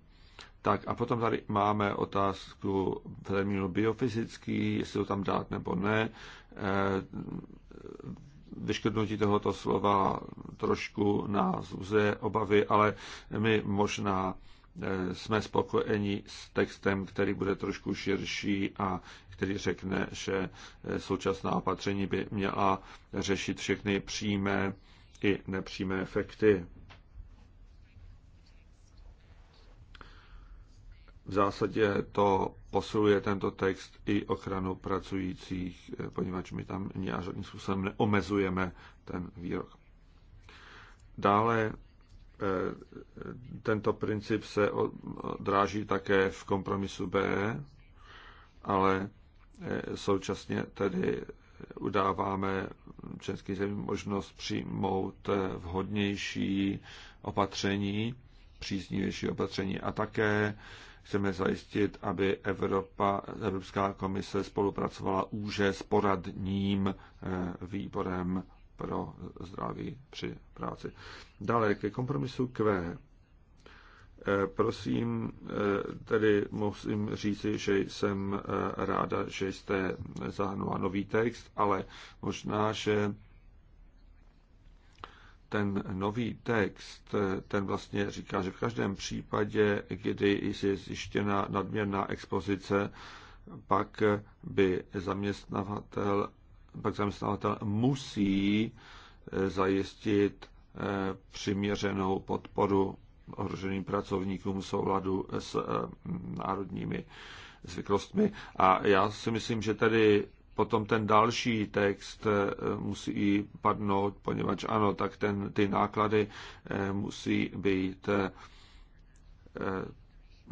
Tak a potom tady máme otázku v termínu biofyzický, jestli to tam dát nebo ne. Eh, vyškrtnutí tohoto slova trošku nás vzuje obavy, ale my možná eh, jsme spokojeni s textem, který bude trošku širší a který řekne, že eh, současná opatření by měla řešit všechny přímé i nepřímé efekty. v zásadě to posiluje tento text i ochranu pracujících, eh, poněvadž my tam nějakým způsobem neomezujeme ten výrok. Dále eh, tento princip se odráží také v kompromisu B, ale eh, současně tedy udáváme českým zemím možnost přijmout vhodnější opatření, příznivější opatření a také Chceme zajistit, aby Evropa, Evropská komise spolupracovala úže s poradním eh, výborem pro zdraví při práci. Dále ke kompromisu Q. Eh, prosím, eh, tedy musím říci, že jsem ráda, že jste zahrnula nový text, ale možná, že ten nový text, ten vlastně říká, že v každém případě, kdy je zjištěna nadměrná expozice, pak by zaměstnavatel, pak zaměstnavatel musí eh, zajistit eh, přiměřenou podporu ohroženým pracovníkům v souladu s eh, národními zvyklostmi. A já si myslím, že tady potom ten další text eh, musí padnout, poněvadž ano, tak ten, ty náklady eh, musí být eh,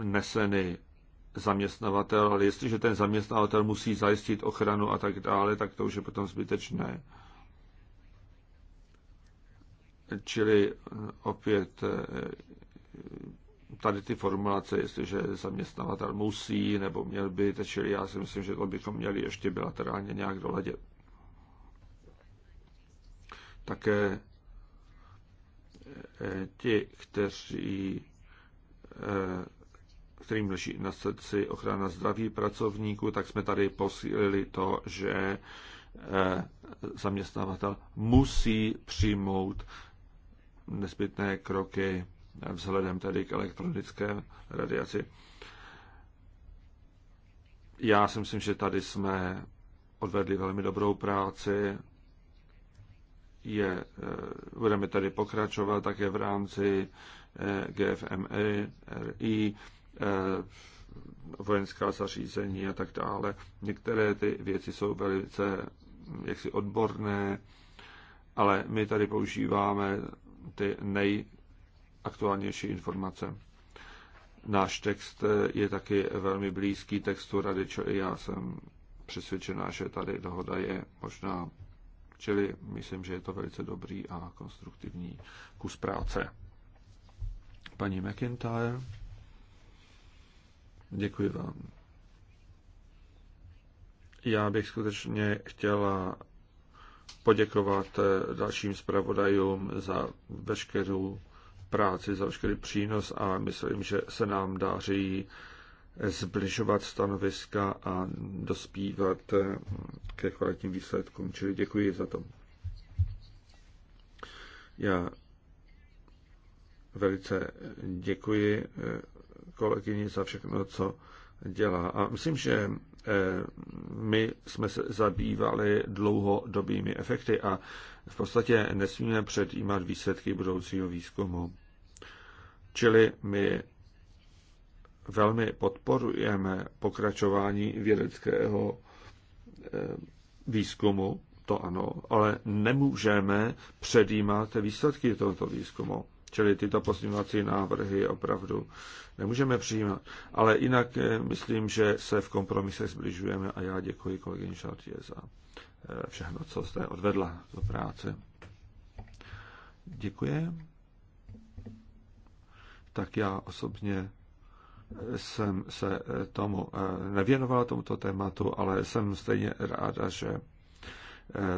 neseny zaměstnavatel, ale jestliže ten zaměstnavatel musí zajistit ochranu a tak dále, tak to už je potom zbytečné. Čili opět tady ty formulace, jestliže zaměstnavatel musí nebo měl by, čili já si myslím, že to bychom měli ještě bilaterálně nějak doladit. Také eh, ti, kteří, eh, kterým leží na srdci ochrana zdraví pracovníků, tak jsme tady posílili to, že eh, zaměstnavatel musí přijmout nezbytné kroky vzhledem tedy k elektronické radiaci. Já si myslím, že tady jsme odvedli velmi dobrou práci. Je, eh, budeme tady pokračovat také v rámci eh, GFMRI, eh, vojenská zařízení a tak dále. Některé ty věci jsou velice hm, jaksi odborné, ale my tady používáme ty nej aktuálnější informace. Náš text je taky velmi blízký textu rady, čo i já jsem přesvědčená, že tady dohoda je možná, čili myslím, že je to velice dobrý a konstruktivní kus práce. Paní McIntyre, děkuji vám. Já bych skutečně chtěla poděkovat dalším zpravodajům za veškerou práci, za veškerý přínos a myslím, že se nám daří zbližovat stanoviska a dospívat ke kvalitním výsledkům. Čili děkuji za to. Já velice děkuji kolegyni za všechno, co dělá. A myslím, že my jsme se zabývali dlouhodobými efekty a v podstatě nesmíme předjímat výsledky budoucího výzkumu. Čili my velmi podporujeme pokračování vědeckého eh, výzkumu, to ano, ale nemůžeme předjímat výsledky tohoto výzkumu. Čili tyto pozměňovací návrhy opravdu nemůžeme přijímat. Ale jinak eh, myslím, že se v kompromisech zbližujeme a já děkuji kolegyni Šartě za eh, všechno, co jste odvedla do práce. Děkuji. Tak já osobně eh, jsem se tomu nevěnoval, tomuto tématu, ale jsem stejně ráda, že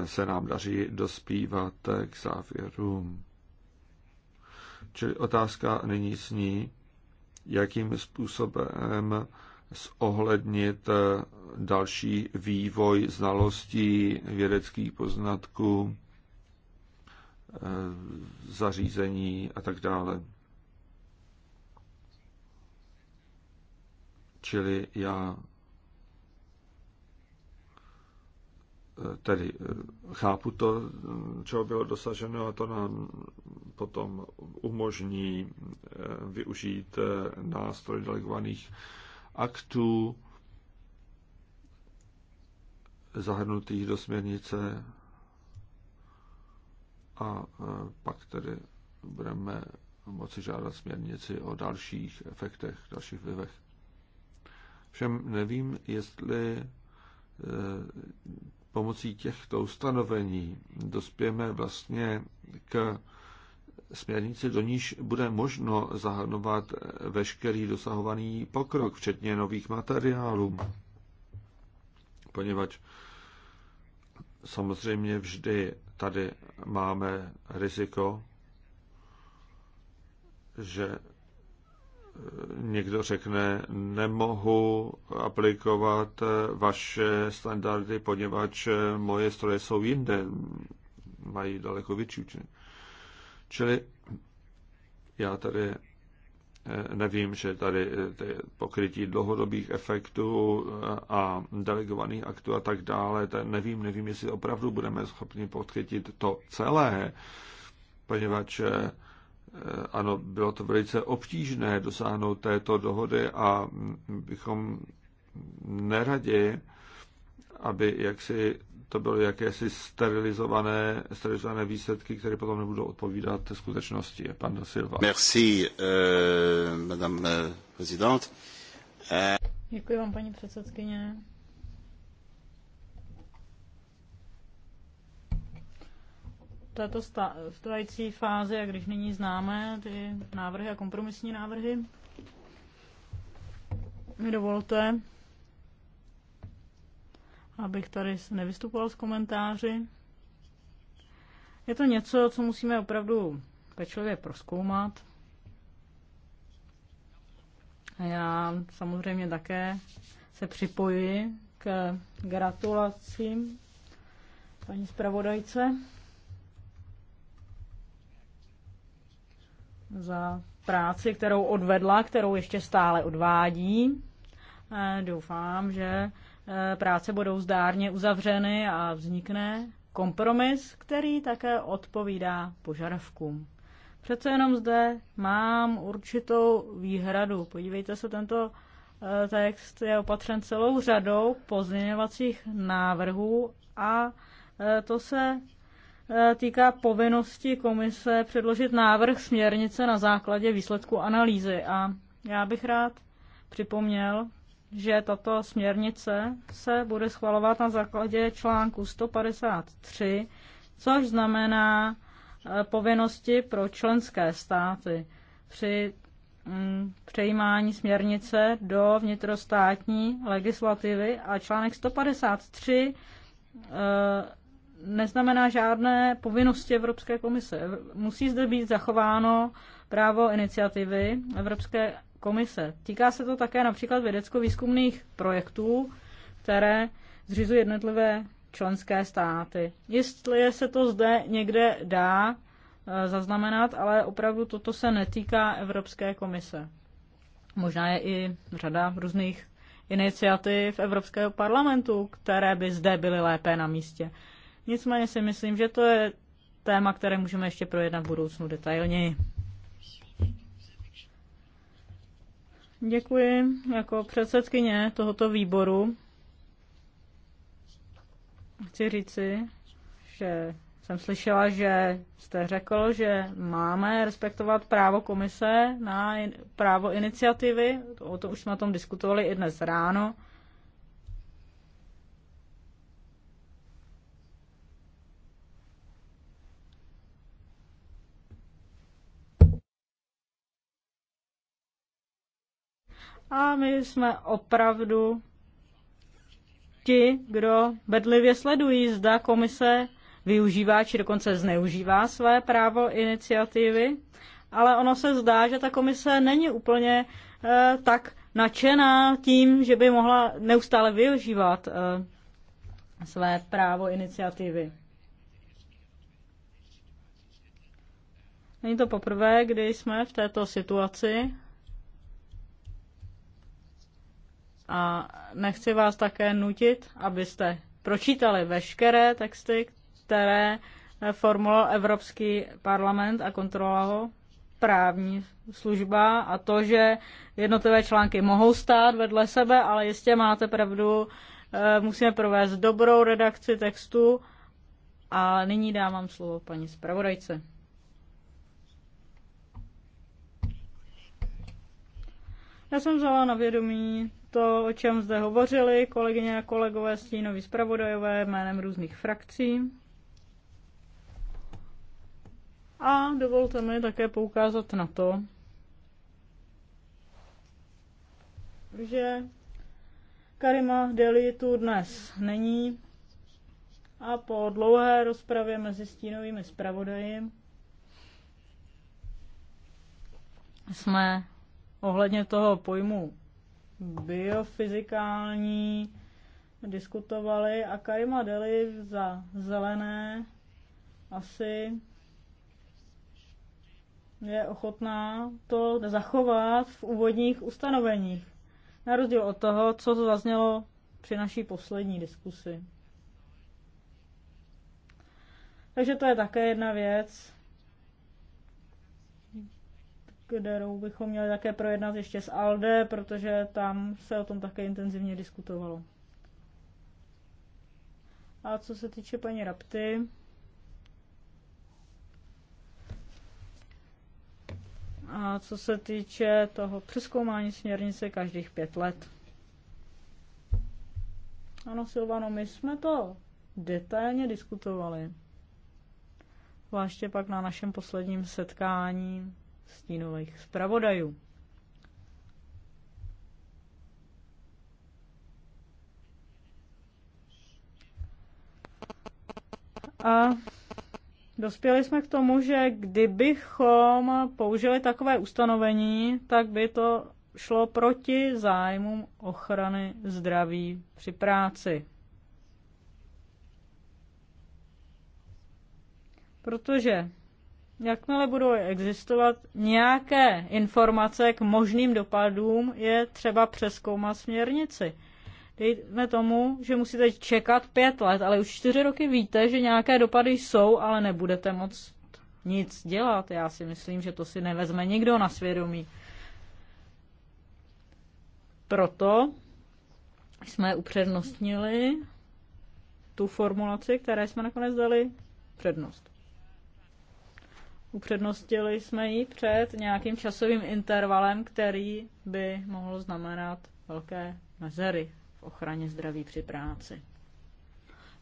se nám daří dospívat k závěrům. Čili otázka nyní zní, jakým způsobem zohlednit další vývoj znalostí, vědeckých poznatků, eh, zařízení a tak dále. Čili já eh, tedy eh, chápu to, čeho bylo dosaženo a to nám potom umožní eh, využít eh, nástroj delegovaných aktů zahrnutých do směrnice a eh, pak tedy budeme moci žádat směrnici o dalších efektech, dalších vlivech. Všem nevím, jestli pomocí těchto ustanovení dospějeme vlastně k směrnici, do níž bude možno zahrnovat veškerý dosahovaný pokrok, včetně nových materiálů, poněvadž samozřejmě vždy tady máme riziko, že někdo řekne, nemohu aplikovat vaše standardy, poněvadž moje stroje jsou jinde, mají daleko větší účinky. Čili já tady eh, nevím, že tady eh, pokrytí dlouhodobých efektů eh, a delegovaných aktů a tak dále, nevím, nevím, jestli opravdu budeme schopni pokrytit to celé, poněvadž ano, bylo to velice obtížné dosáhnout této dohody a bychom neradi, aby jaksi to byly jakési sterilizované, sterilizované výsledky, které potom nebudou odpovídat skutečnosti. Pan da Silva. Merci, uh, madame prezident. Uh... Eh. Děkuji vám, paní předsedkyně. V této stávající fázi, a když nyní známe ty návrhy a kompromisní návrhy, mi dovolte, abych tady nevystupoval s komentáři. Je to něco, co musíme opravdu pečlivě proskoumat. A já samozřejmě také se připojuji k gratulacím paní zpravodajce za práci, kterou odvedla, kterou ještě stále odvádí. Doufám, že Eh, práce budou zdárně uzavřeny a vznikne kompromis, který také odpovídá požadavkům. Přece jenom zde mám určitou výhradu. Podívejte se, tento eh, text je opatřen celou řadou pozměňovacích návrhů a eh, to se týká povinnosti komise předložit návrh směrnice na základě výsledku analýzy. A já bych rád připomněl že tato směrnice se bude schvalovat na základě článku 153, což znamená eh, povinnosti pro členské státy při mm, přejímání směrnice do vnitrostátní legislativy a článek 153 eh, neznamená žádné povinnosti Evropské komise. Musí zde být zachováno právo iniciativy Evropské komise. Týká se to také například vědecko-výzkumných projektů, které zřizují jednotlivé členské státy. Jestli se to zde někde dá eh, zaznamenat, ale opravdu toto se netýká Evropské komise. Možná je i řada různých iniciativ Evropského parlamentu, které by zde byly lépe na místě. Nicméně si myslím, že to je téma, které můžeme ještě projednat v budoucnu detailněji. Děkuji jako předsedkyně tohoto výboru. Chci říci, že jsem slyšela, že jste řekl, že máme respektovat právo komise na právo iniciativy. O to už jsme o tom diskutovali i dnes ráno. A my jsme opravdu ti, kdo bedlivě sledují, zda komise využívá či dokonce zneužívá své právo iniciativy, ale ono se zdá, že ta komise není úplně e, tak nadšená tím, že by mohla neustále využívat e, své právo iniciativy. Není to poprvé, kdy jsme v této situaci A nechci vás také nutit, abyste pročítali veškeré texty, které formuloval Evropský parlament a kontrola ho právní služba a to, že jednotlivé články mohou stát vedle sebe, ale jistě máte pravdu, eh, musíme provést dobrou redakci textu a nyní dávám slovo paní zpravodajce. Já jsem vzala na vědomí to, o čem zde hovořili kolegyně a kolegové stínoví zpravodajové jménem různých frakcí. A dovolte mi také poukázat na to, že Karima Deli tu dnes není a po dlouhé rozpravě mezi stínovými zpravodaji jsme ohledně toho pojmu biofyzikální diskutovali a Karima Deli za zelené asi je ochotná to zachovat v úvodních ustanoveních. Na rozdíl od toho, co to zaznělo při naší poslední diskusi. Takže to je také jedna věc, kterou bychom měli také projednat ještě s ALDE, protože tam se o tom také intenzivně diskutovalo. A co se týče paní Rapty, a co se týče toho přeskoumání směrnice každých pět let. Ano, Silvano, my jsme to detailně diskutovali. Zvláště pak na našem posledním setkání stínových zpravodajů. A dospěli jsme k tomu, že kdybychom použili takové ustanovení, tak by to šlo proti zájmům ochrany zdraví při práci. Protože Jakmile budou existovat nějaké informace k možným dopadům, je třeba přeskoumat směrnici. Dejme tomu, že musíte čekat pět let, ale už čtyři roky víte, že nějaké dopady jsou, ale nebudete moc nic dělat. Já si myslím, že to si nevezme nikdo na svědomí. Proto jsme upřednostnili tu formulaci, které jsme nakonec dali přednost upřednostili jsme ji před nějakým časovým intervalem, který by mohl znamenat velké mezery v ochraně zdraví při práci.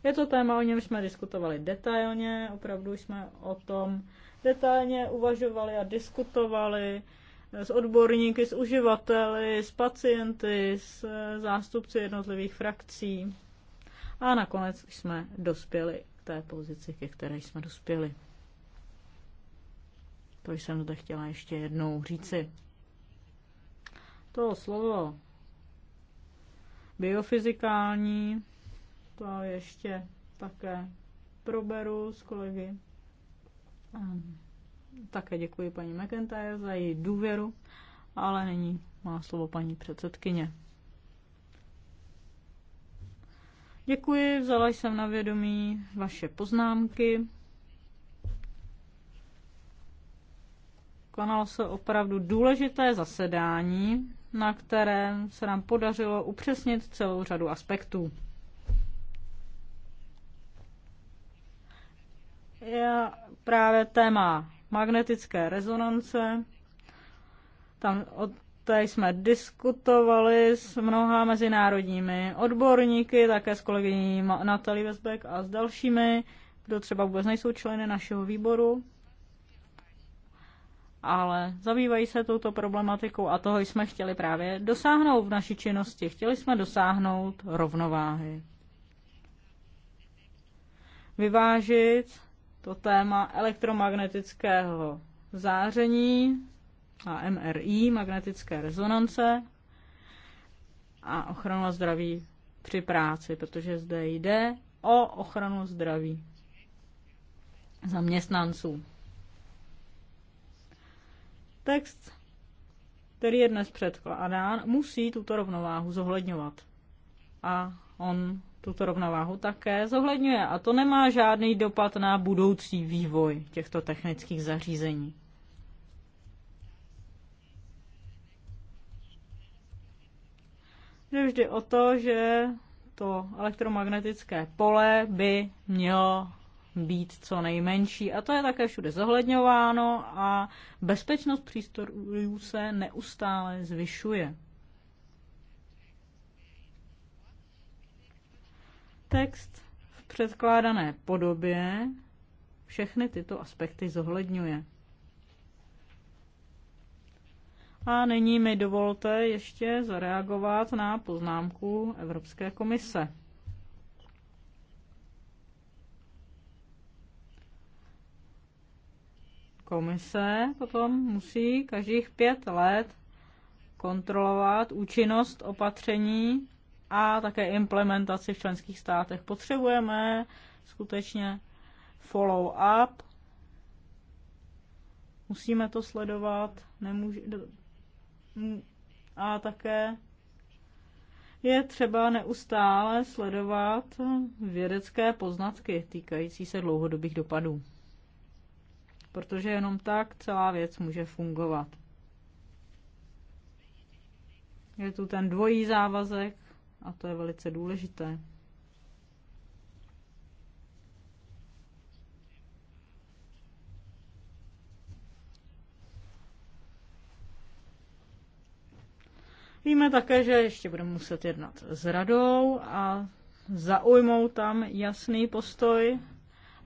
Je to téma, o něm jsme diskutovali detailně, opravdu jsme o tom detailně uvažovali a diskutovali s odborníky, s uživateli, s pacienty, s zástupci jednotlivých frakcí. A nakonec jsme dospěli k té pozici, ke které jsme dospěli. To jsem zde chtěla ještě jednou říci. To slovo biofyzikální, to ještě také proberu s kolegy. Ehm, také děkuji paní McIntyre za její důvěru, ale nyní má slovo paní předsedkyně. Děkuji, vzala jsem na vědomí vaše poznámky. konalo se opravdu důležité zasedání, na kterém se nám podařilo upřesnit celou řadu aspektů. Já právě téma magnetické rezonance. Tam od té jsme diskutovali s mnoha mezinárodními odborníky, také s kolegyní Natalie Vesbeck a s dalšími, kdo třeba vůbec nejsou členy našeho výboru ale zabývají se touto problematikou a toho jsme chtěli právě dosáhnout v naší činnosti. Chtěli jsme dosáhnout rovnováhy. Vyvážit to téma elektromagnetického záření a MRI, magnetické rezonance a ochranu zdraví při práci, protože zde jde o ochranu zdraví zaměstnanců. Text, který je dnes předkládán, musí tuto rovnováhu zohledňovat. A on tuto rovnováhu také zohledňuje. A to nemá žádný dopad na budoucí vývoj těchto technických zařízení. Jde vždy o to, že to elektromagnetické pole by mělo být co nejmenší. A to je také všude zohledňováno a bezpečnost přístrojů se neustále zvyšuje. Text v předkládané podobě všechny tyto aspekty zohledňuje. A nyní mi dovolte ještě zareagovat na poznámku Evropské komise. Komise potom musí každých pět let kontrolovat účinnost opatření a také implementaci v členských státech. Potřebujeme skutečně follow-up. Musíme to sledovat. Nemůže... A také je třeba neustále sledovat vědecké poznatky týkající se dlouhodobých dopadů protože jenom tak celá věc může fungovat. Je tu ten dvojí závazek a to je velice důležité. Víme také, že ještě budeme muset jednat s radou a zaujmout tam jasný postoj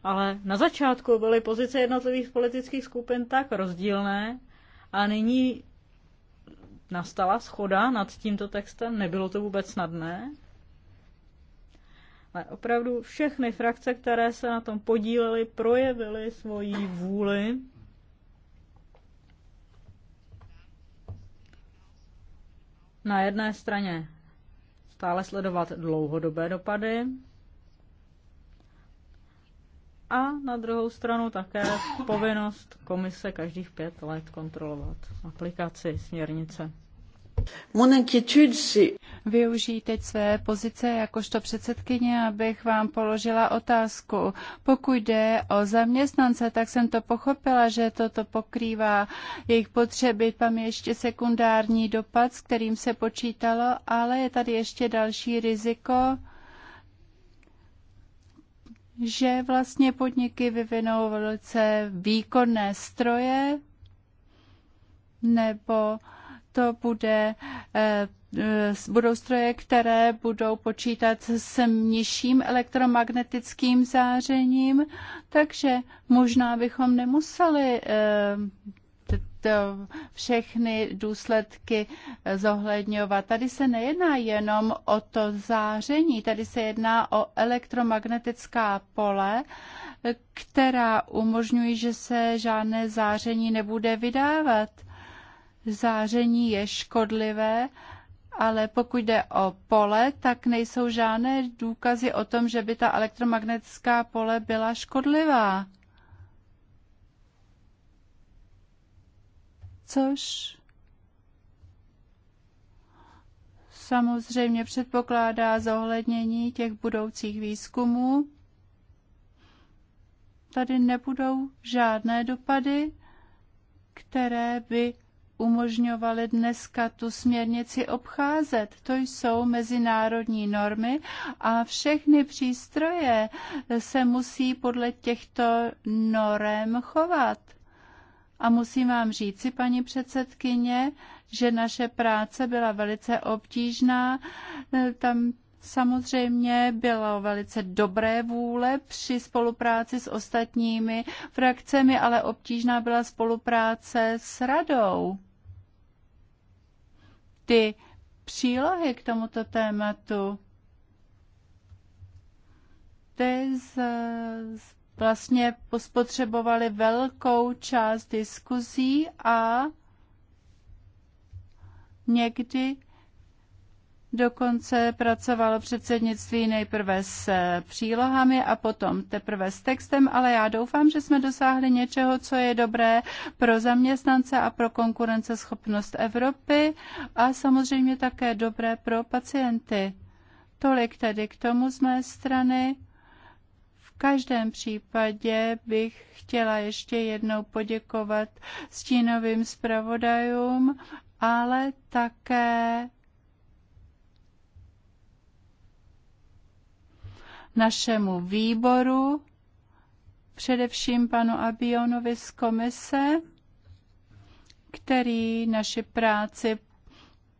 ale na začátku byly pozice jednotlivých politických skupin tak rozdílné a nyní nastala schoda nad tímto textem, nebylo to vůbec snadné. Ale opravdu všechny frakce, které se na tom podílely, projevily svoji vůli. Na jedné straně stále sledovat dlouhodobé dopady a na druhou stranu také povinnost komise každých pět let kontrolovat aplikaci směrnice. Využij teď své pozice jakožto předsedkyně, abych vám položila otázku. Pokud jde o zaměstnance, tak jsem to pochopila, že toto pokrývá jejich potřeby. Tam je ještě sekundární dopad, s kterým se počítalo, ale je tady ještě další riziko že vlastně podniky vyvinou velice výkonné stroje, nebo to bude eh, eh, budou stroje, které budou počítat s nižším elektromagnetickým zářením, takže možná bychom nemuseli eh, to všechny důsledky zohledňovat. Tady se nejedná jenom o to záření, tady se jedná o elektromagnetická pole, která umožňují, že se žádné záření nebude vydávat. Záření je škodlivé, ale pokud jde o pole, tak nejsou žádné důkazy o tom, že by ta elektromagnetická pole byla škodlivá. což samozřejmě předpokládá zohlednění těch budoucích výzkumů. Tady nebudou žádné dopady, které by umožňovaly dneska tu směrnici obcházet. To jsou mezinárodní normy a všechny přístroje se musí podle těchto norem chovat. A musím vám říci, paní předsedkyně, že naše práce byla velice obtížná. E, tam samozřejmě bylo velice dobré vůle při spolupráci s ostatními frakcemi, ale obtížná byla spolupráce s radou. Ty přílohy k tomuto tématu ty z, z vlastně spotřebovali velkou část diskuzí a někdy Dokonce pracovalo předsednictví nejprve s přílohami a potom teprve s textem, ale já doufám, že jsme dosáhli něčeho, co je dobré pro zaměstnance a pro konkurenceschopnost Evropy a samozřejmě také dobré pro pacienty. Tolik tedy k tomu z mé strany každém případě bych chtěla ještě jednou poděkovat stínovým zpravodajům, ale také našemu výboru, především panu Abionovi z komise, který naši práci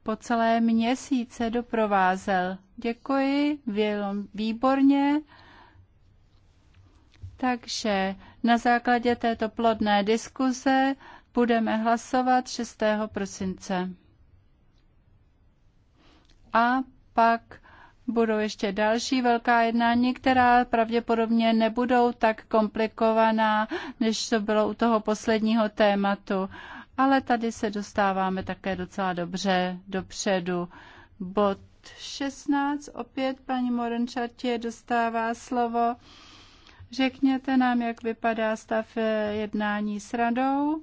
po celé měsíce doprovázel. Děkuji, výborně. Takže na základě této plodné diskuze budeme hlasovat 6. prosince. A pak budou ještě další velká jednání, která pravděpodobně nebudou tak komplikovaná, než to bylo u toho posledního tématu. Ale tady se dostáváme také docela dobře dopředu. Bod 16, opět paní Morenčatě dostává slovo. Řekněte nám, jak vypadá stav eh, jednání s radou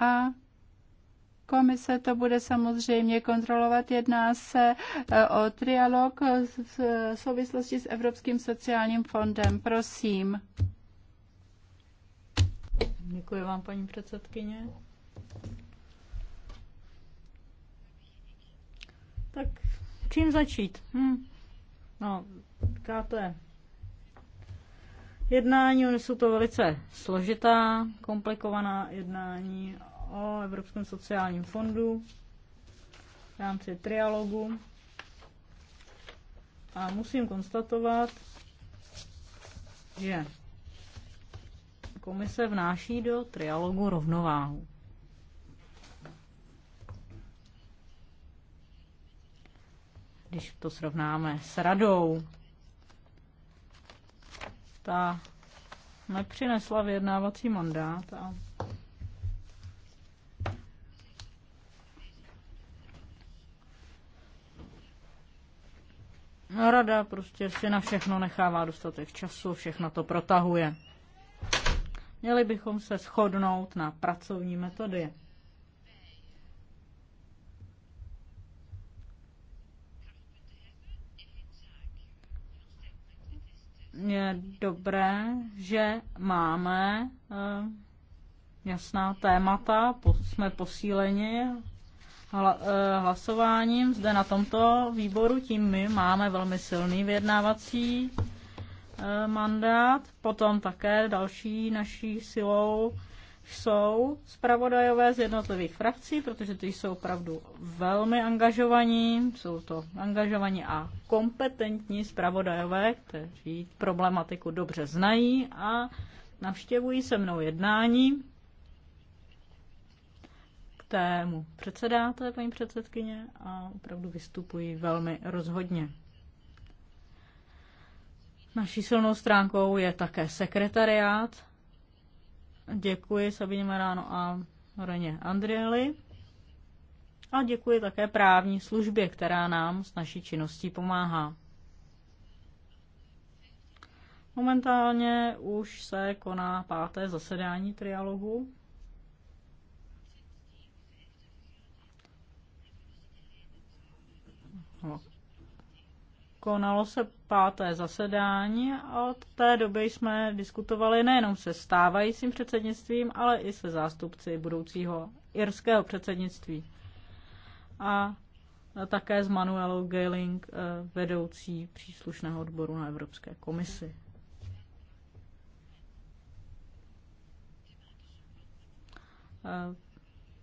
a komise to bude samozřejmě kontrolovat. Jedná se eh, o trialog eh, v souvislosti s Evropským sociálním fondem. Prosím. Děkuji vám, paní předsedkyně. Tak čím začít? Hm. No, říkáte, jednání, oni jsou to velice složitá, komplikovaná jednání o Evropském sociálním fondu v rámci trialogu. A musím konstatovat, že komise vnáší do trialogu rovnováhu. Když to srovnáme s radou, ta nepřinesla vyjednávací mandát a rada prostě si na všechno nechává dostatek času, všechno to protahuje. Měli bychom se shodnout na pracovní metody. je dobré, že máme eh, jasná témata, jsme posíleni eh, hlasováním zde na tomto výboru, tím my máme velmi silný vyjednávací eh, mandát. Potom také další naší silou jsou zpravodajové z jednotlivých frakcí, protože ty jsou opravdu velmi angažovaní, jsou to angažovaní a kompetentní zpravodajové, kteří problematiku dobře znají a navštěvují se mnou jednání. K tému předsedáte, paní předsedkyně, a opravdu vystupují velmi rozhodně. Naší silnou stránkou je také sekretariát, Děkuji Sabině Maráno a Reně Andrieli. A děkuji také právní službě, která nám s naší činností pomáhá. Momentálně už se koná páté zasedání trialogu. No, konalo se páté zasedání a od té doby jsme diskutovali nejenom se stávajícím předsednictvím, ale i se zástupci budoucího irského předsednictví. A také s Manuelou Geiling, eh, vedoucí příslušného odboru na Evropské komisi. Eh,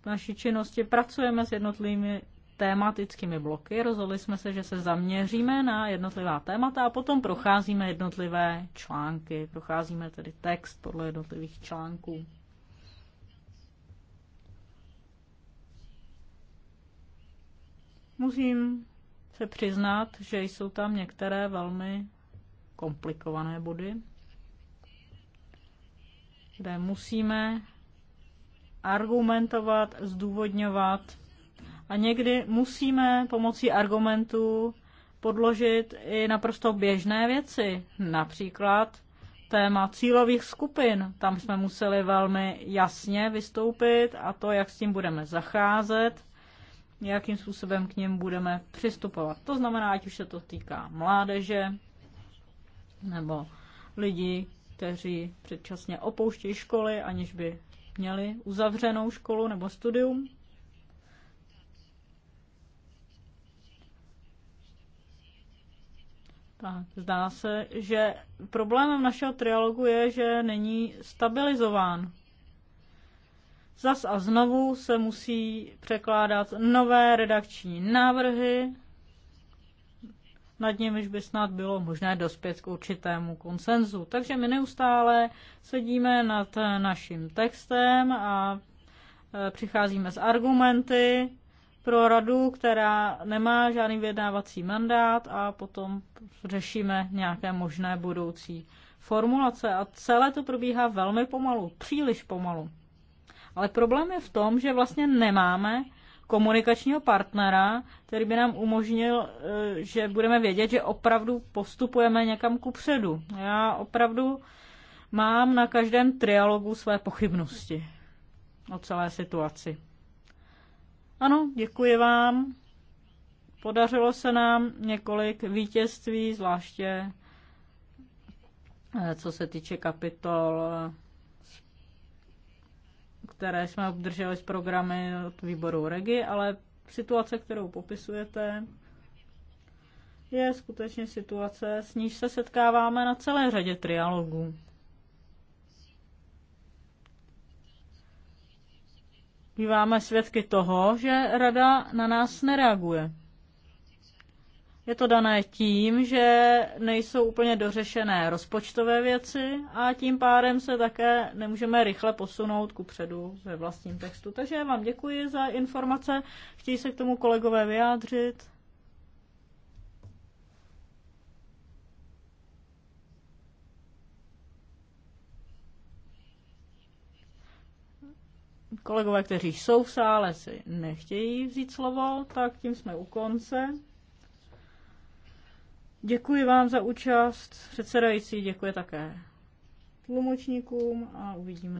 v naší činnosti pracujeme s jednotlivými tématickými bloky. Rozhodli jsme se, že se zaměříme na jednotlivá témata a potom procházíme jednotlivé články. Procházíme tedy text podle jednotlivých článků. Musím se přiznat, že jsou tam některé velmi komplikované body, kde musíme argumentovat, zdůvodňovat a někdy musíme pomocí argumentů podložit i naprosto běžné věci, například téma cílových skupin. Tam jsme museli velmi jasně vystoupit a to, jak s tím budeme zacházet, jakým způsobem k ním budeme přistupovat. To znamená, ať už se to týká mládeže nebo lidí, kteří předčasně opouštějí školy, aniž by měli uzavřenou školu nebo studium, Tak, zdá se, že problémem našeho trialogu je, že není stabilizován. Zas a znovu se musí překládat nové redakční návrhy, nad nimiž by snad bylo možné dospět k určitému konsenzu. Takže my neustále sedíme nad naším textem a e, přicházíme s argumenty, pro radu, která nemá žádný vyjednávací mandát a potom řešíme nějaké možné budoucí formulace. A celé to probíhá velmi pomalu, příliš pomalu. Ale problém je v tom, že vlastně nemáme komunikačního partnera, který by nám umožnil, eh, že budeme vědět, že opravdu postupujeme někam ku předu. Já opravdu mám na každém trialogu své pochybnosti o celé situaci. Ano, děkuji vám. Podařilo se nám několik vítězství, zvláště eh, co se týče kapitol, eh, které jsme obdrželi z programy od výboru Regi, ale situace, kterou popisujete, je skutečně situace, s níž se setkáváme na celé řadě trialogů. býváme svědky toho, že rada na nás nereaguje. Je to dané tím, že nejsou úplně dořešené rozpočtové věci a tím pádem se také nemůžeme rychle posunout ku předu ve vlastním textu. Takže vám děkuji za informace. Chtějí se k tomu kolegové vyjádřit? Kolegové, kteří jsou v sále, si nechtějí vzít slovo, tak tím jsme u konce. Děkuji vám za účast. Předsedající děkuji také tlumočníkům a uvidíme.